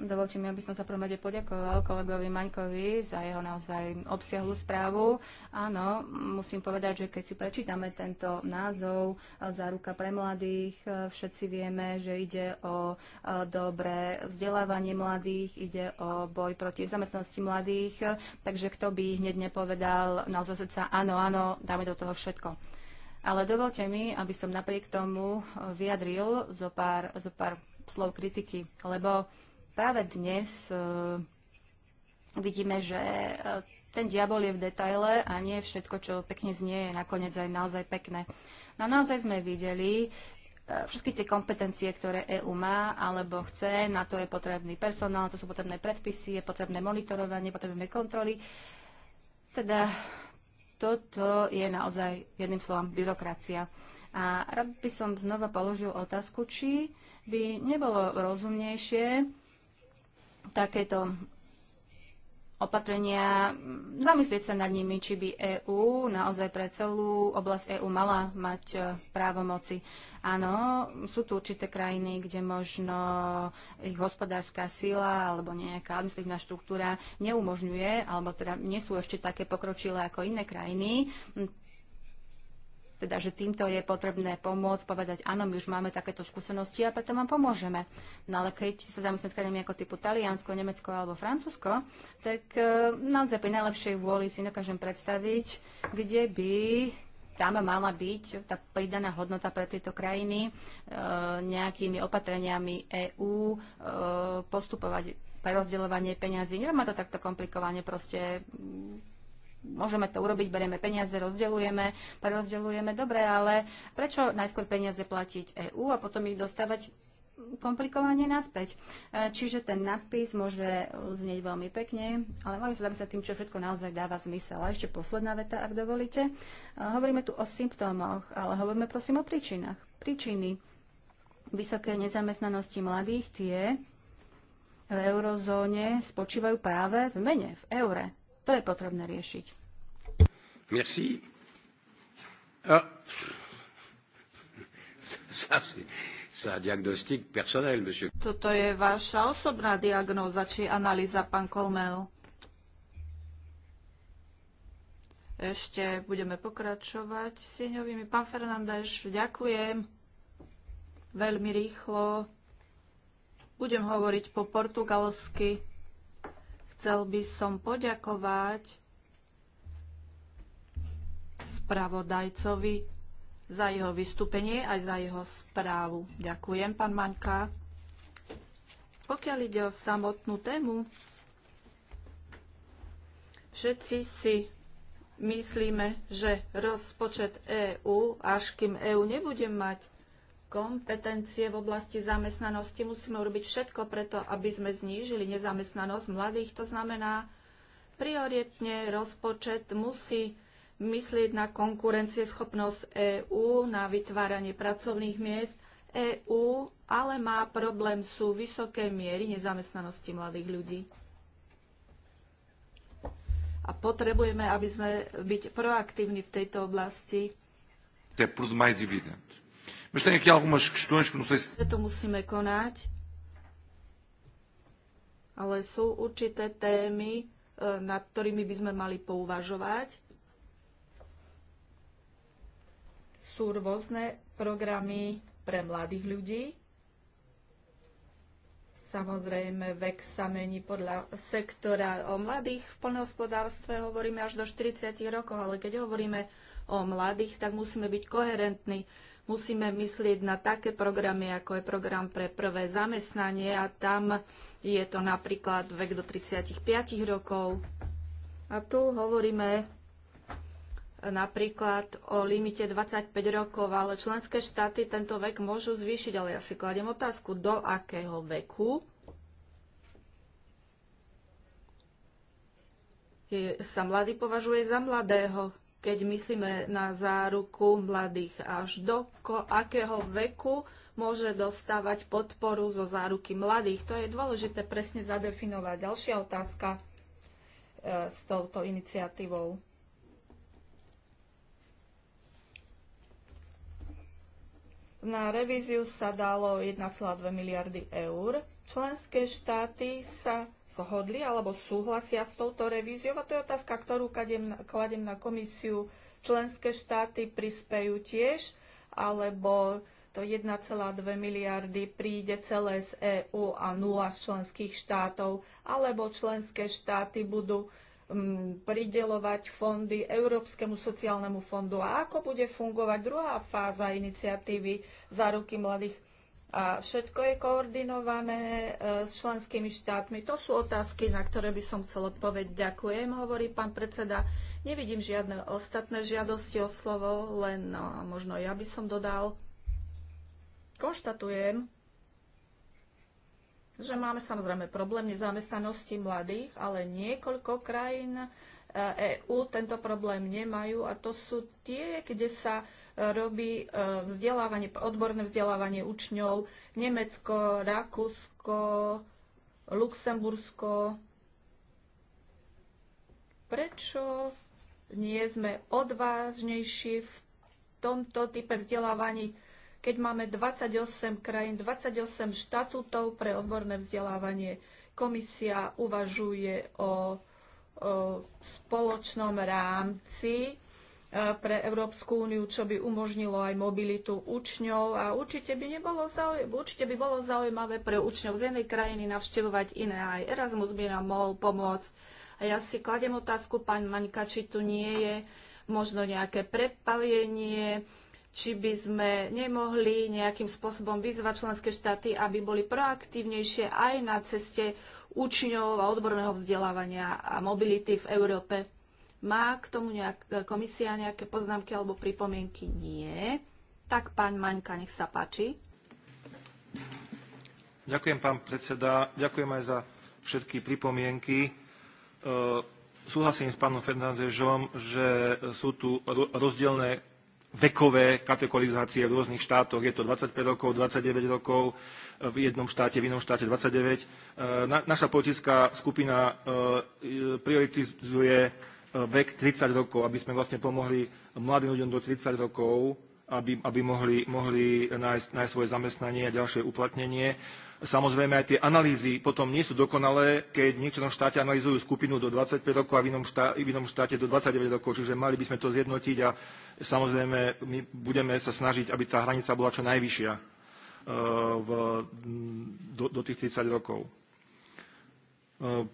Dovolte mi, aby som sa prvom rade poďakoval kolegovi Maňkovi za jeho naozaj obsiahlu správu. Áno, musím povedať, že keď si prečítame tento názov e, Záruka pre mladých, e, všetci vieme, že ide o e, dobré vzdelávanie mladých, ide o boj proti zamestnanosti mladých, takže kto by hneď nepovedal naozaj srdca áno, áno, dáme do toho všetko. Ale dovolte mi, aby som napriek tomu vyjadril zo pár, zo pár slov kritiky, lebo práve dnes e, vidíme, že e, ten diabol je v detaile a nie všetko, čo pekne znie, je nakoniec aj naozaj pekné. No naozaj sme videli, e, všetky tie kompetencie, ktoré EÚ má alebo chce, na to je potrebný personál, to sú potrebné predpisy, je potrebné monitorovanie, potrebné kontroly. Teda toto je naozaj jedným slovom byrokracia. A rád by som znova položil otázku, či by nebolo rozumnejšie takéto opatrenia, mm, zamyslieť sa nad nimi, či by EÚ naozaj pre celú oblasť EÚ mala mať e, právomoci. Áno, sú tu určité krajiny, kde možno ich hospodárska sila alebo nejaká administratívna štruktúra neumožňuje, alebo teda nie sú ešte také pokročilé ako iné krajiny teda, že týmto je potrebné pomôcť, povedať, áno, my už máme takéto skúsenosti a preto vám pomôžeme. No ale keď sa zamyslím krajinami ako typu Taliansko, Nemecko alebo Francúzsko, tak e, naozaj pri najlepšej vôli si dokážem predstaviť, kde by tam mala byť tá pridaná hodnota pre tieto krajiny e, nejakými opatreniami EÚ e, postupovať prerozdeľovanie peňazí. Nemá to takto komplikovane, proste môžeme to urobiť, berieme peniaze, rozdeľujeme, prerozdeľujeme, dobre, ale prečo najskôr peniaze platiť EÚ a potom ich dostávať komplikovanie naspäť. E, čiže ten nadpis môže znieť veľmi pekne, ale môžem sa zamyslieť tým, čo všetko naozaj dáva zmysel. A ešte posledná veta, ak dovolíte. E, hovoríme tu o symptómoch, ale hovoríme prosím o príčinách. Príčiny vysoké nezamestnanosti mladých tie v eurozóne spočívajú práve v mene, v eure. To je potrebné riešiť. Merci. Ah. Ça, ça, diagnostic personnel, monsieur. Toto je vaša osobná diagnóza či analýza, pán Kolmel. Ešte budeme pokračovať s sieňovými. Pán Fernández, ďakujem veľmi rýchlo. Budem hovoriť po portugalsky. Chcel by som poďakovať spravodajcovi za jeho vystúpenie aj za jeho správu. Ďakujem, pán Maňka. Pokiaľ ide o samotnú tému, všetci si myslíme, že rozpočet EÚ, až kým EÚ nebude mať kompetencie v oblasti zamestnanosti. Musíme urobiť všetko preto, aby sme znížili nezamestnanosť mladých. To znamená, prioritne rozpočet musí myslieť na konkurencieschopnosť EÚ, na vytváranie pracovných miest EÚ, ale má problém sú vysoké miery nezamestnanosti mladých ľudí. A potrebujeme, aby sme byť proaktívni v tejto oblasti. Mas tem aqui algumas questões que não sei se... To musíme konať, ale sú určité témy, e, nad ktorými by sme mali pouvažovať. Sú rôzne programy pre mladých ľudí. Samozrejme, vek sa mení podľa sektora. O mladých v poľnohospodárstve hovoríme až do 40 rokov, ale keď hovoríme o mladých, tak musíme byť koherentní musíme myslieť na také programy, ako je program pre prvé zamestnanie a tam je to napríklad vek do 35 rokov. A tu hovoríme napríklad o limite 25 rokov, ale členské štáty tento vek môžu zvýšiť, ale ja si kladem otázku, do akého veku je, sa mladý považuje za mladého keď myslíme na záruku mladých až do ko, akého veku môže dostávať podporu zo záruky mladých. To je dôležité presne zadefinovať. Ďalšia otázka e, s touto iniciatívou. Na revíziu sa dalo 1,2 miliardy eur. Členské štáty sa zhodli alebo súhlasia s touto revíziou. A to je otázka, ktorú kladem na komisiu. Členské štáty prispejú tiež, alebo to 1,2 miliardy príde celé z EÚ a nula z členských štátov, alebo členské štáty budú mm, pridelovať fondy Európskemu sociálnemu fondu. A ako bude fungovať druhá fáza iniciatívy za ruky mladých? a všetko je koordinované e, s členskými štátmi. To sú otázky, na ktoré by som chcel odpoveď. Ďakujem, hovorí pán predseda. Nevidím žiadne ostatné žiadosti o slovo, len no, možno ja by som dodal. Konštatujem, že máme samozrejme problém nezamestnanosti mladých, ale niekoľko krajín EÚ e tento problém nemajú a to sú tie, kde sa robí e, vzdelávanie, odborné vzdelávanie učňov Nemecko, Rakúsko, Luxembursko. Prečo nie sme odvážnejší v tomto type vzdelávaní, keď máme 28 krajín, 28 štatútov pre odborné vzdelávanie. Komisia uvažuje o, o spoločnom rámci pre Európsku úniu, čo by umožnilo aj mobilitu učňov a určite by, nebolo zaujímavé, určite by bolo zaujímavé pre učňov z jednej krajiny navštevovať iné. Aj Erasmus by nám mohol pomôcť. A ja si kladem otázku, pán Maňka, či tu nie je možno nejaké prepavenie, či by sme nemohli nejakým spôsobom vyzvať členské štáty, aby boli proaktívnejšie aj na ceste učňov a odborného vzdelávania a mobility v Európe. Má k tomu nejak, e, komisia nejaké poznámky alebo pripomienky? Nie. Tak pán Maňka, nech sa páči. Ďakujem, pán predseda. Ďakujem aj za všetky pripomienky. E, súhlasím s pánom Fernandežom, že sú tu rozdielne vekové kategorizácie v rôznych štátoch. Je to 25 rokov, 29 rokov, v jednom štáte, v inom štáte 29. E, na, naša politická skupina e, prioritizuje E, vek 30 rokov, aby sme vlastne pomohli mladým ľuďom do 30 rokov, aby, aby mohli, mohli nájsť, nájsť svoje zamestnanie a ďalšie uplatnenie. Samozrejme, aj tie analýzy potom nie sú dokonalé, keď v niektorom štáte analýzujú skupinu do 25 rokov a v inom, v inom štáte do 29 rokov, čiže mali by sme to zjednotiť a samozrejme my budeme sa snažiť, aby tá hranica bola čo najvyššia e, v, do, do tých 30 rokov. E,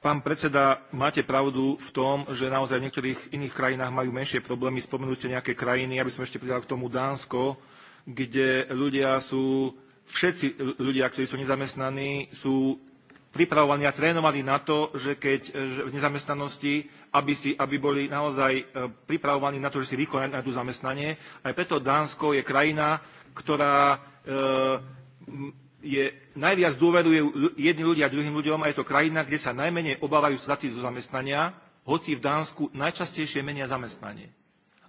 Pán predseda, máte pravdu v tom, že naozaj v niektorých iných krajinách majú menšie problémy. Spomenuli ste nejaké krajiny, aby som ešte pridal k tomu Dánsko, kde ľudia sú, všetci ľudia, ktorí sú nezamestnaní, sú pripravovaní a trénovaní na to, že keď že v nezamestnanosti, aby, si, aby boli naozaj e, pripravovaní na to, že si rýchlo nájdu zamestnanie. Aj preto Dánsko je krajina, ktorá e, je, najviac dôverujú jedni ľudia druhým ľuďom a je to krajina, kde sa najmenej obávajú stratiť zo zamestnania, hoci v Dánsku najčastejšie menia zamestnanie.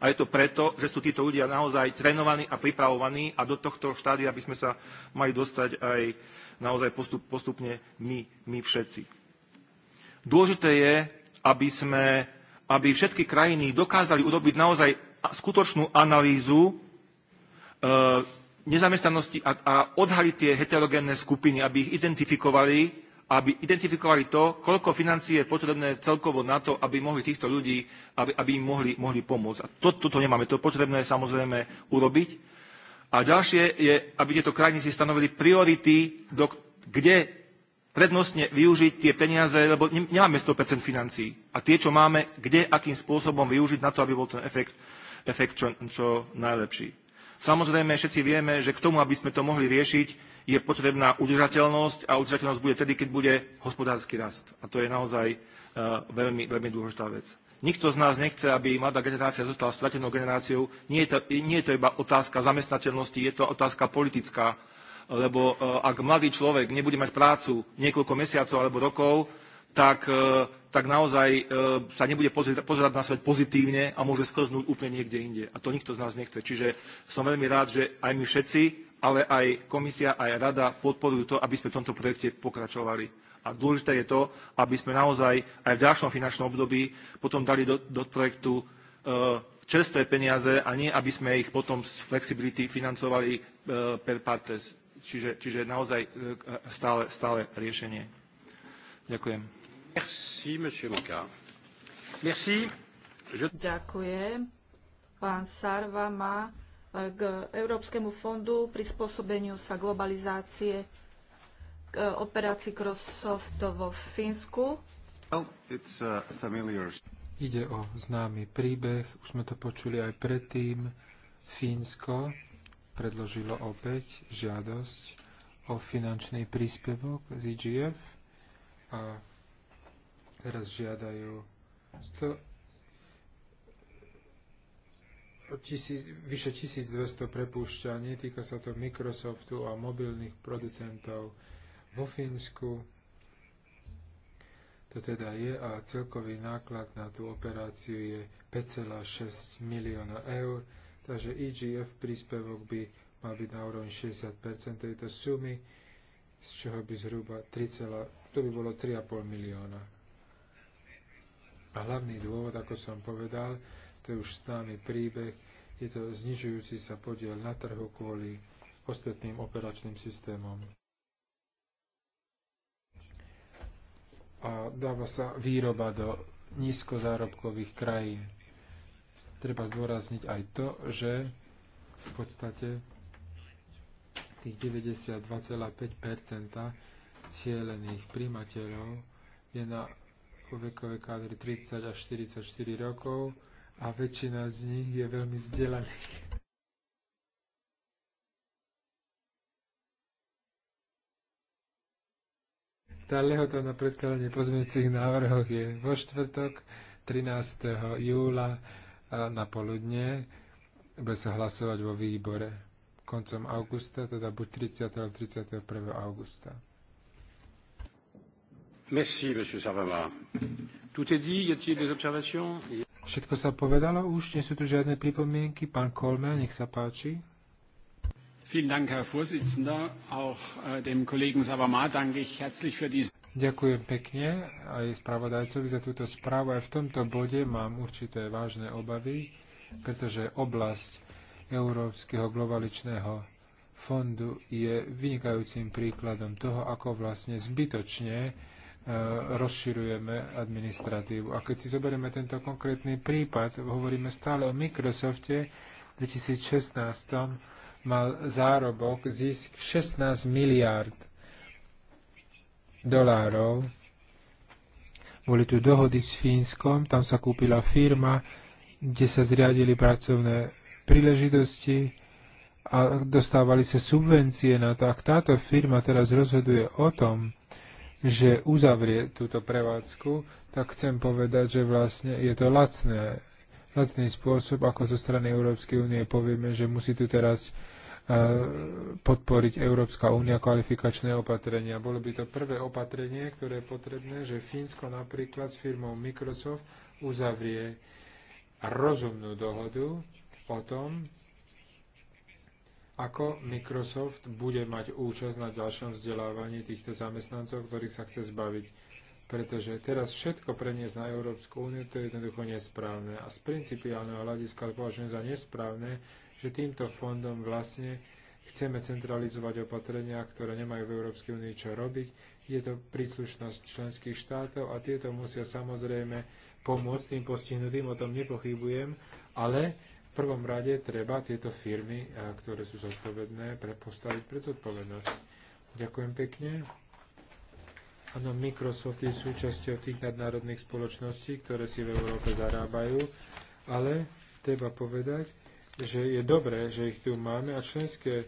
A je to preto, že sú títo ľudia naozaj trénovaní a pripravovaní a do tohto štádia by sme sa mali dostať aj naozaj postup, postupne my, my všetci. Dôležité je, aby, sme, aby všetky krajiny dokázali urobiť naozaj skutočnú analýzu e, nezamestnanosti a, a odhaliť tie heterogénne skupiny, aby ich identifikovali, aby identifikovali to, koľko financií je potrebné celkovo na to, aby mohli týchto ľudí, aby, aby im mohli, mohli pomôcť. A to, toto nemáme, to je potrebné samozrejme urobiť. A ďalšie je, aby tieto krajiny si stanovili priority, do, kde prednostne využiť tie peniaze, lebo nemáme 100% financií. A tie, čo máme, kde, akým spôsobom využiť na to, aby bol ten efekt, efekt čo, čo najlepší. Samozrejme, všetci vieme, že k tomu, aby sme to mohli riešiť, je potrebná udržateľnosť a udržateľnosť bude tedy, keď bude hospodársky rast. A to je naozaj e, veľmi, veľmi dôležitá vec. Nikto z nás nechce, aby mladá generácia zostala stratenou generáciou. Nie je to, nie je to iba otázka zamestnateľnosti, je to otázka politická. Lebo e, ak mladý človek nebude mať prácu niekoľko mesiacov alebo rokov, tak e, tak naozaj e, sa nebude pozerať na svet pozitívne a môže sklznúť úplne niekde inde. A to nikto z nás nechce. Čiže som veľmi rád, že aj my všetci, ale aj komisia, aj rada podporujú to, aby sme v tomto projekte pokračovali. A dôležité je to, aby sme naozaj aj v ďalšom finančnom období potom dali do, do projektu e, čerstvé peniaze a nie, aby sme ich potom z flexibility financovali e, per partes. Čiže, čiže naozaj stále, stále riešenie. Ďakujem. Ďakujem. Pán Sarva má eh, k Európskemu fondu prispôsobeniu sa globalizácie k eh, operácii Crossoft vo Fínsku. Uh, Ide o známy príbeh, už sme to počuli aj predtým. Fínsko predložilo opäť žiadosť o finančný príspevok z IGF a teraz žiadajú 100, tisíc, vyše 1200 prepúšťaní, týka sa to Microsoftu a mobilných producentov vo Fínsku. To teda je a celkový náklad na tú operáciu je 5,6 milióna eur, takže EGF príspevok by mal byť na úroveň 60% tejto sumy, z čoho by zhruba 3, to by bolo 3,5 milióna a hlavný dôvod, ako som povedal, to je už známy príbeh, je to znižujúci sa podiel na trhu kvôli ostatným operačným systémom. A dáva sa výroba do nízkozárobkových krajín. Treba zdôrazniť aj to, že v podstate tých 92,5 cieľených príjmateľov je na vo vekovej kádri 30 až 44 rokov a väčšina z nich je veľmi vzdelaných. Tá lehota na predkladanie pozmeňujúcich návrhov je vo štvrtok 13. júla na poludne. Bude sa hlasovať vo výbore koncom augusta, teda buď 30. alebo 31. augusta. Merci, monsieur Savama. Tout est dit, y a-t-il des observations? Všetko sa povedalo už, nie sú tu žiadne pripomienky. Pán Kolmer, nech sa páči. Äh, Ďakujem pekne aj spravodajcovi za túto správu. Aj v tomto bode mám určité vážne obavy, pretože oblasť Európskeho globaličného fondu je vynikajúcim príkladom toho, ako vlastne zbytočne E, rozširujeme administratívu. A keď si zoberieme tento konkrétny prípad, hovoríme stále o Microsofte, v 2016 mal zárobok, zisk 16 miliard dolárov. Boli tu dohody s Fínskom, tam sa kúpila firma, kde sa zriadili pracovné príležitosti a dostávali sa subvencie na to. Ak táto firma teraz rozhoduje o tom, že uzavrie túto prevádzku, tak chcem povedať, že vlastne je to lacné, lacný spôsob, ako zo strany Európskej únie povieme, že musí tu teraz e, podporiť Európska únia kvalifikačné opatrenia. Bolo by to prvé opatrenie, ktoré je potrebné, že Fínsko napríklad s firmou Microsoft uzavrie rozumnú dohodu o tom, ako Microsoft bude mať účasť na ďalšom vzdelávaní týchto zamestnancov, ktorých sa chce zbaviť. Pretože teraz všetko preniesť na Európsku úniu, to je jednoducho nesprávne. A z principiálneho hľadiska považujem za nesprávne, že týmto fondom vlastne chceme centralizovať opatrenia, ktoré nemajú v Európskej únii čo robiť. Je to príslušnosť členských štátov a tieto musia samozrejme pomôcť tým postihnutým, o tom nepochybujem, ale v prvom rade treba tieto firmy, eh, ktoré sú zodpovedné, prepostaviť pred zodpovednosť. Ďakujem pekne. Áno, Microsoft je súčasťou tých nadnárodných spoločností, ktoré si v Európe zarábajú, ale treba povedať, že je dobré, že ich tu máme a členské eh,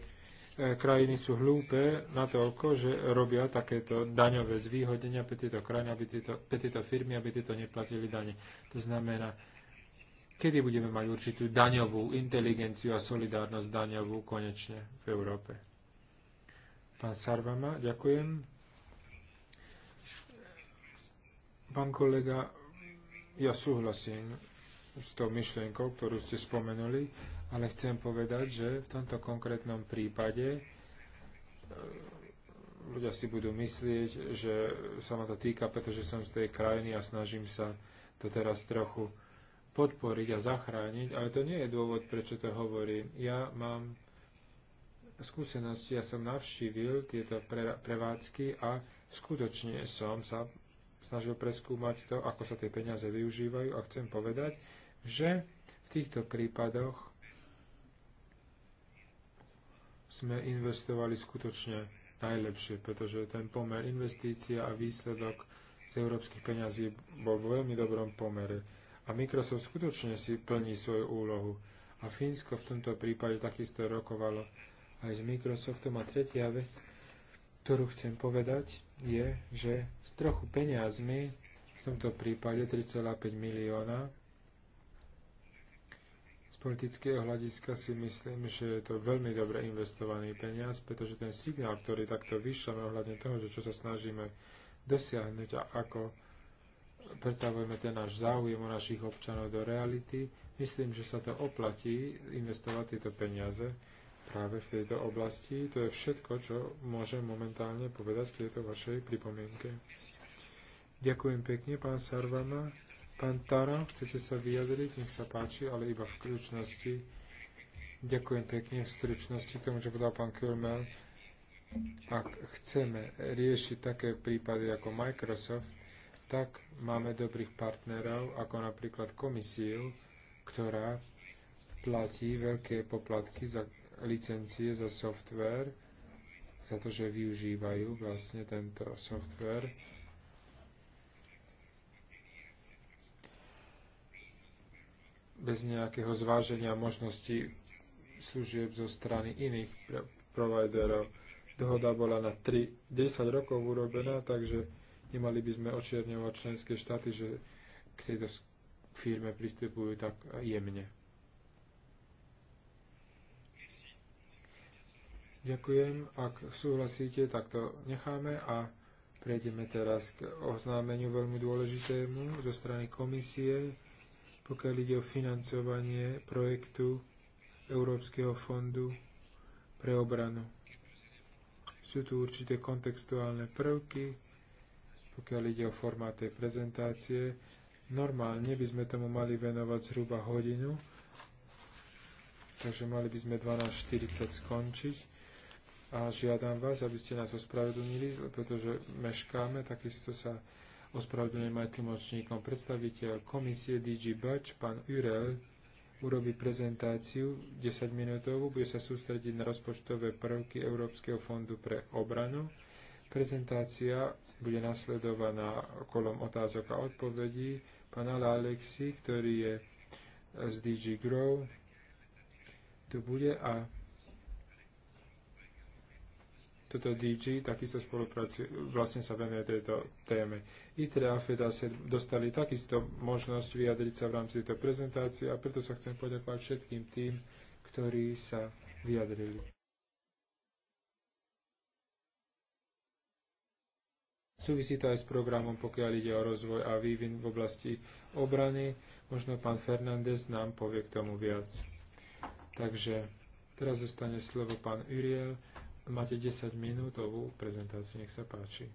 krajiny sú hlúpe na toľko, že robia takéto daňové zvýhodenia pre tieto krajiny, aby tieto, pre tieto firmy, aby tieto neplatili dane. To znamená, Kedy budeme mať určitú daňovú inteligenciu a solidárnosť daňovú konečne v Európe? Pán Sarvama, ďakujem. Pán kolega, ja súhlasím s tou myšlienkou, ktorú ste spomenuli, ale chcem povedať, že v tomto konkrétnom prípade e, ľudia si budú myslieť, že sa ma to týka, pretože som z tej krajiny a snažím sa to teraz trochu podporiť a zachrániť, ale to nie je dôvod, prečo to hovorím. Ja mám skúsenosti, ja som navštívil tieto pre, prevádzky a skutočne som sa snažil preskúmať to, ako sa tie peniaze využívajú a chcem povedať, že v týchto prípadoch sme investovali skutočne najlepšie, pretože ten pomer investícia a výsledok z európskych peňazí bol v veľmi dobrom pomere. A Microsoft skutočne si plní svoju úlohu. A Fínsko v tomto prípade takisto rokovalo aj s Microsoftom. A tretia vec, ktorú chcem povedať, je, že s trochu peniazmi, v tomto prípade 3,5 milióna, z politického hľadiska si myslím, že je to veľmi dobre investovaný peniaz, pretože ten signál, ktorý takto vyšiel ohľadne no toho, že čo sa snažíme dosiahnuť a ako pretavujeme ten náš záujem o našich občanov do reality, myslím, že sa to oplatí investovať tieto peniaze práve v tejto oblasti. To je všetko, čo môžem momentálne povedať v tejto vašej pripomienke. Ďakujem pekne, pán Sarvana. Pán Tara, chcete sa vyjadriť? Nech sa páči, ale iba v stručnosti. Ďakujem pekne v stručnosti k tomu, čo povedal pán Kürmel. Ak chceme riešiť také prípady ako Microsoft, tak máme dobrých partnerov, ako napríklad komisiu, ktorá platí veľké poplatky za licencie za software, za to, že využívajú vlastne tento software. bez nejakého zváženia možností služieb zo strany iných providerov. Dohoda bola na 3, 10 rokov urobená, takže Nemali by sme očierňovať členské štáty, že k tejto firme pristupujú tak jemne. Ďakujem. Ak súhlasíte, tak to necháme a prejdeme teraz k oznámeniu veľmi dôležitému zo strany komisie, pokiaľ ide o financovanie projektu Európskeho fondu pre obranu. Sú tu určité kontextuálne prvky, pokiaľ ide o formát tej prezentácie. Normálne by sme tomu mali venovať zhruba hodinu, takže mali by sme 12.40 skončiť. A žiadam vás, aby ste nás ospravedlnili, pretože meškáme, takisto sa ospravedlňujem aj tlmočníkom. Predstaviteľ komisie DG Bač, pán Urel, urobí prezentáciu 10 minútovú, bude sa sústrediť na rozpočtové prvky Európskeho fondu pre obranu Prezentácia bude nasledovaná kolom otázok a odpovedí pana Alexi, ktorý je eh, z DG Grow. Tu bude a toto DG takisto spolupracuje, vlastne sa venuje tejto téme. ITRE a FEDA sa dostali takisto možnosť vyjadriť sa v rámci tejto prezentácie a preto sa chcem poďakovať všetkým tým, ktorí sa vyjadrili. Súvisí to aj s programom, pokiaľ ide o rozvoj a vývin v oblasti obrany. Možno pán Fernández nám povie k tomu viac. Takže teraz zostane slovo pán Uriel. Máte 10 minútovú prezentáciu, nech sa páči.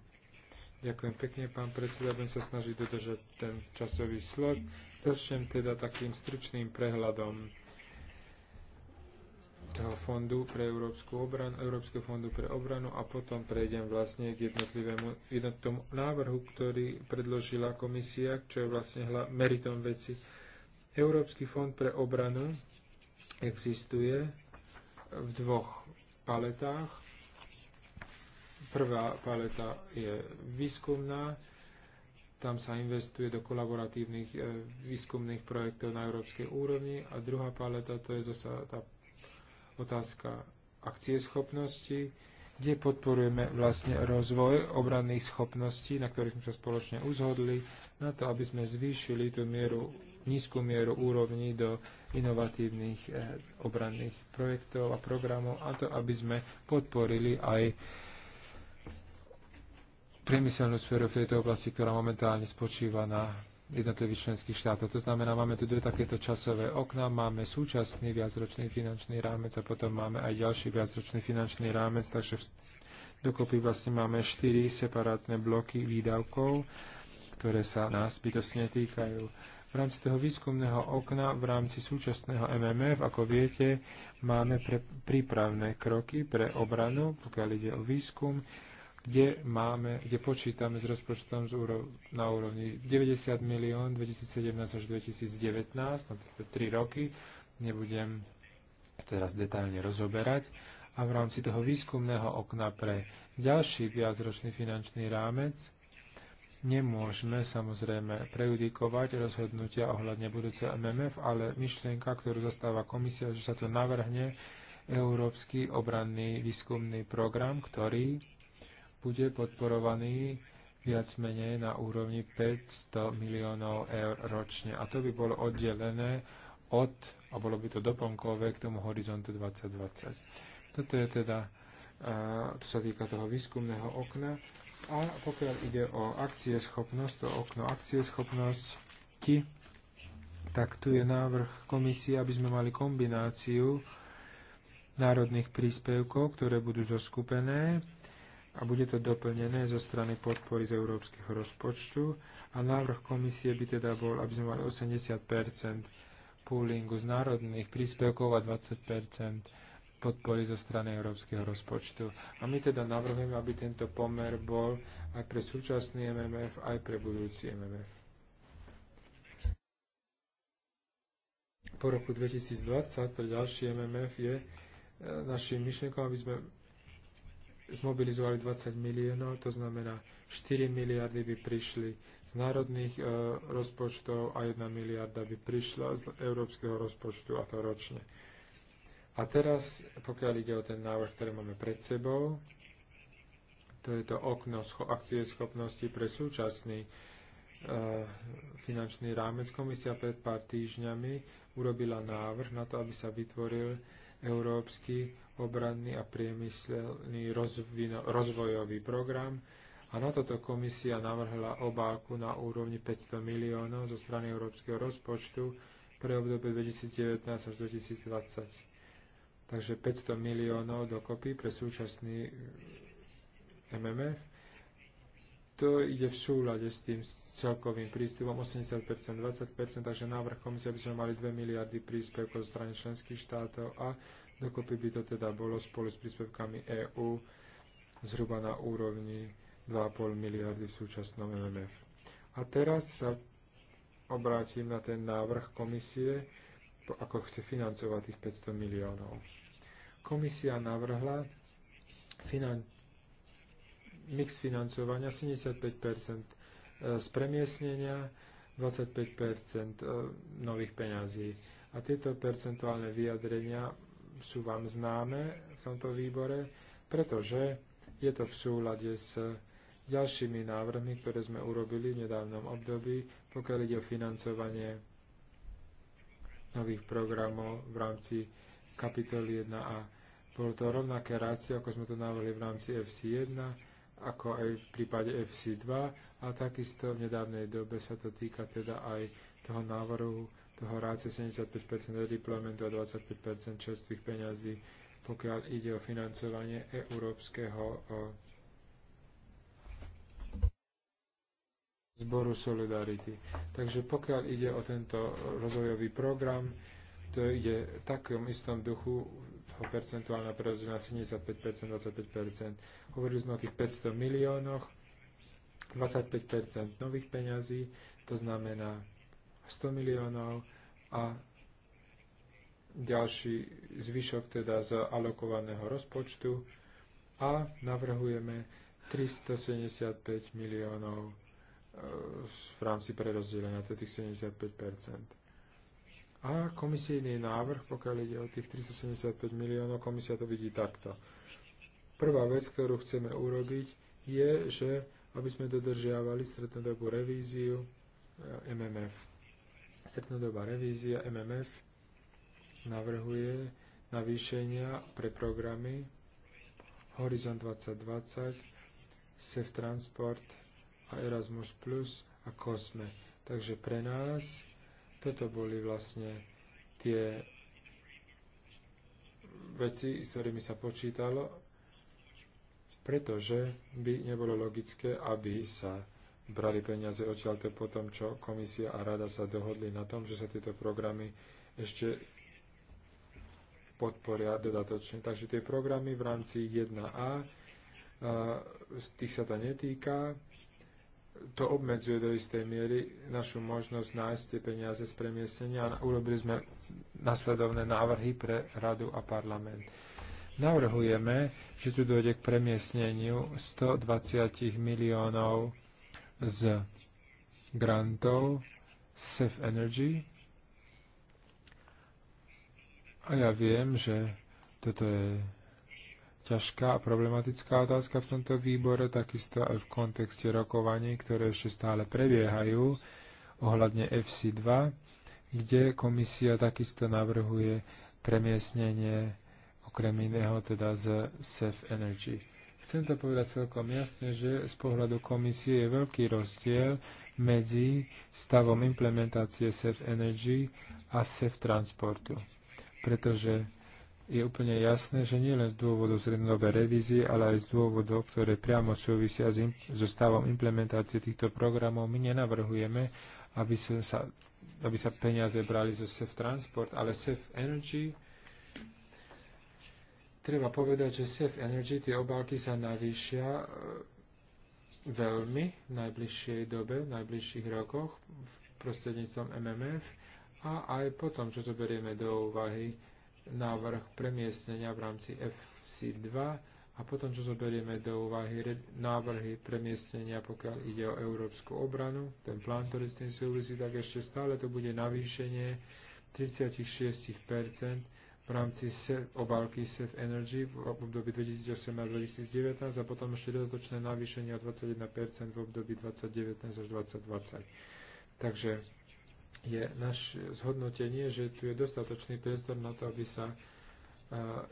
Ďakujem pekne, pán predseda. Budem sa snažiť dodržať ten časový slot. Začnem teda takým stručným prehľadom toho fondu pre Európsku obranu, Európskeho fondu pre obranu a potom prejdem vlastne k jednotlivému jednotnom návrhu, ktorý predložila komisia, čo je vlastne hla, meritom veci. Európsky fond pre obranu existuje v dvoch paletách. Prvá paleta je výskumná, tam sa investuje do kolaboratívnych e, výskumných projektov na európskej úrovni a druhá paleta to je zase tá otázka akcieschopnosti, kde podporujeme vlastne rozvoj obranných schopností, na ktorých sme sa spoločne uzhodli, na to, aby sme zvýšili tú mieru, nízku mieru úrovní do inovatívnych eh, obranných projektov a programov, a to, aby sme podporili aj priemyselnú sféru v tejto oblasti, ktorá momentálne spočíva na jednotlivých členských štátov. To znamená, máme tu dve takéto časové okna, máme súčasný viacročný finančný rámec a potom máme aj ďalší viacročný finančný rámec, takže dokopy vlastne máme štyri separátne bloky výdavkov, ktoré sa nás bytosne týkajú. V rámci toho výskumného okna, v rámci súčasného MMF, ako viete, máme pre prípravné kroky pre obranu, pokiaľ ide o výskum kde máme, kde počítame s rozpočtom z úrov, na úrovni 90 milión 2017 až 2019, na no tieto 3 roky. Nebudem teraz detailne rozoberať. A v rámci toho výskumného okna pre ďalší viacročný finančný rámec nemôžeme samozrejme prejudikovať rozhodnutia ohľadne budúce MMF, ale myšlienka, ktorú zastáva komisia, že sa to navrhne Európsky obranný výskumný program, ktorý bude podporovaný viac menej na úrovni 500 miliónov eur ročne. A to by bolo oddelené od, a bolo by to doplnkové k tomu horizontu 2020. Toto je teda, to sa týka toho výskumného okna. A pokiaľ ide o akcieschopnosť, to okno akcieschopnosti, tak tu je návrh komisie, aby sme mali kombináciu národných príspevkov, ktoré budú zoskupené a bude to doplnené zo strany podpory z európskeho rozpočtu a návrh komisie by teda bol, aby sme mali 80 poolingu z národných príspevkov a 20 podpory zo strany európskeho rozpočtu. A my teda navrhujeme, aby tento pomer bol aj pre súčasný MMF, aj pre budúci MMF. Po roku 2020 pre ďalší MMF je e, našim myšlienkom, aby sme zmobilizovali 20 miliónov, to znamená 4 miliardy by prišli z národných e, rozpočtov a 1 miliarda by prišla z európskeho rozpočtu a to ročne. A teraz, pokiaľ ide o ten návrh, ktorý máme pred sebou, to je to okno akcie schopnosti pre súčasný e, finančný rámec. Komisia pred pár týždňami urobila návrh na to, aby sa vytvoril európsky obranný a priemyselný rozvino, rozvojový program a na toto komisia navrhla obálku na úrovni 500 miliónov zo strany európskeho rozpočtu pre obdobie 2019 až 2020. Takže 500 miliónov dokopy pre súčasný MMF. To ide v súlade s tým celkovým prístupom 80%, 20%, takže návrh komisie by sme mali 2 miliardy príspevkov zo strany členských štátov a Dokopy by to teda bolo spolu s príspevkami EÚ zhruba na úrovni 2,5 miliardy v súčasnom MMF. A teraz sa obrátim na ten návrh komisie, ako chce financovať tých 500 miliónov. Komisia navrhla finan- mix financovania 75 e, z premiesnenia, 25 e, nových peňazí. A tieto percentuálne vyjadrenia sú vám známe v tomto výbore, pretože je to v súlade s ďalšími návrhmi, ktoré sme urobili v nedávnom období, pokiaľ ide o financovanie nových programov v rámci kapitoly 1a. Bolo to rovnaké rácie, ako sme to navrhli v rámci FC1, ako aj v prípade FC2 a takisto v nedávnej dobe sa to týka teda aj toho návrhu toho rácio 75% redeploymentu a 25% čerstvých peňazí, pokiaľ ide o financovanie európskeho zboru Solidarity. Takže pokiaľ ide o tento rozvojový program, to ide v takom istom duchu percentuálneho prerozdelenia 75%, 25%. Hovorili sme o tých 500 miliónoch, 25% nových peňazí, to znamená 100 miliónov a ďalší zvyšok teda z alokovaného rozpočtu a navrhujeme 375 miliónov e, v rámci prerozdelenia, to tých 75 a komisijný návrh, pokiaľ ide o tých 375 miliónov, komisia to vidí takto. Prvá vec, ktorú chceme urobiť, je, že aby sme dodržiavali strednodobú revíziu e, MMF strednodobá revízia MMF navrhuje navýšenia pre programy Horizon 2020, Safe Transport a Erasmus Plus a COSME. Takže pre nás toto boli vlastne tie veci, s ktorými sa počítalo, pretože by nebolo logické, aby sa brali peniaze odtiaľto po tom, čo komisia a rada sa dohodli na tom, že sa tieto programy ešte podporia dodatočne. Takže tie programy v rámci 1A, z tých sa to netýka, to obmedzuje do istej miery našu možnosť nájsť tie peniaze z premiesenia. a urobili sme nasledovné návrhy pre radu a parlament. Navrhujeme, že tu dojde k premiesneniu 120 miliónov z grantov Safe Energy. A ja viem, že toto je ťažká a problematická otázka v tomto výbore, takisto aj v kontexte rokovaní, ktoré ešte stále prebiehajú ohľadne FC2, kde komisia takisto navrhuje premiesnenie okrem iného teda z SEF Energy. Chcem to povedať celkom jasne, že z pohľadu komisie je veľký rozdiel medzi stavom implementácie SEF Energy a SEF Transportu. Pretože je úplne jasné, že nie len z dôvodu zrednové revízie, ale aj z dôvodov, ktoré priamo súvisia s so stavom implementácie týchto programov, my nenavrhujeme, aby sa, aby sa peniaze brali zo SEF Transport, ale SEF Energy treba povedať, že Safe Energy, tie obálky sa navýšia e, veľmi v najbližšej dobe, v najbližších rokoch prostredníctvom MMF a aj potom, čo zoberieme do úvahy návrh premiestnenia v rámci FC2 a potom, čo zoberieme do úvahy návrhy premiestnenia, pokiaľ ide o európsku obranu, ten plán, ktorý s tým súvisí, tak ešte stále to bude navýšenie 36 v rámci obálky SEF Energy v období 2018-2019 a potom ešte dodatočné navýšenie o 21% v období 2019 až 2020. Takže je naše zhodnotenie, že tu je dostatočný priestor na to, aby sa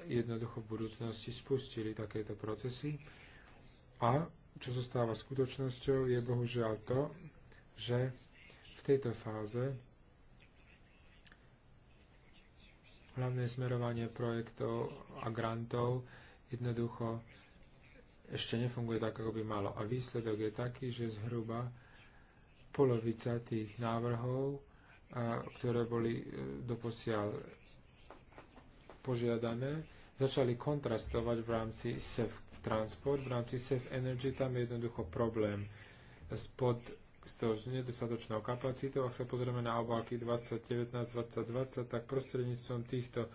jednoducho v budúcnosti spustili takéto procesy. A čo zostáva skutočnosťou, je bohužiaľ to, že v tejto fáze hlavné smerovanie projektov a grantov jednoducho ešte nefunguje tak, ako by malo. A výsledok je taký, že zhruba polovica tých návrhov, a, ktoré boli e, doposiaľ požiadané, začali kontrastovať v rámci SEF Transport, v rámci SEF Energy, tam je jednoducho problém s pod s tou nedostatočnou kapacitou. Ak sa pozrieme na obálky 2019, 2020, tak prostredníctvom týchto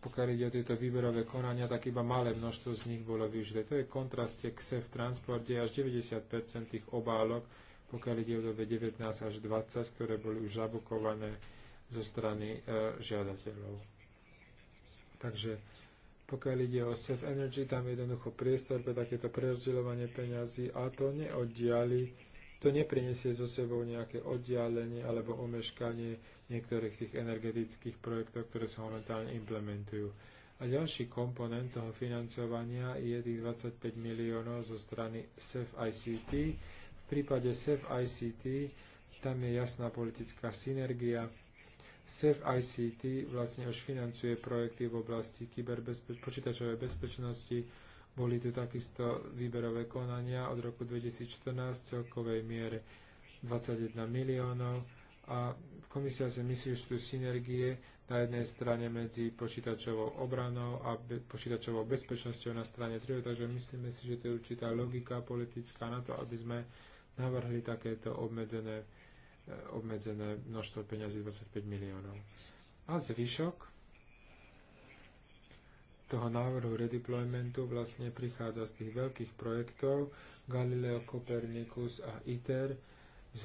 pokiaľ ide o tieto výberové konania, tak iba malé množstvo z nich bolo využité. To je kontraste k SEF Transport, kde až 90% tých obálok, pokiaľ ide o dobe 19 až 20, ktoré boli už zabukované zo strany e, žiadateľov. Takže pokiaľ ide o Safe Energy, tam je jednoducho priestor pre takéto prerozdeľovanie peňazí a to neoddiali, to neprinesie so sebou nejaké oddialenie alebo omeškanie niektorých tých energetických projektov, ktoré sa momentálne implementujú. A ďalší komponent toho financovania je tých 25 miliónov zo strany SEF ICT. V prípade SEF ICT tam je jasná politická synergia SEF ICT vlastne už financuje projekty v oblasti kyberbezpeč- počítačovej bezpečnosti. Boli tu takisto výberové konania od roku 2014 v celkovej miere 21 miliónov a komisia si myslí, že sú synergie na jednej strane medzi počítačovou obranou a be- počítačovou bezpečnosťou na strane 3, takže myslíme si, že to je určitá logika politická na to, aby sme navrhli takéto obmedzené obmedzené množstvo peňazí 25 miliónov. A zvyšok toho návrhu redeploymentu vlastne prichádza z tých veľkých projektov Galileo, Copernicus a ITER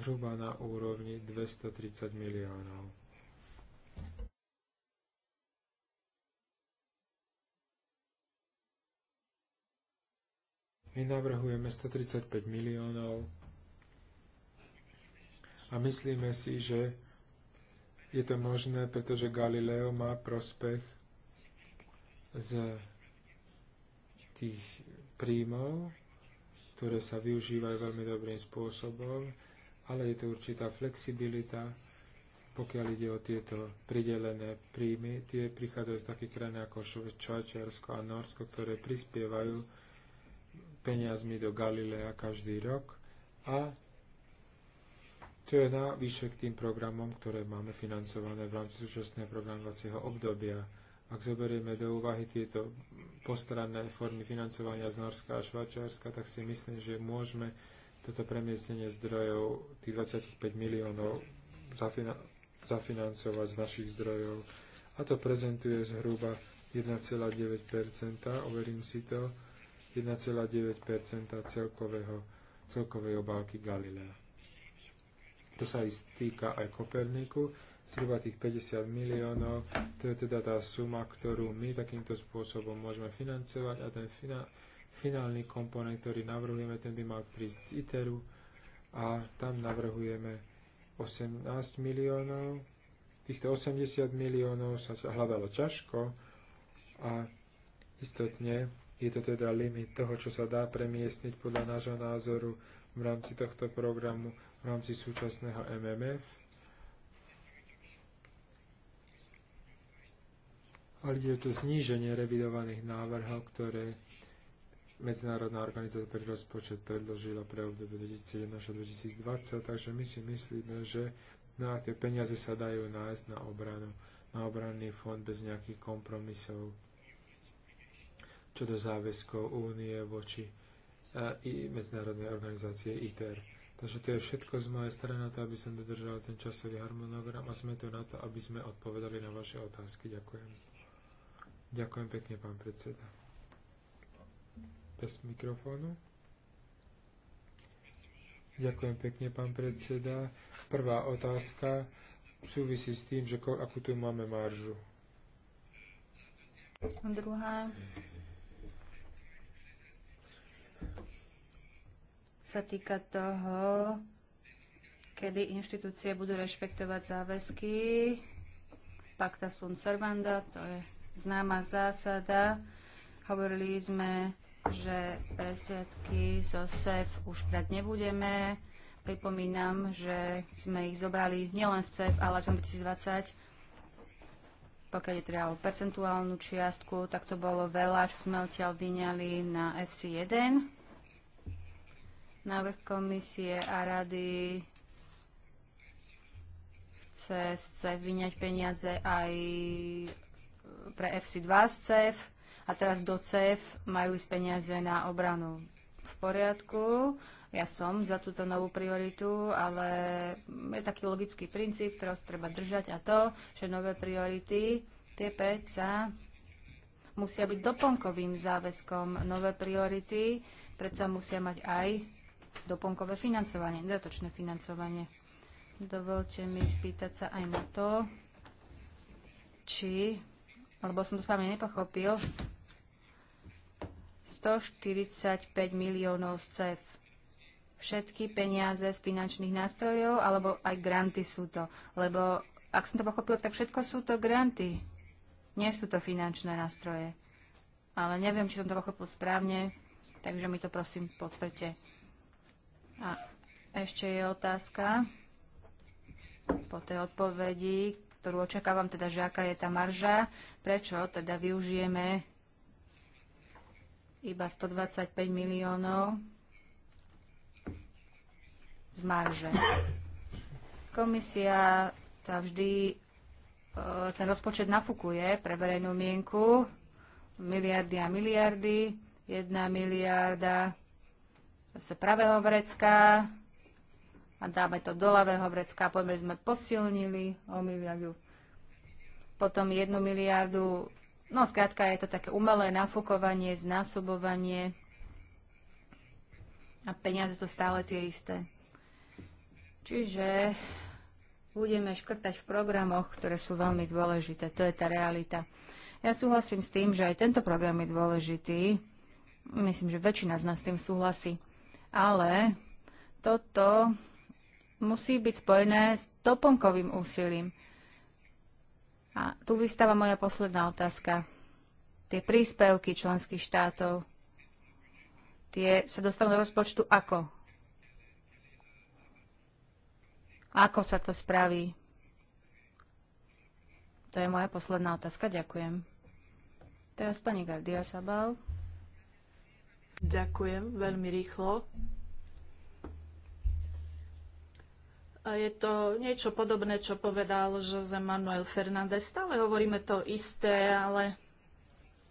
zhruba na úrovni 230 miliónov. My navrhujeme 135 miliónov a myslíme si, že je to možné, pretože Galileo má prospech z tých príjmov, ktoré sa využívajú veľmi dobrým spôsobom, ale je to určitá flexibilita, pokiaľ ide o tieto pridelené príjmy. Tie prichádzajú z takých krajín ako Švajčiarsko a Norsko, ktoré prispievajú peniazmi do Galilea každý rok a to je navyše k tým programom, ktoré máme financované v rámci súčasného programovacieho obdobia. Ak zoberieme do úvahy tieto postranné formy financovania z Norska a Švajčiarska, tak si myslím, že môžeme toto premiestnenie zdrojov, tých 25 miliónov, zafina- zafinancovať z našich zdrojov. A to prezentuje zhruba 1,9%, overím si to, 1,9% celkovej obálky Galilea to sa týka aj Koperniku, zhruba tých 50 miliónov, to je teda tá suma, ktorú my takýmto spôsobom môžeme financovať a ten fina- finálny komponent, ktorý navrhujeme, ten by mal prísť z ITERu a tam navrhujeme 18 miliónov. Týchto 80 miliónov sa hľadalo ťažko a istotne je to teda limit toho, čo sa dá premiestniť podľa nášho názoru v rámci tohto programu v rámci súčasného MMF. Ale je to zníženie revidovaných návrhov, ktoré Medzinárodná organizácia pre rozpočet predložila pre obdobie 2017 až 2020, takže my si myslíme, že na tie peniaze sa dajú nájsť na obranu, na obranný fond bez nejakých kompromisov čo do záväzkov únie voči e, i medzinárodnej organizácie ITER. Takže to je všetko z mojej strany na to, aby som dodržal ten časový harmonogram a sme tu na to, aby sme odpovedali na vaše otázky. Ďakujem. Ďakujem pekne, pán predseda. Bez mikrofónu. Ďakujem pekne, pán predseda. Prvá otázka súvisí s tým, že akú tu máme maržu. Druhá sa týka toho, kedy inštitúcie budú rešpektovať záväzky pacta sunt servanda, to je známa zásada. Hovorili sme, že prostriedky zo SEF už prať nebudeme. Pripomínam, že sme ich zobrali nielen z CEF, ale z 2020. Pokiaľ je teda o percentuálnu čiastku, tak to bolo veľa, čo sme odtiaľ vyňali na FC1. Návrh komisie a rady cez CEF vyňať peniaze aj pre FC2 z CEF a teraz do CEF majú ísť peniaze na obranu. V poriadku, ja som za túto novú prioritu, ale je taký logický princíp, ktorý treba držať a to, že nové priority, tie sa musia byť doplnkovým záväzkom. Nové priority predsa musia mať aj doplnkové financovanie, dodatočné financovanie. Dovolte mi spýtať sa aj na to, či, alebo som to správne nepochopil, 145 miliónov z CEF. Všetky peniaze z finančných nástrojov, alebo aj granty sú to. Lebo, ak som to pochopil, tak všetko sú to granty. Nie sú to finančné nástroje. Ale neviem, či som to pochopil správne, takže mi to prosím potvrďte. A ešte je otázka po tej odpovedi, ktorú očakávam, teda, že aká je tá marža, prečo teda využijeme iba 125 miliónov z marže. Komisia tá vždy e, ten rozpočet nafúkuje pre verejnú mienku miliardy a miliardy, jedna miliarda z pravého vrecka a dáme to do ľavého vrecka. a Poďme, sme posilnili o miliardu, potom jednu miliardu. No, skrátka, je to také umelé nafúkovanie, znásobovanie a peniaze sú stále tie isté. Čiže budeme škrtať v programoch, ktoré sú veľmi dôležité. To je tá realita. Ja súhlasím s tým, že aj tento program je dôležitý. Myslím, že väčšina z nás s tým súhlasí ale toto musí byť spojené s doplnkovým úsilím. A tu vystáva moja posledná otázka. Tie príspevky členských štátov, tie sa dostanú do rozpočtu ako? Ako sa to spraví? To je moja posledná otázka. Ďakujem. Teraz pani Gardia Sabal. Ďakujem veľmi rýchlo. je to niečo podobné, čo povedal Jose Manuel Fernández. Stále hovoríme to isté, ale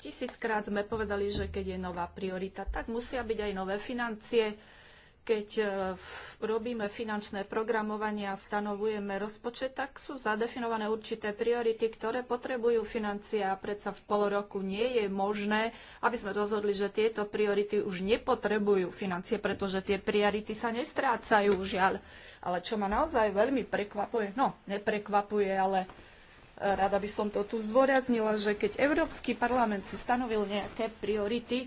tisíckrát sme povedali, že keď je nová priorita, tak musia byť aj nové financie keď e, robíme finančné programovanie a stanovujeme rozpočet, tak sú zadefinované určité priority, ktoré potrebujú financie a predsa v pol roku nie je možné, aby sme rozhodli, že tieto priority už nepotrebujú financie, pretože tie priority sa nestrácajú, žiaľ. Ale čo ma naozaj veľmi prekvapuje, no neprekvapuje, ale e, rada by som to tu zdôraznila, že keď Európsky parlament si stanovil nejaké priority,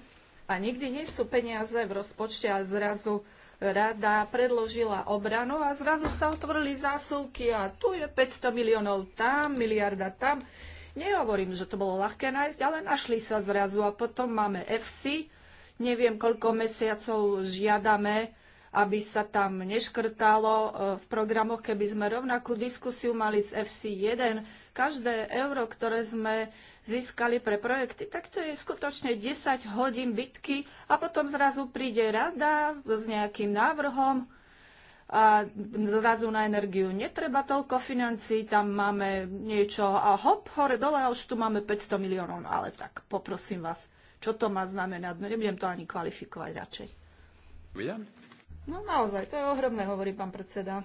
a nikdy nie sú peniaze v rozpočte a zrazu rada predložila obranu a zrazu sa otvorili zásuvky a tu je 500 miliónov tam, miliarda tam. Nehovorím, že to bolo ľahké nájsť, ale našli sa zrazu a potom máme FC. Neviem, koľko mesiacov žiadame, aby sa tam neškrtalo e, v programoch, keby sme rovnakú diskusiu mali s FC1. Každé euro, ktoré sme získali pre projekty, tak to je skutočne 10 hodín bitky a potom zrazu príde rada s nejakým návrhom a zrazu na energiu netreba toľko financí, tam máme niečo a hop, hore, dole a už tu máme 500 miliónov. No ale tak poprosím vás, čo to má znamenať? No nebudem to ani kvalifikovať radšej. Vidím. No naozaj, to je ohromné, hovorí pán predseda.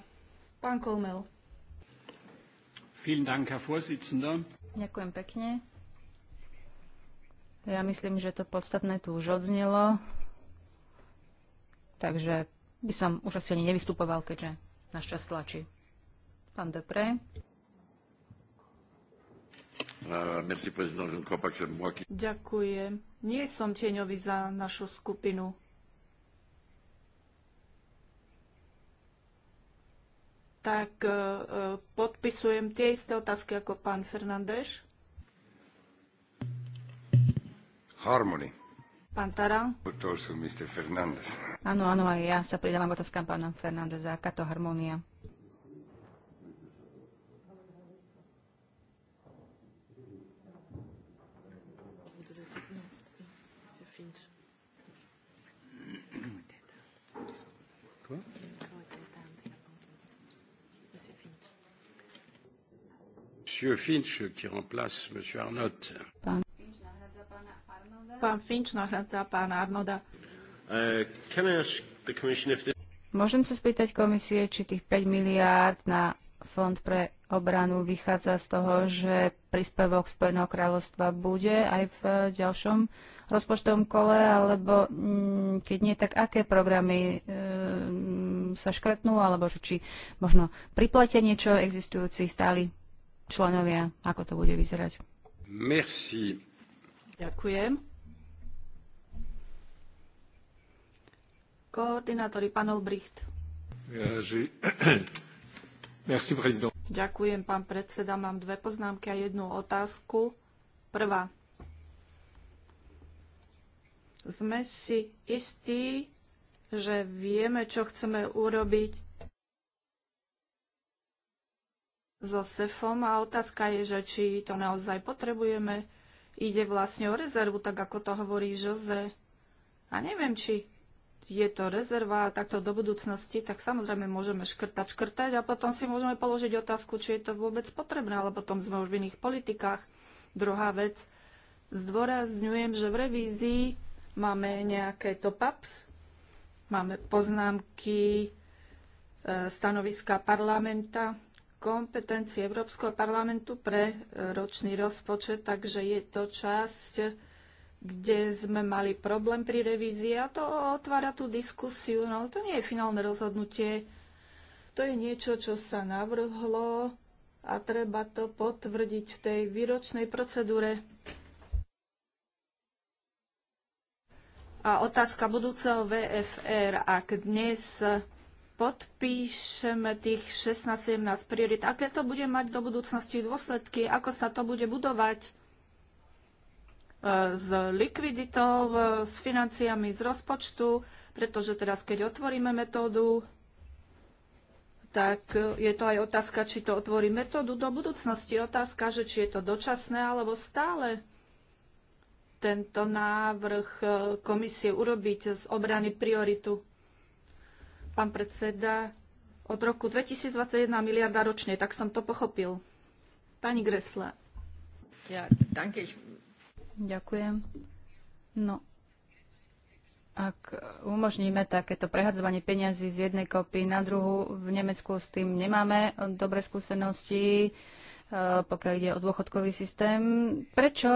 Pán Kolmel. Vielen Dank, Herr Vorsitzender. Ďakujem pekne. Ja myslím, že to podstatné tu už odznelo, takže by som už asi ani nevystupoval, keďže náš čas tlačí. Pán Depré. No, Ďakujem. Nie som tieňový za našu skupinu. Tak eh, eh, podpisujem tie isté otázky ako pán Fernández. Harmony. Pán Tara. To sú Mr. Fernández. Áno, áno, aj ja sa pridávam k otázkam pána Fernándeza. Aká to harmonia? Monsieur Finch qui remplace Monsieur Arnott. Pán Finč nahradza pána Arnoda. Uh, Môžem sa spýtať komisie, či tých 5 miliárd na Fond pre obranu vychádza z toho, že príspevok Spojeného kráľovstva bude aj v ďalšom rozpočtovom kole, alebo mm, keď nie, tak aké programy e, sa škretnú, alebo že či možno priplatia niečo existujúci stáli členovia, ako to bude vyzerať. Merci. Ďakujem. Koordinátori, pán Olbricht. Ďakujem, pán predseda. Mám dve poznámky a jednu otázku. Prvá. Sme si istí, že vieme, čo chceme urobiť so SEFom a otázka je, že či to naozaj potrebujeme. Ide vlastne o rezervu, tak ako to hovorí Jose. A neviem, či je to rezerva takto do budúcnosti, tak samozrejme môžeme škrtať, škrtať a potom si môžeme položiť otázku, či je to vôbec potrebné, ale potom sme už v iných politikách. Druhá vec, zdôrazňujem, že v revízii máme nejaké top-ups, máme poznámky, e, stanoviska parlamenta, kompetencie Európskeho parlamentu pre e, ročný rozpočet, takže je to časť kde sme mali problém pri revízii a to otvára tú diskusiu, no to nie je finálne rozhodnutie, to je niečo, čo sa navrhlo a treba to potvrdiť v tej výročnej procedúre. A otázka budúceho VFR, ak dnes podpíšeme tých 16-17 priorit, aké to bude mať do budúcnosti dôsledky, ako sa to bude budovať, s likviditou, s financiami z rozpočtu, pretože teraz, keď otvoríme metódu, tak je to aj otázka, či to otvorí metódu do budúcnosti. Otázka, že či je to dočasné alebo stále tento návrh e, komisie urobiť z obrany prioritu. Pán predseda, od roku 2021 miliarda ročne, tak som to pochopil. Pani Gresla. Ja, danke. Ďakujem. No, ak umožníme takéto prehadzovanie peňazí z jednej kopy na druhú, v Nemecku s tým nemáme dobre skúsenosti, e, pokiaľ ide o dôchodkový systém. Prečo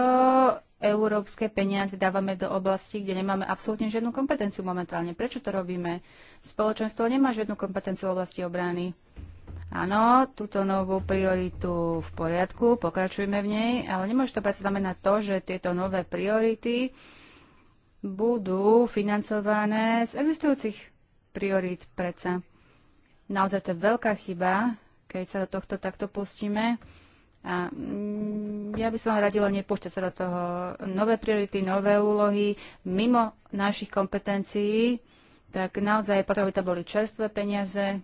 európske peniaze dávame do oblasti, kde nemáme absolútne žiadnu kompetenciu momentálne? Prečo to robíme? Spoločenstvo nemá žiadnu kompetenciu v oblasti obrany. Áno, túto novú prioritu v poriadku, pokračujme v nej, ale nemôže to predsa znamenať to, že tieto nové priority budú financované z existujúcich priorít predsa. Naozaj to je veľká chyba, keď sa do tohto takto pustíme. A mm, ja by som radila nepúšťať sa do toho nové priority, nové úlohy mimo našich kompetencií, tak naozaj potrebujú to boli čerstvé peniaze,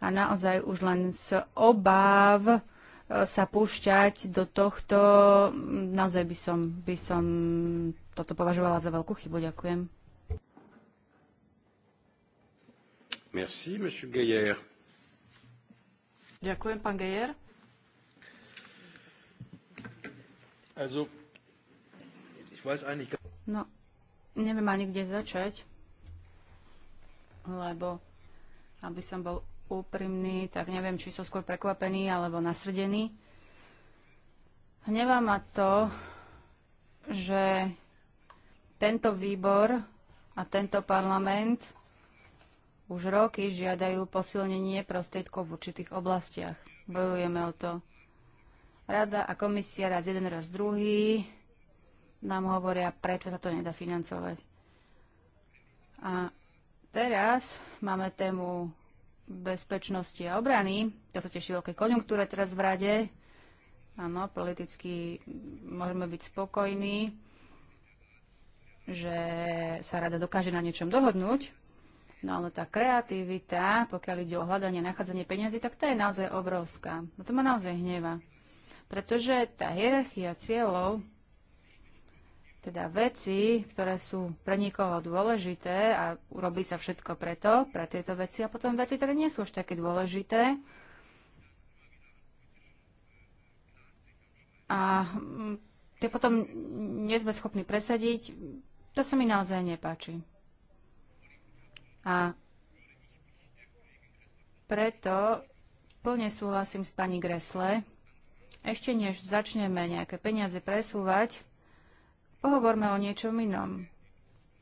a naozaj už len z obáv e, sa púšťať do tohto, naozaj by som, by som toto považovala za veľkú chybu. Ďakujem. Merci, monsieur Gaillard. Ďakujem, pán Gejer. Also, ich weiß eigentlich... No, neviem ani kde začať, lebo aby som bol úprimný, tak neviem, či som skôr prekvapený alebo nasrdený. Hnevá ma to, že tento výbor a tento parlament už roky žiadajú posilnenie prostriedkov v určitých oblastiach. Bojujeme o to. Rada a komisia raz jeden, raz druhý nám hovoria, prečo sa to nedá financovať. A teraz máme tému bezpečnosti a obrany, to sa teší veľké konjunktúre teraz v rade, áno, politicky môžeme byť spokojní, že sa rada dokáže na niečom dohodnúť, No ale tá kreativita, pokiaľ ide o hľadanie a nachádzanie peniazy, tak tá je naozaj obrovská. No to ma naozaj hnieva. Pretože tá hierarchia cieľov teda veci, ktoré sú pre niekoho dôležité a urobí sa všetko preto, pre tieto veci a potom veci, ktoré nie sú už také dôležité. A mm, tie potom nie sme schopní presadiť. To sa mi naozaj nepáči. A preto plne súhlasím s pani Gresle. Ešte než začneme nejaké peniaze presúvať, Pohovorme o niečom inom.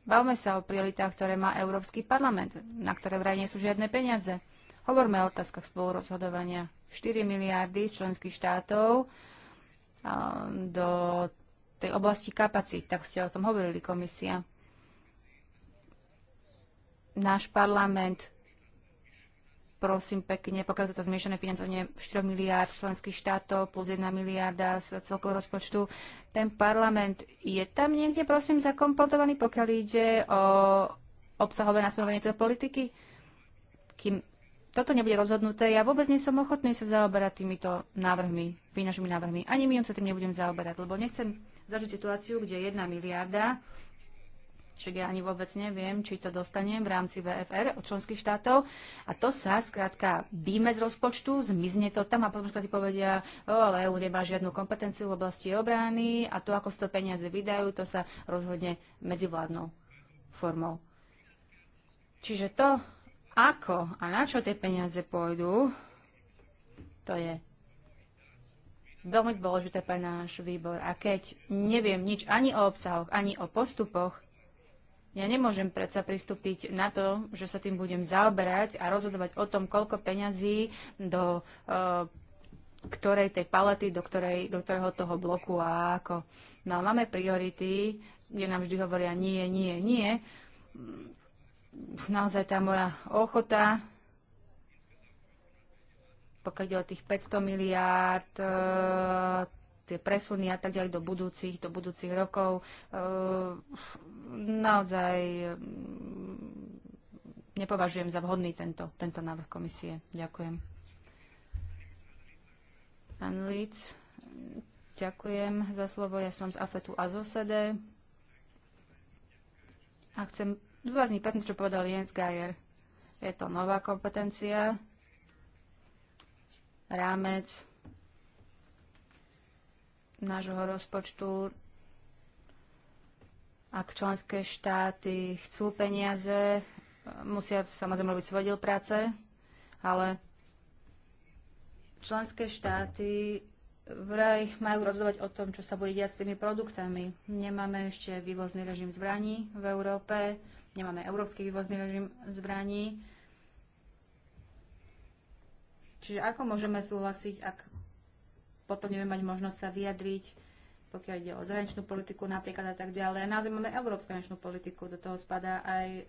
Bavme sa o prioritách, ktoré má Európsky parlament, na ktoré vraj nie sú žiadne peniaze. Hovorme o otázkach spolurozhodovania. 4 miliardy členských štátov do tej oblasti kapacít, tak ste o tom hovorili komisia. Náš parlament prosím pekne, pokiaľ toto zmiešané financovanie 4 miliárd členských štátov plus 1 miliarda z celkového rozpočtu, ten parlament je tam niekde, prosím, zakomplotovaný, pokiaľ ide o obsahové nasmerovanie tejto politiky? Kým toto nebude rozhodnuté, ja vôbec nie som ochotný sa zaoberať týmito návrhmi, finančnými návrhmi. Ani milión sa tým nebudem zaoberať, lebo nechcem zažiť situáciu, kde jedna miliarda Čiže ja ani vôbec neviem, či to dostanem v rámci VFR od členských štátov. A to sa skrátka díme z rozpočtu, zmizne to tam a potom štáty povedia, o, ale EU nemá žiadnu kompetenciu v oblasti obrany a to, ako sa to peniaze vydajú, to sa rozhodne medzivládnou formou. Čiže to, ako a na čo tie peniaze pôjdu, to je veľmi dôležité pre náš výbor. A keď neviem nič ani o obsahoch, ani o postupoch, ja nemôžem predsa pristúpiť na to, že sa tým budem zaoberať a rozhodovať o tom, koľko peňazí do uh, ktorej tej palety, do, ktorej, do ktorého toho bloku a ako. No máme priority, kde nám vždy hovoria nie, nie, nie. Naozaj tá moja ochota, pokiaľ ide o tých 500 miliárd, uh, tie presuny a tak ďalej do budúcich, do budúcich rokov. E, naozaj mm, nepovažujem za vhodný tento, tento návrh komisie. Ďakujem. Pán Líc, ďakujem za slovo. Ja som z AFETu a zosede. A chcem zvázniť presne, čo povedal Jens Geier. Je to nová kompetencia, rámec, nášho rozpočtu, ak členské štáty chcú peniaze, musia samozrejme robiť svoj diel práce, ale členské štáty vraj majú rozhodovať o tom, čo sa bude diať s tými produktami. Nemáme ešte vývozný režim zbraní v Európe, nemáme európsky vývozný režim zbraní. Čiže ako môžeme súhlasiť, ak potom nebudeme mať možnosť sa vyjadriť, pokiaľ ide o zahraničnú politiku napríklad a tak ďalej. A naozaj máme európsku zahraničnú politiku, do toho spadá aj e,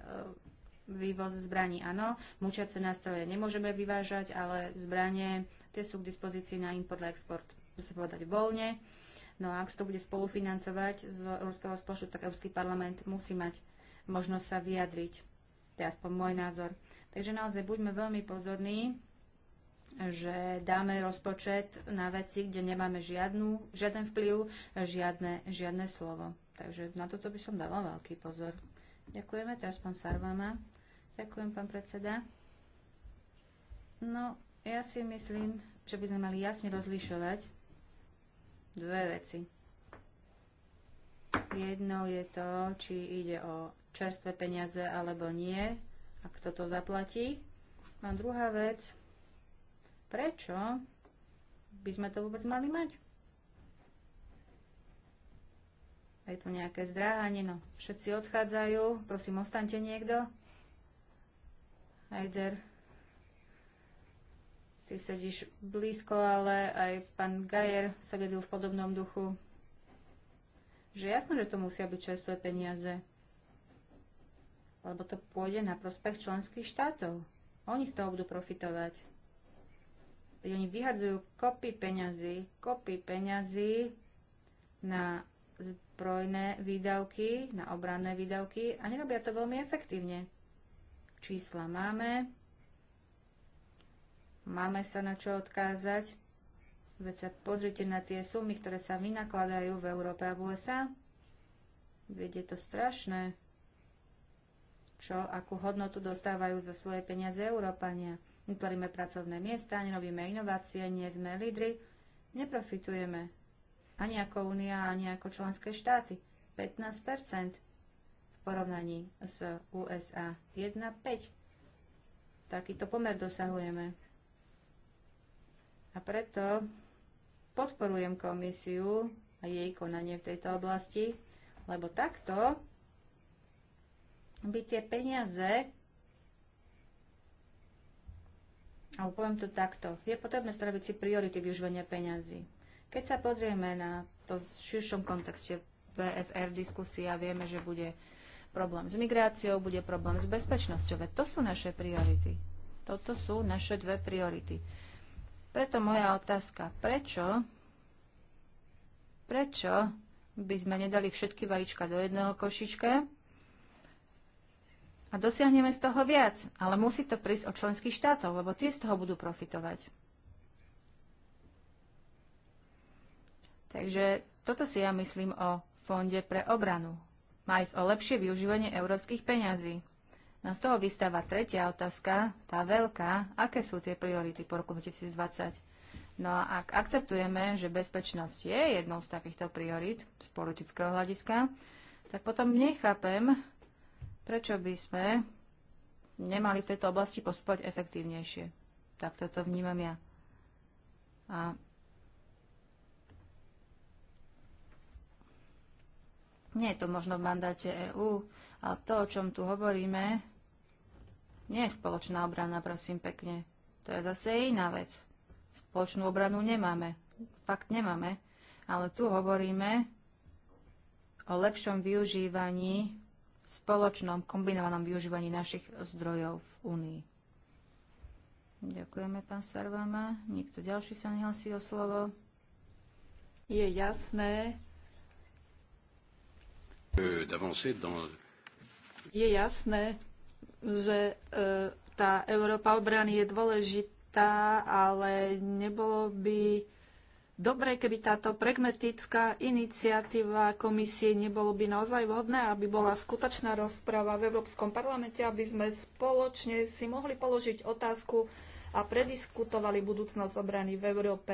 vývoz zbraní. Áno, mučiace nástroje nemôžeme vyvážať, ale zbranie tie sú k dispozícii na import a export, dá sa povedať voľne. No a ak sa to bude spolufinancovať z Európskeho spoločnosti, tak Európsky parlament musí mať možnosť sa vyjadriť. To je aspoň môj názor. Takže naozaj buďme veľmi pozorní, že dáme rozpočet na veci, kde nemáme žiadnu, žiaden vplyv, žiadne, žiadne slovo. Takže na toto by som dala veľký pozor. Ďakujeme. Teraz pán Sarvama. Ďakujem, pán predseda. No, ja si myslím, že by sme mali jasne rozlišovať dve veci. Jednou je to, či ide o čerstvé peniaze alebo nie, a kto to zaplatí. A druhá vec, Prečo by sme to vôbec mali mať? Je tu nejaké zdráhanie, no všetci odchádzajú, prosím, ostaňte niekto. Ajder, ty sedíš blízko, ale aj pán Gajer sa vedil v podobnom duchu. Že jasno, že to musia byť čerstvé peniaze. Lebo to pôjde na prospech členských štátov. Oni z toho budú profitovať oni vyhadzujú kopy peňazí, kopy peňazí na zbrojné výdavky, na obranné výdavky a nerobia to veľmi efektívne. Čísla máme, máme sa na čo odkázať, veď sa pozrite na tie sumy, ktoré sa vynakladajú v Európe a v USA. Veď je to strašné, čo, akú hodnotu dostávajú za svoje peniaze Európania. Vytvoríme pracovné miesta, nerobíme inovácie, nie sme lídry, neprofitujeme. Ani ako Únia, ani ako členské štáty. 15 v porovnaní s USA. 1,5. Takýto pomer dosahujeme. A preto podporujem komisiu a jej konanie v tejto oblasti, lebo takto by tie peniaze Ale poviem to takto, je potrebné stanoviť si priority využívania peňazí. Keď sa pozrieme na to v širšom kontexte VFR diskusia, vieme, že bude problém s migráciou, bude problém s bezpečnosťou. Veď to sú naše priority. Toto sú naše dve priority. Preto moja otázka, prečo, prečo by sme nedali všetky vajíčka do jedného košička a dosiahneme z toho viac, ale musí to prísť od členských štátov, lebo tie z toho budú profitovať. Takže toto si ja myslím o Fonde pre obranu. Má ísť o lepšie využívanie európskych peňazí. Na z toho vystáva tretia otázka, tá veľká, aké sú tie priority po roku 2020. No a ak akceptujeme, že bezpečnosť je jednou z takýchto priorit z politického hľadiska, tak potom nechápem, Prečo by sme nemali v tejto oblasti postupovať efektívnejšie? Tak toto vnímam ja. A nie je to možno v mandáte EÚ, ale to, o čom tu hovoríme, nie je spoločná obrana, prosím pekne. To je zase iná vec. Spoločnú obranu nemáme. Fakt nemáme. Ale tu hovoríme o lepšom využívaní spoločnom kombinovanom využívaní našich zdrojov v Únii. Ďakujeme, pán Sarvama. Nikto ďalší sa nehlasí o slovo. Je jasné, euh, je jasné, že e, tá Európa obrany je dôležitá, ale nebolo by dobre, keby táto pragmatická iniciatíva komisie nebolo by naozaj vhodné, aby bola skutočná rozprava v Európskom parlamente, aby sme spoločne si mohli položiť otázku a prediskutovali budúcnosť obrany v Európe.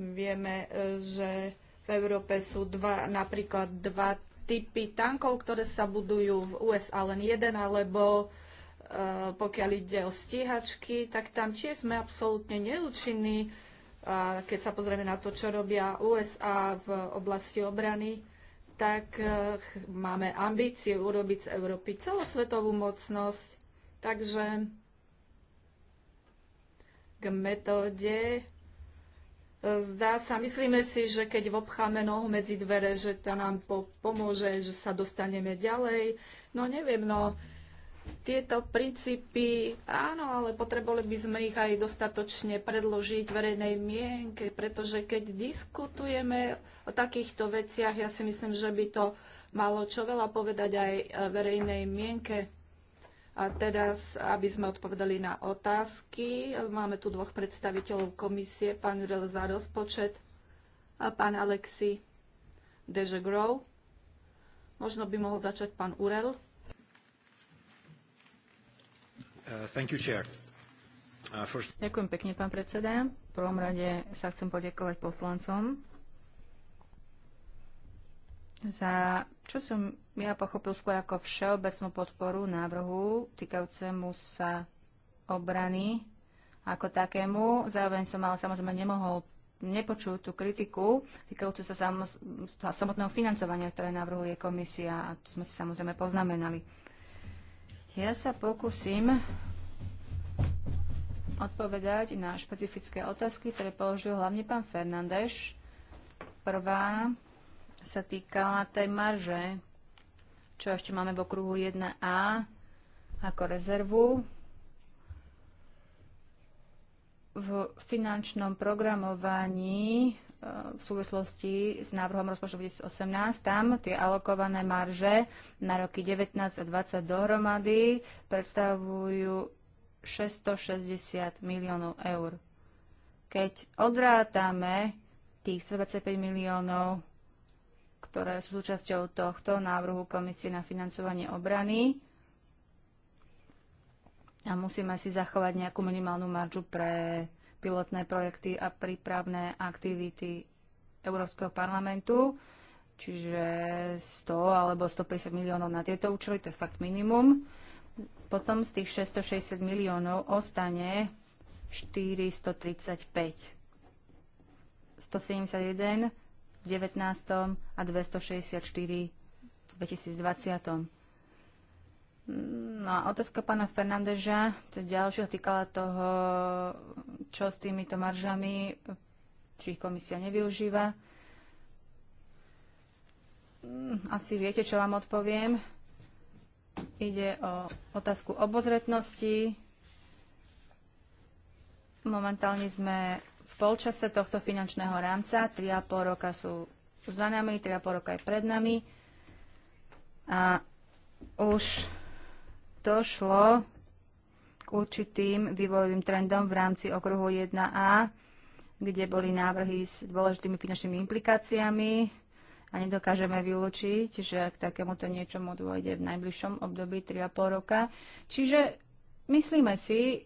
Vieme, e, že v Európe sú dva, napríklad dva typy tankov, ktoré sa budujú v USA len jeden, alebo Eh, pokiaľ ide o stíhačky, tak tam tiež sme absolútne neúčinní. keď sa pozrieme na to, čo robia USA v oblasti obrany, tak eh, máme ambície urobiť z Európy celosvetovú mocnosť. Takže k metóde eh, Zdá sa, myslíme si, že keď obcháme nohu medzi dvere, že to nám pomôže, že sa dostaneme ďalej. No neviem, no tieto princípy, áno, ale potrebovali by sme ich aj dostatočne predložiť verejnej mienke, pretože keď diskutujeme o takýchto veciach, ja si myslím, že by to malo čo veľa povedať aj e, verejnej mienke. A teraz, aby sme odpovedali na otázky, máme tu dvoch predstaviteľov komisie, pán Jurel za rozpočet a pán Alexi Dežegrov. Možno by mohol začať pán Urel. Uh, Ďakujem pekne, pán predseda. V prvom rade sa chcem poďakovať poslancom za, čo som ja pochopil skôr ako všeobecnú podporu návrhu týkajúcemu sa obrany ako takému. Zároveň som ale samozrejme nemohol nepočuť tú kritiku týkajúcu sa samotného financovania, ktoré navrhuje komisia a tu sme si samozrejme poznamenali. Ja sa pokúsim odpovedať na špecifické otázky, ktoré položil hlavne pán Fernández. Prvá sa týkala tej marže, čo ešte máme v okruhu 1A ako rezervu. V finančnom programovaní v súvislosti s návrhom rozpočtu 2018. Tam tie alokované marže na roky 19 a 20 dohromady predstavujú 660 miliónov eur. Keď odrátame tých 125 miliónov, ktoré sú súčasťou tohto návrhu Komisie na financovanie obrany, a musíme si zachovať nejakú minimálnu maržu pre pilotné projekty a prípravné aktivity Európskeho parlamentu, čiže 100 alebo 150 miliónov na tieto účely, to je fakt minimum. Potom z tých 660 miliónov ostane 435. 171 v 19. a 264 v 2020. No a otázka pána Fernandeža, to ďalšia týkala toho čo s týmito maržami, či ich komisia nevyužíva. Mm, asi viete, čo vám odpoviem. Ide o otázku obozretnosti. Momentálne sme v polčase tohto finančného rámca. 3,5 roka sú za nami, 3,5 roka je pred nami. A už došlo určitým vývojovým trendom v rámci okruhu 1A, kde boli návrhy s dôležitými finančnými implikáciami a nedokážeme vylúčiť, že k takémuto niečomu dôjde v najbližšom období 3,5 roka. Čiže myslíme si,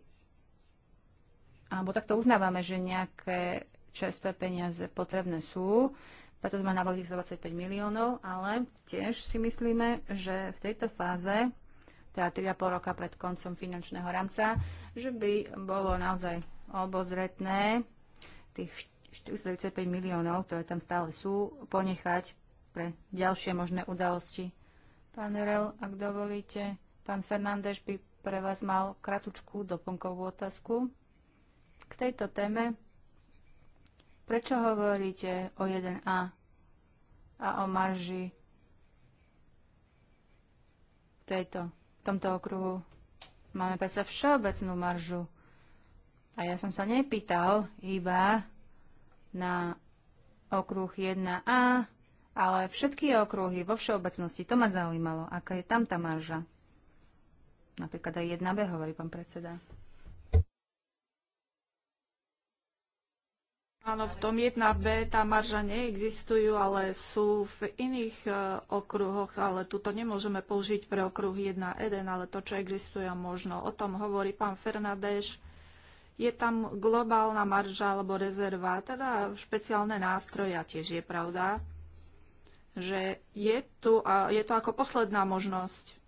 alebo takto uznávame, že nejaké čerstvé peniaze potrebné sú, preto sme navrhli 25 miliónov, ale tiež si myslíme, že v tejto fáze teda 3,5 roka pred koncom finančného rámca, že by bolo naozaj obozretné tých 435 miliónov, ktoré tam stále sú, ponechať pre ďalšie možné udalosti. Pán Rel, ak dovolíte, pán Fernández by pre vás mal kratučkú doplnkovú otázku. K tejto téme, prečo hovoríte o 1A a o marži tejto tomto okruhu. Máme predsa všeobecnú maržu. A ja som sa nepýtal iba na okruh 1A, ale všetky okruhy vo všeobecnosti. To ma zaujímalo, aká je tam tá marža. Napríklad aj 1B, hovorí pán predseda. Áno, v tom 1B tá marža neexistujú, ale sú v iných e, okruhoch, ale túto nemôžeme použiť pre okruh 1.1, ale to, čo existuje, možno. O tom hovorí pán Fernadeš. Je tam globálna marža alebo rezerva, teda špeciálne nástroje, a tiež je pravda, že je tu, a je to ako posledná možnosť.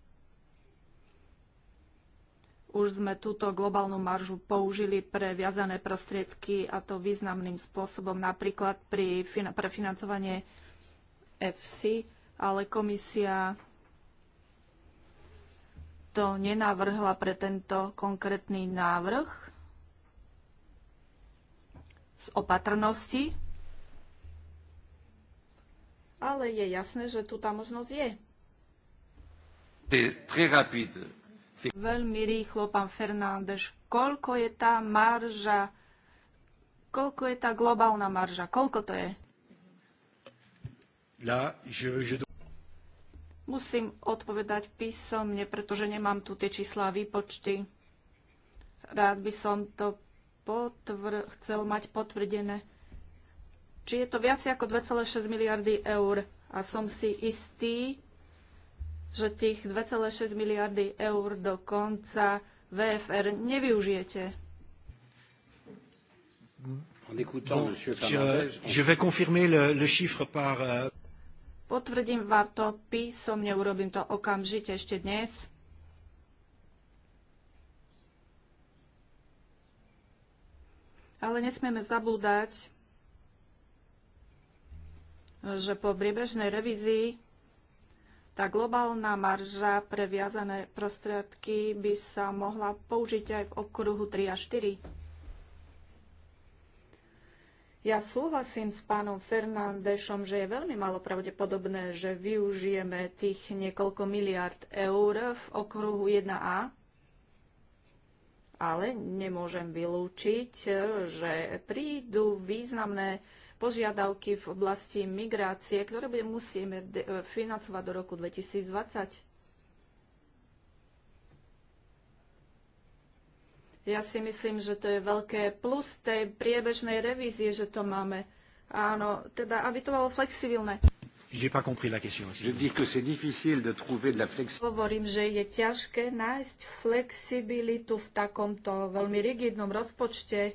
Už sme túto globálnu maržu použili pre viazané prostriedky a to významným spôsobom, napríklad pri, pre financovanie FC, ale komisia to nenavrhla pre tento konkrétny návrh z opatrnosti, ale je jasné, že tu tá možnosť je. Très rapide. Veľmi rýchlo, pán Fernández, koľko je tá marža, koľko je tá globálna marža, koľko to je? Là, je, je... Musím odpovedať písomne, pretože nemám tu tie čísla výpočty. Rád by som to potvr- chcel mať potvrdené. Či je to viac ako 2,6 miliardy eur. A som si istý, že tých 2,6 miliardy eur do konca VFR nevyužijete? Euh, Potvrdím vám to písomne, urobím to okamžite ešte dnes. Ale nesmieme zabúdať, že po priebežnej revízii tá globálna marža pre viazané prostriedky by sa mohla použiť aj v okruhu 3 a 4. Ja súhlasím s pánom Fernandešom, že je veľmi malo pravdepodobné, že využijeme tých niekoľko miliard eur v okruhu 1a, ale nemôžem vylúčiť, že prídu významné požiadavky v oblasti migrácie, ktoré musíme e, financovať do roku 2020. Ja si myslím, že to je veľké plus tej priebežnej revízie, že to máme. Áno, teda aby to bolo flexibilné. J'ai pas compris la question. Je dis que c'est difficile de trouver de la flexibilité. Hovorím, že je ťažké nájsť flexibilitu v takomto veľmi rigidnom rozpočte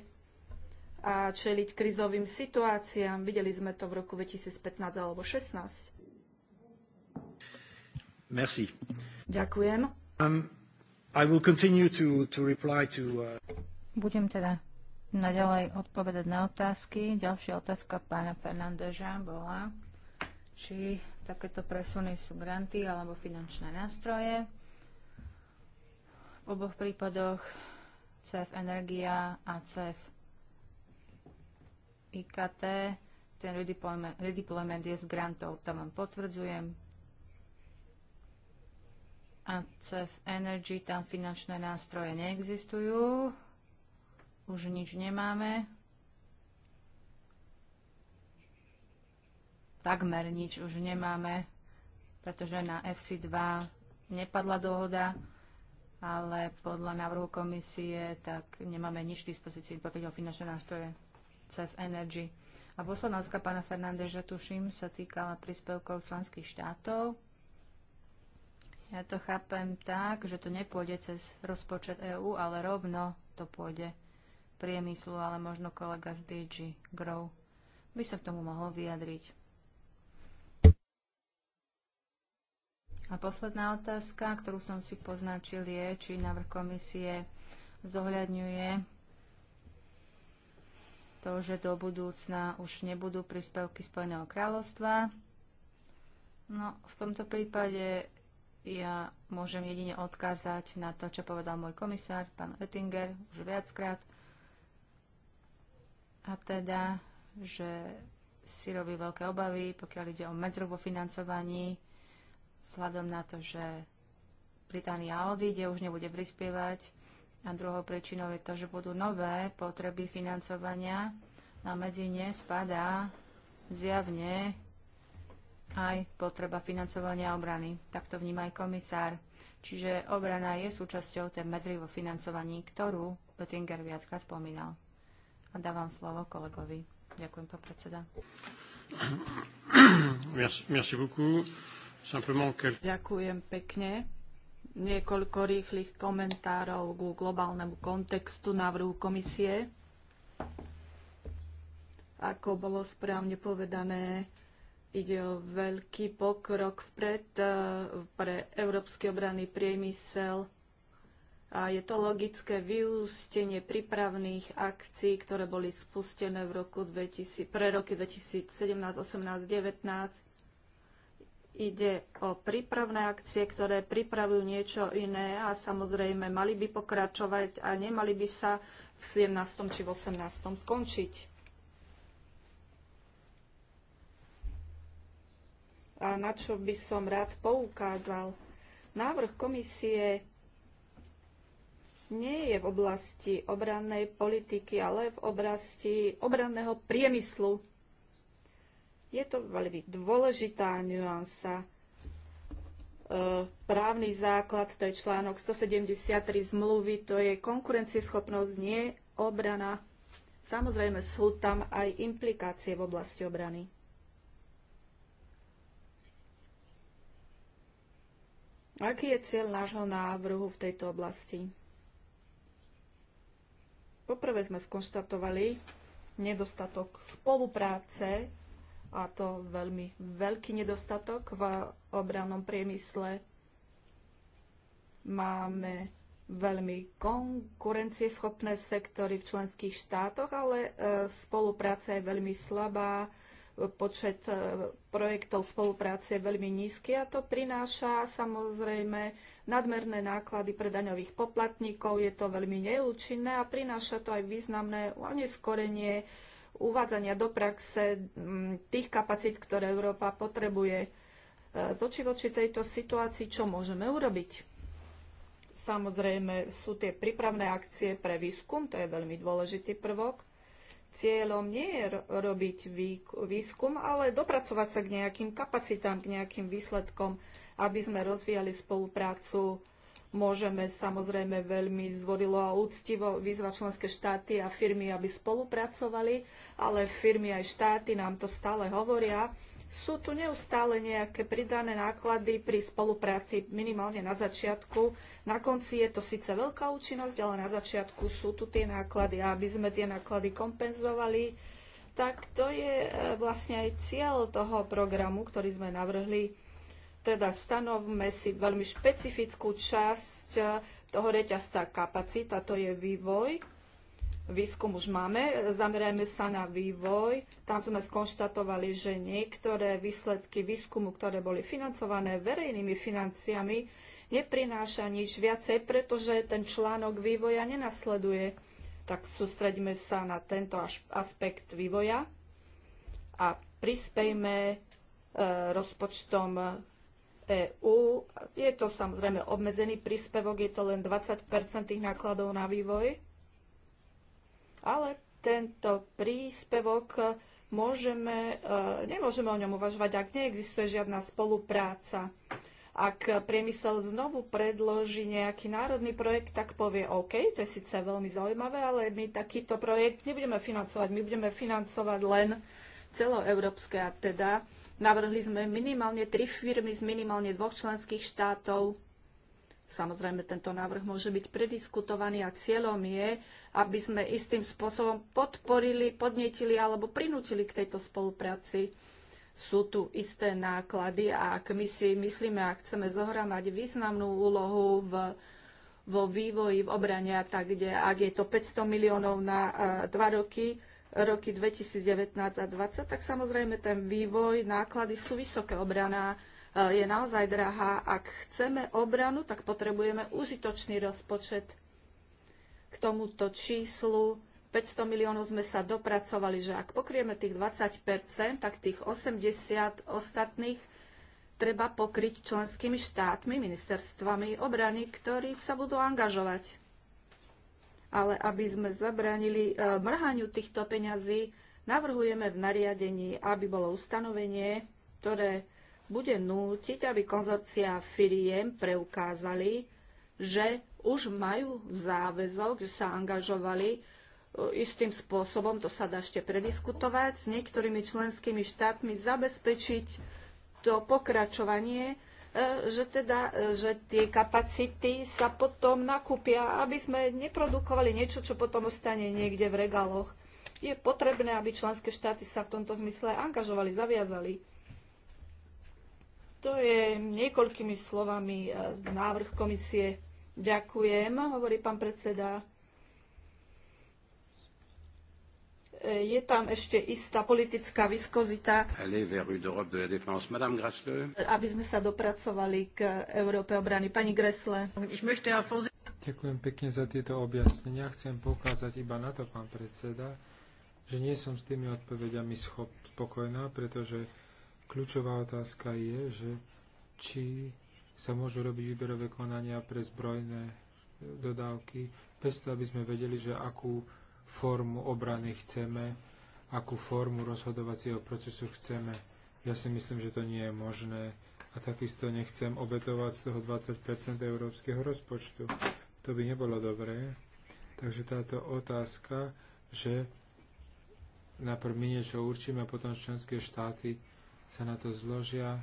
a čeliť krizovým situáciám. Videli sme to v roku 2015 alebo 2016. Merci. Ďakujem. Um, I will continue to, to reply to, uh... Budem teda naďalej odpovedať na otázky. Ďalšia otázka pána Fernandeža bola, či takéto presuny sú granty alebo finančné nástroje. V oboch prípadoch CF Energia a CF IKT, ten redeployment, redeployment je s grantov, tam vám potvrdzujem. A CEF Energy, tam finančné nástroje neexistujú, už nič nemáme. Takmer nič už nemáme, pretože na FC2 nepadla dohoda ale podľa návrhu komisie tak nemáme nič k dispozícii, pokiaľ o finančné nástroje cez Energy. A posledná otázka pána Fernándeža, tuším, sa týkala príspevkov členských štátov. Ja to chápem tak, že to nepôjde cez rozpočet EÚ, ale rovno to pôjde priemyslu, ale možno kolega z DG Grow by sa k tomu mohol vyjadriť. A posledná otázka, ktorú som si poznačil, je, či návrh komisie zohľadňuje to, že do budúcna už nebudú príspevky Spojeného kráľovstva. No, v tomto prípade ja môžem jedine odkázať na to, čo povedal môj komisár, pán Oettinger, už viackrát. A teda, že si robí veľké obavy, pokiaľ ide o medzeru vo financovaní, vzhľadom na to, že Británia odíde, už nebude prispievať a druhou príčinou je to, že budú nové potreby financovania a medzi ne spadá zjavne aj potreba financovania obrany. Tak to vníma aj komisár. Čiže obrana je súčasťou tej medzery vo financovaní, ktorú Oettinger viackrát spomínal. A dávam slovo kolegovi. Ďakujem, pán predseda. Ďakujem pekne niekoľko rýchlych komentárov ku globálnemu kontextu návrhu komisie. Ako bolo správne povedané, ide o veľký pokrok vpred eh, pre európsky obranný priemysel. A je to logické vyústenie prípravných akcií, ktoré boli spustené v roku 2000, pre roky 2017, 18, 19 Ide o prípravné akcie, ktoré pripravujú niečo iné a samozrejme mali by pokračovať a nemali by sa v 17. či v 18. skončiť. A na čo by som rád poukázal? Návrh komisie nie je v oblasti obrannej politiky, ale v oblasti obranného priemyslu. Je to veľmi dôležitá nuansa. E, právny základ, to je článok 173 zmluvy, to je konkurencieschopnosť, nie obrana. Samozrejme sú tam aj implikácie v oblasti obrany. Aký je cieľ nášho návrhu v tejto oblasti? Poprvé sme skonštatovali nedostatok spolupráce a to veľmi veľký nedostatok v obrannom priemysle. Máme veľmi konkurencieschopné sektory v členských štátoch, ale e, spolupráca je veľmi slabá, počet e, projektov spolupráce je veľmi nízky a to prináša samozrejme nadmerné náklady pre daňových poplatníkov, je to veľmi neúčinné a prináša to aj významné oneskorenie uvádzania do praxe mm, tých kapacít, ktoré Európa potrebuje. E, z oči voči tejto situácii, čo môžeme urobiť? Samozrejme sú tie prípravné akcie pre výskum, to je veľmi dôležitý prvok. Cieľom nie je robiť výskum, ale dopracovať sa k nejakým kapacitám, k nejakým výsledkom, aby sme rozvíjali spoluprácu Môžeme samozrejme veľmi zdvorilo a úctivo vyzvať členské štáty a firmy, aby spolupracovali, ale firmy aj štáty nám to stále hovoria. Sú tu neustále nejaké pridané náklady pri spolupráci, minimálne na začiatku. Na konci je to síce veľká účinnosť, ale na začiatku sú tu tie náklady. A aby sme tie náklady kompenzovali, tak to je e, vlastne aj cieľ toho programu, ktorý sme navrhli teda stanovme si veľmi špecifickú časť eh, toho reťazca kapacita, to je vývoj. Výskum už máme, zamerajme sa na vývoj. Tam sme skonštatovali, že niektoré výsledky výskumu, ktoré boli financované verejnými financiami, neprináša nič viacej, pretože ten článok vývoja nenasleduje. Tak sústredíme sa na tento aspekt vývoja a prispejme eh, rozpočtom EÚ. Je to samozrejme obmedzený príspevok, je to len 20 tých nákladov na vývoj, ale tento príspevok môžeme, e, nemôžeme o ňom uvažovať, ak neexistuje žiadna spolupráca. Ak priemysel znovu predloží nejaký národný projekt, tak povie OK, to je síce veľmi zaujímavé, ale my takýto projekt nebudeme financovať. My budeme financovať len celoeurópske a teda Navrhli sme minimálne tri firmy z minimálne dvoch členských štátov. Samozrejme, tento návrh môže byť prediskutovaný a cieľom je, aby sme istým spôsobom podporili, podnetili alebo prinútili k tejto spolupráci. Sú tu isté náklady a ak my si myslíme a chceme zohramať významnú úlohu v vo vývoji, v obrane a tak, kde ak je to 500 miliónov na eh, dva roky, roky 2019 a 2020, tak samozrejme ten vývoj, náklady sú vysoké. Obrana eh, je naozaj drahá. Ak chceme obranu, tak potrebujeme užitočný rozpočet. K tomuto číslu 500 miliónov sme sa dopracovali, že ak pokrieme tých 20 tak tých 80 ostatných treba pokryť členskými štátmi, ministerstvami obrany, ktorí sa budú angažovať ale aby sme zabránili e, mrhaniu týchto peňazí, navrhujeme v nariadení, aby bolo ustanovenie, ktoré bude nútiť, aby konzorcia firiem preukázali, že už majú záväzok, že sa angažovali e, istým spôsobom, to sa dá ešte prediskutovať, s niektorými členskými štátmi zabezpečiť to pokračovanie E, že, teda, e, že tie kapacity sa potom nakúpia, aby sme neprodukovali niečo, čo potom ostane niekde v regáloch. Je potrebné, aby členské štáty sa v tomto zmysle angažovali, zaviazali. To je niekoľkými slovami e, návrh komisie. Ďakujem, hovorí pán predseda. Eh, je tam ešte istá politická viskozita, aby sme sa dopracovali k Európe obrany. Pani Gressle. Ďakujem pekne za tieto objasnenia. Chcem poukázať iba na to, pán predseda, že nie som s tými odpovediami schop, spokojná, pretože kľúčová otázka je, že či sa môžu robiť výberové konania pre zbrojné eh, dodávky, bez toho, aby sme vedeli, že akú formu obrany chceme, akú formu rozhodovacieho procesu chceme. Ja si myslím, že to nie je možné a takisto nechcem obetovať z toho 20 európskeho rozpočtu. To by nebolo dobré. Takže táto otázka, že najprv my niečo určíme a potom členské štáty sa na to zložia.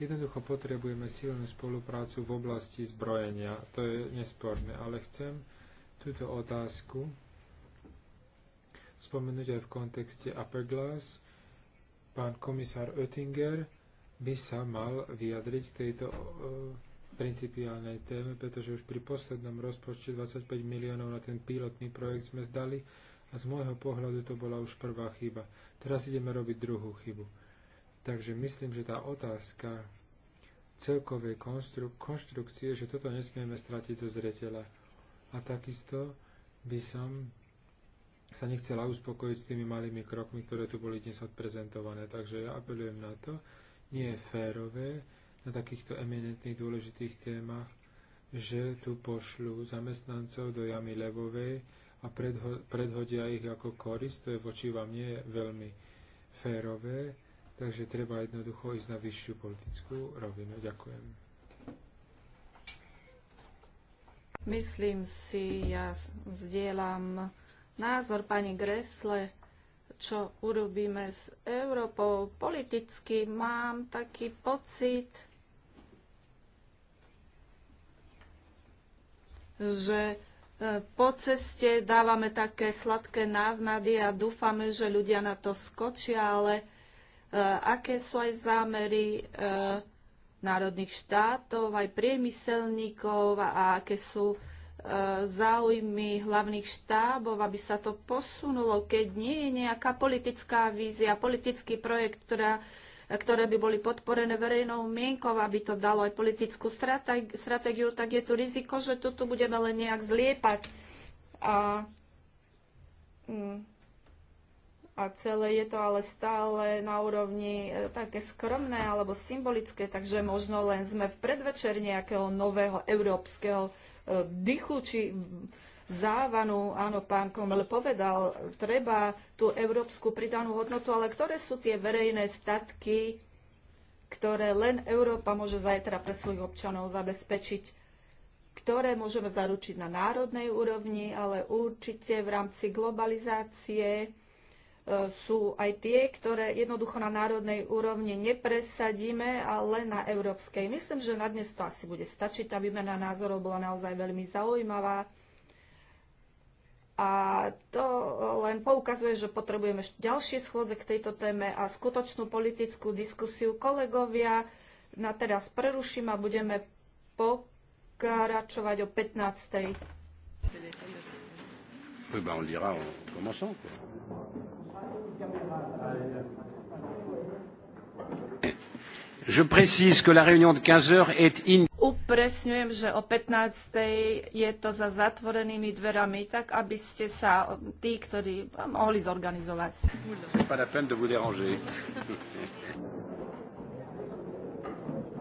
Jednoducho potrebujeme silnú spoluprácu v oblasti zbrojenia. To je nesporné, ale chcem túto otázku spomenúť aj v kontexte Upper Glass. Pán komisár Oettinger by sa mal vyjadriť k tejto e, principiálnej téme, pretože už pri poslednom rozpočte 25 miliónov na ten pilotný projekt sme zdali a z môjho pohľadu to bola už prvá chyba. Teraz ideme robiť druhú chybu. Takže myslím, že tá otázka celkovej konstruk- konštrukcie, že toto nesmieme stratiť zo zreteľa. A takisto by som sa nechcela uspokojiť s tými malými krokmi, ktoré tu boli dnes odprezentované. Takže ja apelujem na to, nie je férové na takýchto eminentných dôležitých témach, že tu pošlu zamestnancov do jamy levovej a predho- predhodia ich ako korist, to je voči vám nie je veľmi férové, takže treba jednoducho ísť na vyššiu politickú rovinu. Ďakujem. Myslím si, ja zdieľam názor pani Gresle, čo urobíme s Európou politicky, mám taký pocit, že e, po ceste dávame také sladké návnady a dúfame, že ľudia na to skočia, ale e, aké sú aj zámery e, národných štátov, aj priemyselníkov a aké sú záujmy hlavných štábov, aby sa to posunulo, keď nie je nejaká politická vízia, politický projekt, ktorá, ktoré by boli podporené verejnou mienkou, aby to dalo aj politickú stratégiu, tak je tu riziko, že to tu budeme len nejak zliepať. A, mm, a celé je to ale stále na úrovni e, také skromné alebo symbolické, takže možno len sme v predvečer nejakého nového európskeho dychu či závanu, áno, pán Komel povedal, treba tú európsku pridanú hodnotu, ale ktoré sú tie verejné statky, ktoré len Európa môže zajtra pre svojich občanov zabezpečiť, ktoré môžeme zaručiť na národnej úrovni, ale určite v rámci globalizácie E, sú aj tie, ktoré jednoducho na národnej úrovni nepresadíme, ale na európskej. Myslím, že na dnes to asi bude stačiť. Tá výmena názorov bola naozaj veľmi zaujímavá. A to len poukazuje, že potrebujeme ďalšie schôdze k tejto téme a skutočnú politickú diskusiu. Kolegovia, na teraz preruším a budeme pokračovať o 15. Oui, ben on lira en commençant. Quoi. Je précise que la réunion de 15 heures est in... Upresňujem, že o 15. je to za zatvorenými dverami, tak aby ste sa tí, ktorí mohli zorganizovať. C'est pas la peine de vous déranger.